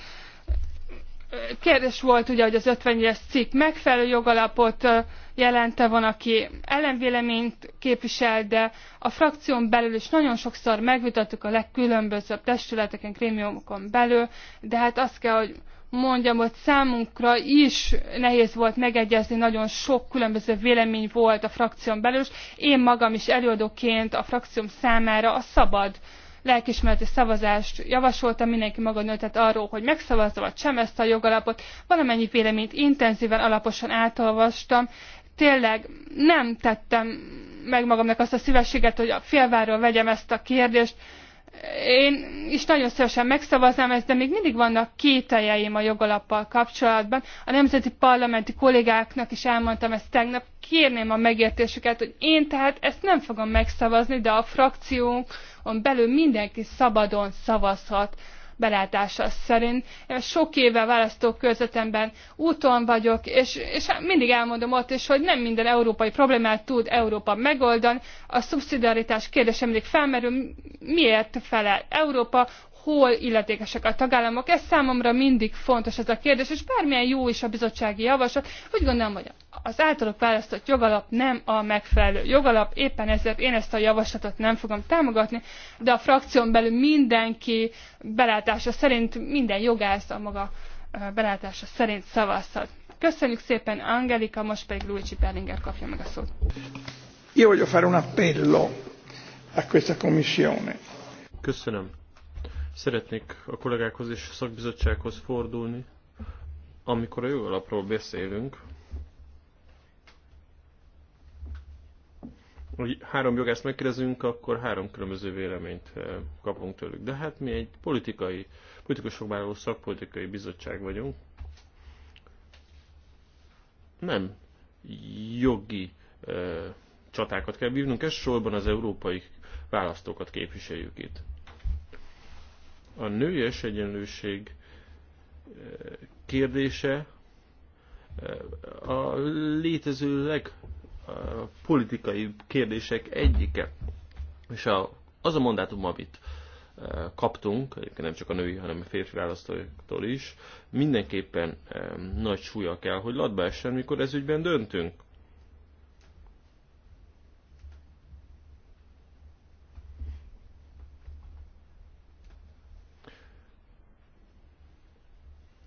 kérdés volt ugye, hogy az 50 es cikk megfelelő jogalapot jelente van, aki ellenvéleményt képvisel, de a frakción belül is nagyon sokszor megvitattuk a legkülönbözőbb testületeken, krémiumokon belül, de hát azt kell, hogy mondjam, hogy számunkra is nehéz volt megegyezni, nagyon sok különböző vélemény volt a frakción belül, és én magam is előadóként a frakcióm számára a szabad uh, lelkismereti szavazást javasoltam, mindenki maga nőtett arról, hogy megszavazza vagy sem ezt a jogalapot. Valamennyi véleményt intenzíven, alaposan átolvastam. Tényleg nem tettem meg magamnak azt a szívességet, hogy a félváról vegyem ezt a kérdést, én is nagyon szívesen megszavaznám ezt, de még mindig vannak kételjeim a jogalappal kapcsolatban. A nemzeti parlamenti kollégáknak is elmondtam ezt tegnap, kérném a megértésüket, hogy én tehát ezt nem fogom megszavazni, de a frakciónkon belül mindenki szabadon szavazhat belátása szerint. Én sok éve választókörzetemben úton vagyok, és, és hát mindig elmondom ott is, hogy nem minden európai problémát tud Európa megoldani. A szubszidiaritás kérdése mindig felmerül, miért felel Európa, hol illetékesek a tagállamok. Ez számomra mindig fontos ez a kérdés, és bármilyen jó is a bizottsági javaslat, úgy gondolom, hogy a az általuk választott jogalap nem a megfelelő jogalap, éppen ezért én ezt a javaslatot nem fogom támogatni, de a frakción belül mindenki belátása szerint, minden jogász a maga belátása szerint szavazhat. Köszönjük szépen Angelika, most pedig Luigi Berlinger kapja meg a szót. Io voglio fare un appello a questa commissione. Köszönöm. Szeretnék a kollégákhoz és a szakbizottsághoz fordulni, amikor a jogalapról beszélünk, hogy három jogást megkérdezünk, akkor három különböző véleményt eh, kapunk tőlük. De hát mi egy politikai, politikusok vállaló szakpolitikai bizottság vagyunk. Nem jogi ö, eh, csatákat kell bírnunk, elsősorban az európai választókat képviseljük itt. A nőies egyenlőség eh, kérdése a létező leg politikai kérdések egyike. És a, az a mondátum, amit e, kaptunk, egyébként nem csak a női, hanem a férfi választóktól is, mindenképpen e, nagy súlya kell, hogy latba essen, mikor ügyben döntünk.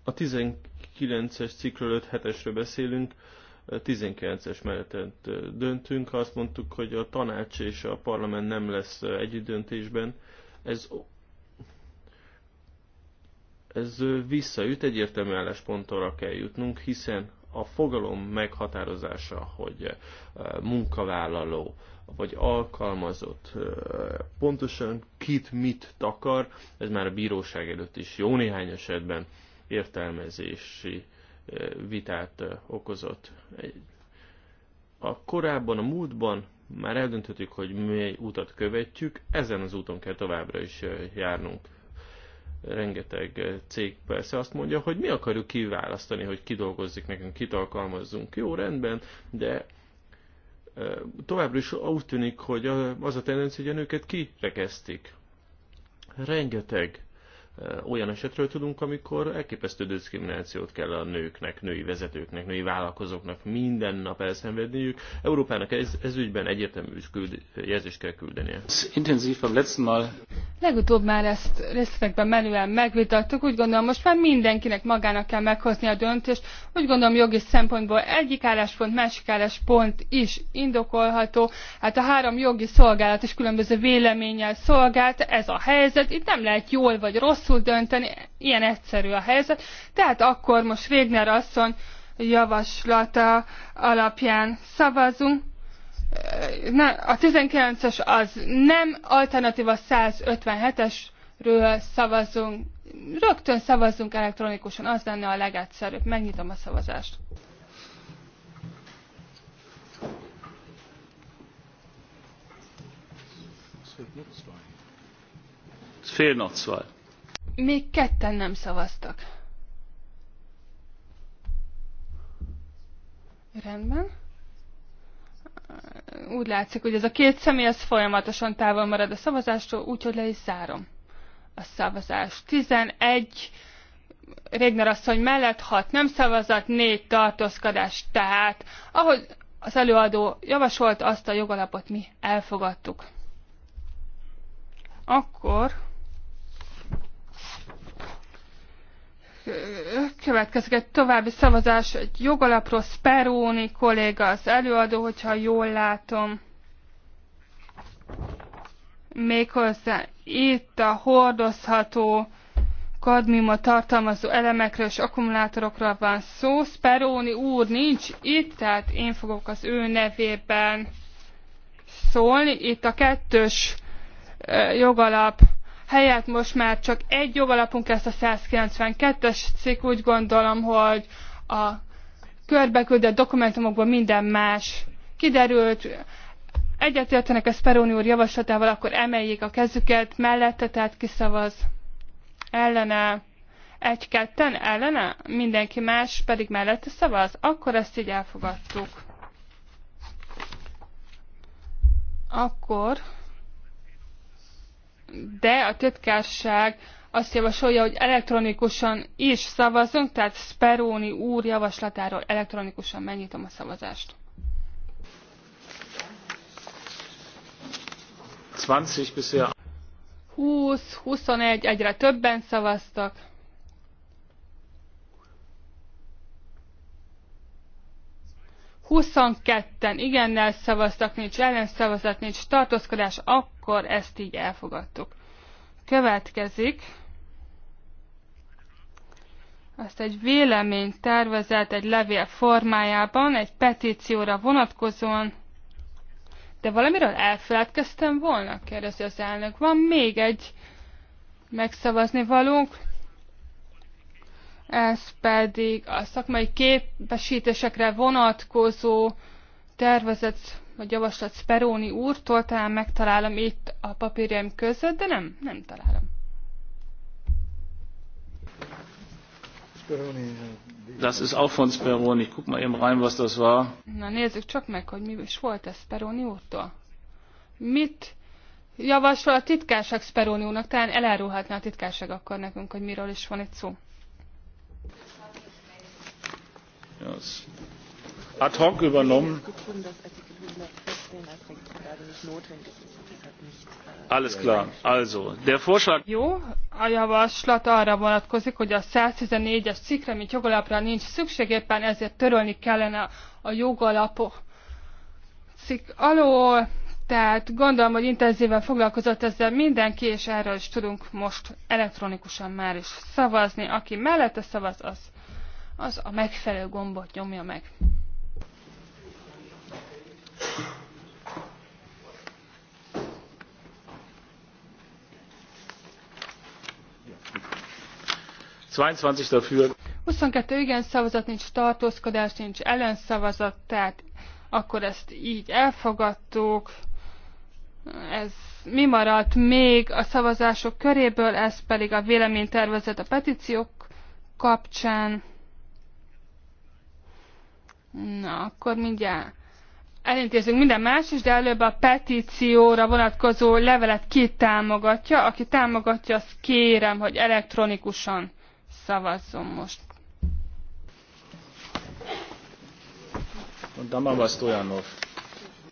A 19-es cikkről 5 hetesről beszélünk, 19-es mellett, döntünk, ha azt mondtuk, hogy a tanács és a parlament nem lesz együtt döntésben, ez, ez visszaüt, egyértelmű álláspontra kell jutnunk, hiszen a fogalom meghatározása, hogy munkavállaló vagy alkalmazott, pontosan kit mit takar, ez már a bíróság előtt is jó néhány esetben értelmezési vitát okozott. A korábban, a múltban már eldöntöttük, hogy mely utat követjük, ezen az úton kell továbbra is járnunk. Rengeteg cég persze azt mondja, hogy mi akarjuk kiválasztani, hogy kidolgozzik nekünk, kit alkalmazzunk. Jó, rendben, de továbbra is úgy tűnik, hogy az a tendencia, hogy a nőket kirekeztik. Rengeteg olyan esetről tudunk, amikor elképesztő diszkriminációt kell a nőknek, női vezetőknek, női vállalkozóknak minden nap elszenvedniük. Európának ez, ez ügyben egyértelmű küld, jelzést kell küldenie. Intenzív a letzten mal. Legutóbb már ezt részletekben menően megvitattuk. Úgy gondolom, most már mindenkinek magának kell meghozni a döntést. Úgy gondolom, jogi szempontból egyik álláspont, másik álláspont is indokolható. Hát a három jogi szolgálat is különböző véleménnyel szolgált. Ez a helyzet. Itt nem lehet jól vagy rossz rosszul dönteni, ilyen egyszerű a helyzet. Tehát akkor most Végner asszony javaslata alapján szavazunk. A 19-es az nem, alternatíva 157-esről szavazunk. Rögtön szavazunk elektronikusan, az lenne a legegyszerűbb. Megnyitom a szavazást. Fél fehlen még ketten nem szavaztak. Rendben. Úgy látszik, hogy ez a két személy az folyamatosan távol marad a szavazástól, úgyhogy le is zárom a szavazást. 11 Régner asszony mellett 6 nem szavazat, 4 tartózkodás. Tehát, ahogy az előadó javasolt, azt a jogalapot mi elfogadtuk. Akkor következik egy további szavazás, egy jogalapról Speróni kolléga az előadó, hogyha jól látom. Méghozzá itt a hordozható kadmiumot tartalmazó elemekről és akkumulátorokról van szó. Speróni úr nincs itt, tehát én fogok az ő nevében szólni. Itt a kettős jogalap helyett most már csak egy jogalapunk lesz a 192-es cikk, úgy gondolom, hogy a körbeküldött dokumentumokból minden más kiderült, egyetértenek a Speroni úr javaslatával, akkor emeljék a kezüket, mellette, tehát kiszavaz ellene, egy-ketten ellene, mindenki más pedig mellette szavaz, akkor ezt így elfogadtuk. Akkor de a titkárság azt javasolja, hogy elektronikusan is szavazzunk, tehát Speróni úr javaslatáról elektronikusan megnyitom a szavazást. 20 20, 21, egyre többen szavaztak. Huszonketten igennel szavaztak, nincs ellenszavazat, nincs tartózkodás, akkor akkor ezt így elfogadtuk. Következik azt egy vélemény, tervezett egy levél formájában, egy petícióra vonatkozóan. De valamiről elfeledkeztem volna, kérdezi az elnök. Van még egy megszavazni valunk. ez pedig a szakmai képesítésekre vonatkozó tervezett vagy javaslat Speroni úrtól, talán megtalálom itt a papírjaim között, de nem, nem találom. Eh, das ist auch von Speroni. Guck mal eben rein, was das war. Na nézzük csak meg, hogy mi is volt ez Speroni úrtól. Mit javasol a titkárság Speroni úrnak? Talán elárulhatná a titkárság akkor nekünk, hogy miről is van itt szó. Yes. Ad hoc übernommen. Alles klar. Also, der Vorschlag... Jó, a javaslat arra vonatkozik, hogy a 114-es cikkre, mint jogalapra nincs szükség, éppen ezért törölni kellene a jogalapok cikk alól, tehát gondolom, hogy intenzíven foglalkozott ezzel mindenki, és erről is tudunk most elektronikusan már is szavazni. Aki mellette szavaz, az, az a megfelelő gombot nyomja meg zweiundzwanzig dafür. 22 igen szavazat, nincs tartózkodás, nincs ellenszavazat, tehát akkor ezt így elfogadtuk. Ez mi maradt még a szavazások köréből, ez pedig a véleménytervezet a petíciók kapcsán. Na, akkor mindjárt elintézünk minden más is, de előbb a petícióra vonatkozó levelet ki támogatja. Aki támogatja, azt kérem, hogy elektronikusan szavazzon most. Damava Stojanov.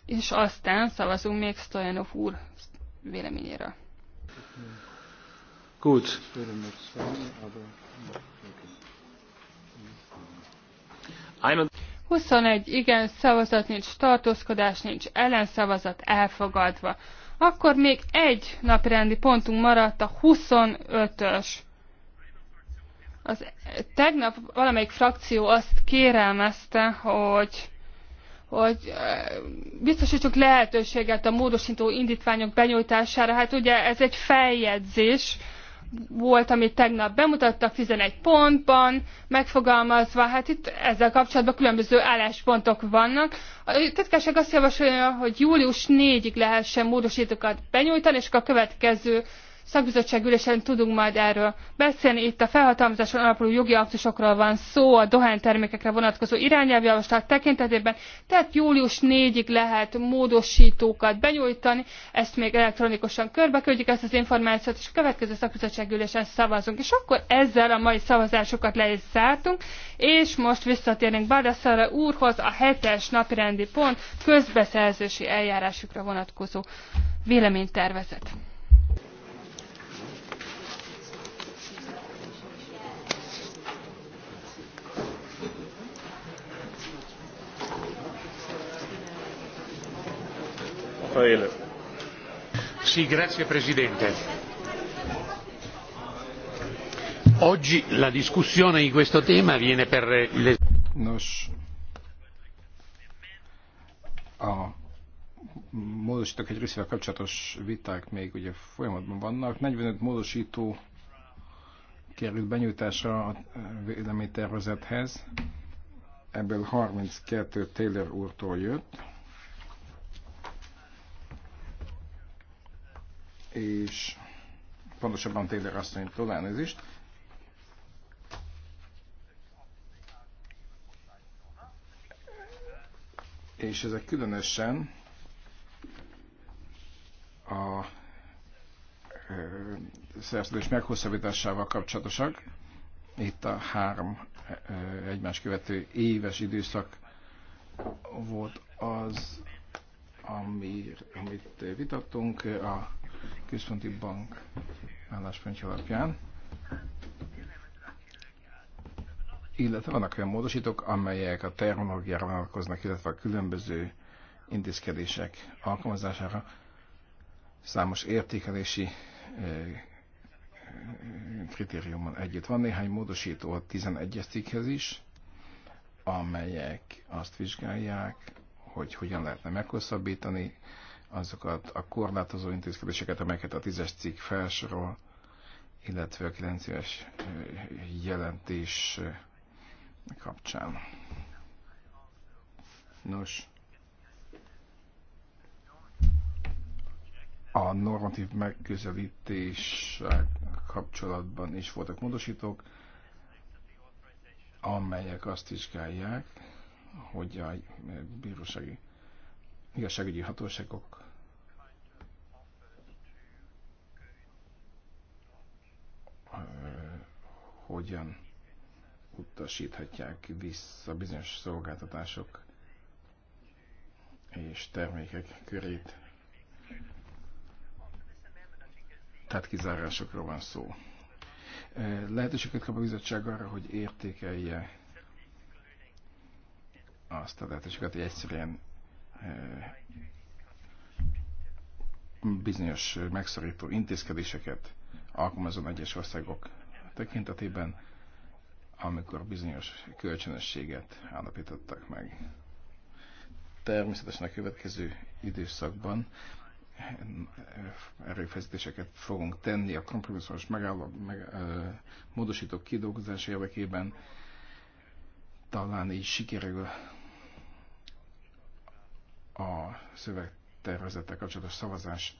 És aztán szavazunk még Stojanov úr véleményére. Gut. 21 igen szavazat nincs, tartózkodás nincs, ellenszavazat elfogadva. Akkor még egy naprendi pontunk maradt a 25-ös. Az, tegnap valamelyik frakció azt kérelmezte, hogy hogy biztosítsuk lehetőséget a módosító indítványok benyújtására. Hát ugye ez egy feljegyzés, volt, amit tegnap bemutattak 11 pontban, megfogalmazva, hát itt ezzel kapcsolatban különböző álláspontok vannak. A titkárság azt javasolja, hogy július 4-ig lehessen módosítókat benyújtani, és akkor a következő szakbizottság ülésen tudunk majd erről beszélni. Itt a felhatalmazáson alapuló jogi aktusokról van szó, a dohánytermékekre vonatkozó irányelvjavaslat tekintetében, tehát július 4-ig lehet módosítókat benyújtani, ezt még elektronikusan körbeküldjük ezt az információt, és a következő szakbizottság ülésen szavazunk. És akkor ezzel a mai szavazásokat le is szálltunk, és most visszatérünk Badasszara úrhoz a hetes napirendi pont közbeszerzési eljárásukra vonatkozó véleménytervezet. Raffaele. Sì, grazie Presidente. Oggi la discussione di questo tema viene per le... Nos, a módosítók egy részével kapcsolatos viták még ugye folyamatban vannak. 45 módosító került benyújtásra a véleménytervezethez, ebből 32 Taylor úrtól jött. és pontosabban Taylor asszonytól elnézést. És ezek különösen a szerződés meghosszabbításával kapcsolatosak. Itt a három egymás követő éves időszak volt az, amir, amit vitattunk. A Központi Bank álláspontja alapján. Illetve vannak olyan módosítók, amelyek a terminológiára vonatkoznak, illetve a különböző intézkedések alkalmazására számos értékelési eh, eh, kritériumon együtt. Van néhány módosító a 11-es cikkhez is, amelyek azt vizsgálják, hogy hogyan lehetne meghosszabbítani azokat a korlátozó intézkedéseket, amelyeket a tízes cikk felsorol, illetve a kilenc éves eh, jelentés eh, kapcsán. Nos, a normatív megközelítés kapcsolatban is voltak módosítók, amelyek azt vizsgálják, hogy a eh, bírósági igazságügyi hatóságok hogyan utasíthatják vissza bizonyos szolgáltatások és termékek körét. Tehát kizárásokról van szó. Lehetőséget kap a bizottság arra, hogy értékelje azt a lehetőséget, hogy egyszerűen bizonyos megszorító intézkedéseket alkalmazom egyes országok tekintetében, amikor bizonyos kölcsönösséget állapítottak meg. Természetesen a következő időszakban erőfeszítéseket fogunk tenni a kompromisszumos megállap, meg, ö, módosítók kidolgozás érdekében. Talán így sikerül a szövegtervezettel kapcsolatos szavazás,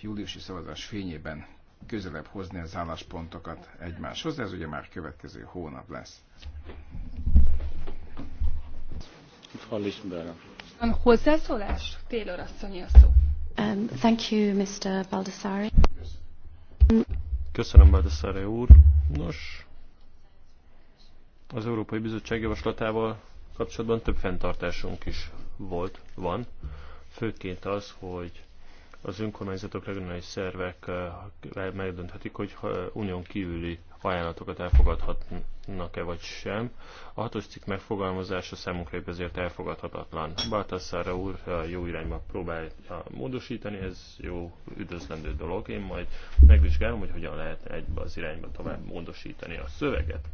júliusi szavazás fényében közelebb hozni az álláspontokat egymáshoz, de ez ugye már következő hónap lesz. hozzászólás? Taylor asszony a szó. Um, thank you, Mr. Baldassari. Köszönöm, Baldassari úr. Nos, az Európai Bizottság javaslatával kapcsolatban több fenntartásunk is volt, van. Főként az, hogy az önkormányzatok, regionális szervek eh, megdönthetik, hogy unión kívüli ajánlatokat elfogadhatnak-e vagy sem. A hatos cikk megfogalmazása számunkra épp ezért elfogadhatatlan. Baltasszára úr eh, jó irányba próbálja módosítani, ez jó üdvözlendő dolog. Én majd megvizsgálom, hogy hogyan lehet egybe az irányba tovább módosítani a szöveget.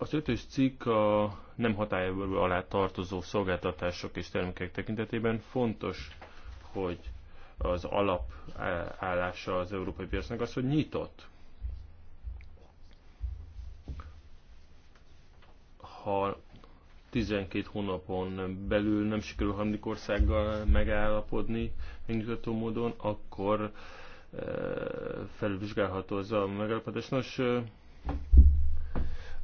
Az ötös cikk a nem hatályból alá tartozó szolgáltatások és termékek tekintetében fontos, hogy az alapállása az európai piacnak az, hogy nyitott. Ha 12 hónapon belül nem sikerül harmadik országgal megállapodni megnyugtató módon, akkor eh, felülvizsgálható az a megállapodás. Nos, eh,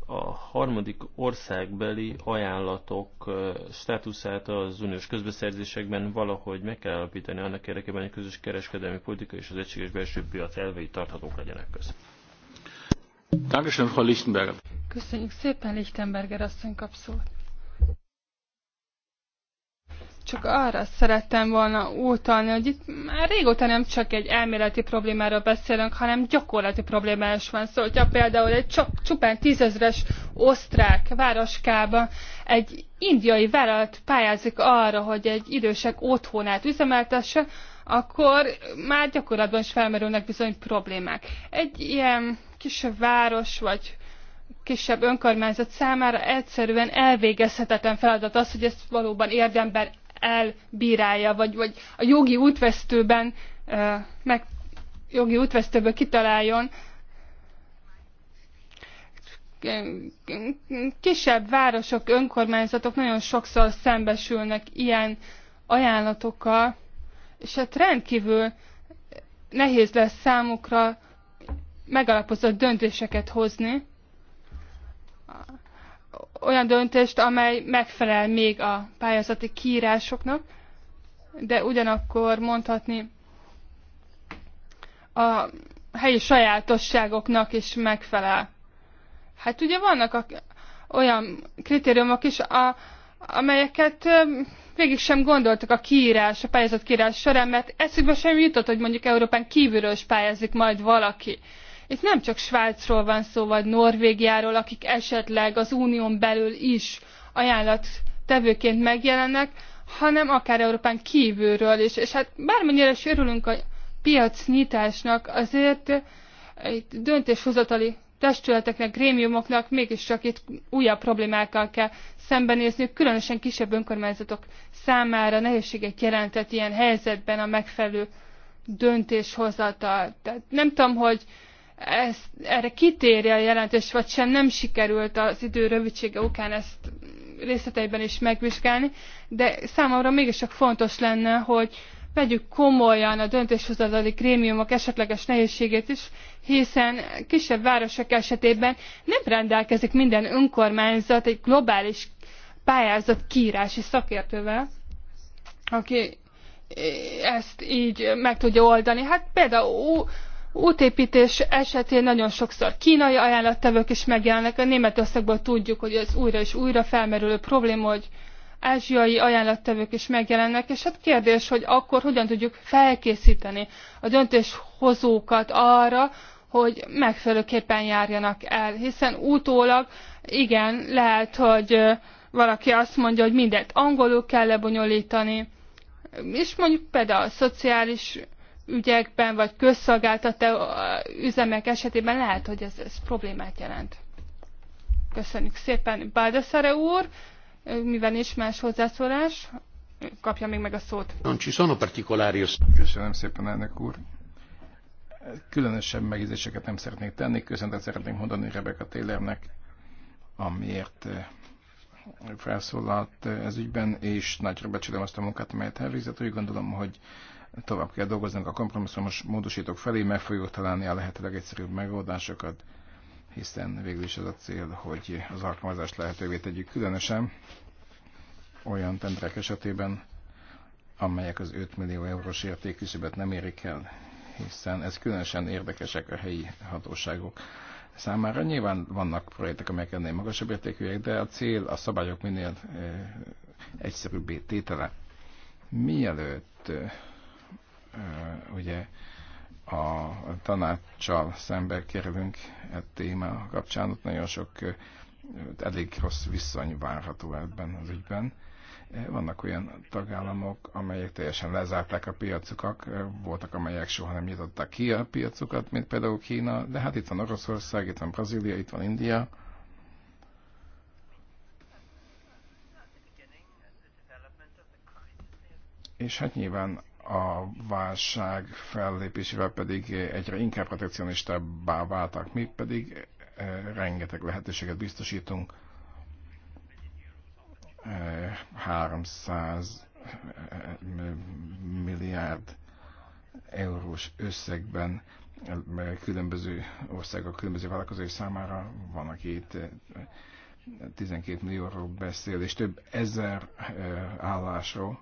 a harmadik országbeli ajánlatok státuszát az uniós közbeszerzésekben valahogy meg kell alapítani annak érdekében, hogy a közös kereskedelmi politika és az egységes belső piac elvei tarthatók legyenek között. Köszönjük szépen, Lichtenberger asszony kap szót csak arra szerettem volna utalni, hogy itt már régóta nem csak egy elméleti problémáról beszélünk, hanem gyakorlati problémáról is van szó. Szóval, hogyha például egy csak, csupán tízezres osztrák városkában egy indiai vállalat pályázik arra, hogy egy idősek otthonát üzemeltesse, akkor már gyakorlatban is felmerülnek bizony problémák. Egy ilyen kisebb város vagy kisebb önkormányzat számára egyszerűen elvégezhetetlen feladat az, hogy ezt valóban érdemben elbírálja, vagy, vagy a jogi útvesztőben meg jogi útvesztőből kitaláljon kisebb városok, önkormányzatok nagyon sokszor szembesülnek ilyen ajánlatokkal, és hát rendkívül nehéz lesz számukra megalapozott döntéseket hozni olyan döntést, amely megfelel még a pályázati kiírásoknak, de ugyanakkor mondhatni a helyi sajátosságoknak is megfelel. Hát ugye vannak a, olyan kritériumok is, a, amelyeket végig sem gondoltak a kiírás, a pályázat kiírás során, mert eszükbe sem jutott, hogy mondjuk Európán kívülről is pályázik majd valaki. Itt nem csak Svájcról van szó, vagy Norvégiáról, akik esetleg az unión belül is ajánlat tevőként megjelennek, hanem akár Európán kívülről is. És hát bármennyire is örülünk a piac nyitásnak, azért eh, itt döntéshozatali testületeknek, grémiumoknak mégiscsak itt újabb problémákkal kell szembenézniük, különösen kisebb önkormányzatok számára nehézséget jelentett ilyen helyzetben a megfelelő döntéshozatal. Tehát nem tudom, hogy ezt, erre kitérje a jelentés, vagy sem nem sikerült az idő rövidsége okán ezt részleteiben is megvizsgálni, de számomra mégiscsak fontos lenne, hogy vegyük komolyan a döntéshozatali krémiumok esetleges nehézségét is, hiszen kisebb városok esetében nem rendelkezik minden önkormányzat egy globális pályázat kiírási szakértővel, aki eh, ezt így meg tudja oldani. Hát például útépítés esetén nagyon sokszor kínai ajánlattevők is megjelennek. A Németországból tudjuk, hogy ez újra és újra felmerülő probléma, hogy ázsiai ajánlattevők is megjelennek, és hát kérdés, hogy akkor hogyan tudjuk felkészíteni a döntéshozókat arra, hogy megfelelőképpen járjanak el. Hiszen utólag igen, lehet, hogy valaki azt mondja, hogy mindent angolul kell lebonyolítani, és mondjuk például a szociális ügyekben, vagy közszolgáltató üzemek esetében lehet, hogy ez, ez problémát jelent. Köszönjük szépen, Báldaszare úr, mivel nincs más hozzászólás, kapja még meg a szót. Köszönöm szépen, elnök úr. Különösebb megjegyzéseket nem szeretnék tenni, köszönetet szeretném mondani Rebecca Taylornek, amiért felszólalt ez ügyben, és nagyra becsülöm azt a munkát, amelyet elvégzett. Úgy gondolom, hogy tovább kell dolgoznunk a kompromisszumos módosítók felé, meg fogjuk találni a lehető legegyszerűbb megoldásokat, hiszen végül is az a cél, hogy az alkalmazást lehetővé tegyük, különösen olyan tendrek esetében, amelyek az 5 millió eurós értékküszöbet nem érik el, hiszen ez különösen érdekesek a helyi hatóságok számára. Nyilván vannak projektek, amelyek ennél magasabb értékűek, de a cél a szabályok minél eh, egyszerűbb tétele. Mielőtt eh, ugye a tanácssal szembe kerülünk e téma kapcsán, ott nagyon sok elég rossz viszony várható ebben az ügyben. Vannak olyan tagállamok, amelyek teljesen lezárták a piacukat, voltak, amelyek soha nem nyitották ki a piacukat, mint például Kína, de hát itt van Oroszország, itt van Brazília, itt van India. És hát nyilván a válság fellépésével pedig egyre inkább protekcionistábbá váltak, mi pedig eh, rengeteg lehetőséget biztosítunk. 300 eh, eh, milliárd eurós összegben különböző országok, különböző vállalkozói számára van, aki itt 12 millióról beszél, és több ezer állásról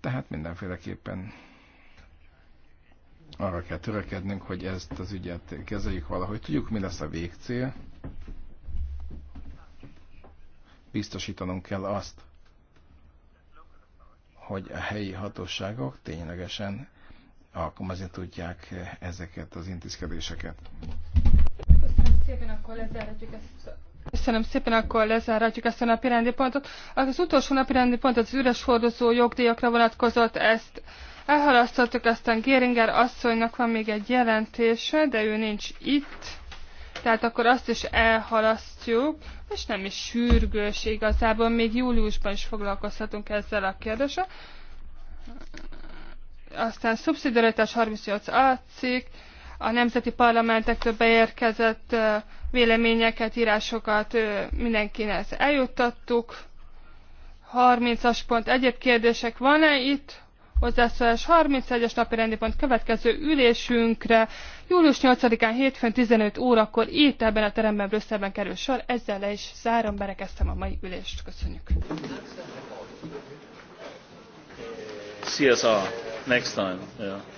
tehát mindenféleképpen arra kell törekednünk, hogy ezt az ügyet kezeljük valahogy. Tudjuk, mi lesz a végcél. Biztosítanunk kell azt, hogy a helyi hatóságok ténylegesen alkalmazni tudják ezeket az intézkedéseket. Köszönöm szépen, akkor lezárhatjuk ezt Köszönöm szépen, akkor lezárhatjuk ezt a rendi pontot. Az utolsó napirendi pont az üres hordozó jogdíjakra vonatkozott, ezt elhalasztottuk, aztán Géringer asszonynak van még egy jelentése, de ő nincs itt, tehát akkor azt is elhalasztjuk, és nem is sürgős igazából, még júliusban is foglalkozhatunk ezzel a kérdéssel. Aztán szubszidiaritás 38 a cikk, a nemzeti parlamentektől beérkezett véleményeket, írásokat mindenkinek eljuttattuk. 30-as pont. Egyéb kérdések van-e itt? Hozzászólás 31-es napi rendi pont következő ülésünkre. Július 8-án hétfőn 15 órakor itt ebben a teremben Brüsszelben kerül sor. Ezzel le is zárom, berekeztem a mai ülést. Köszönjük. CSR, next time. Yeah.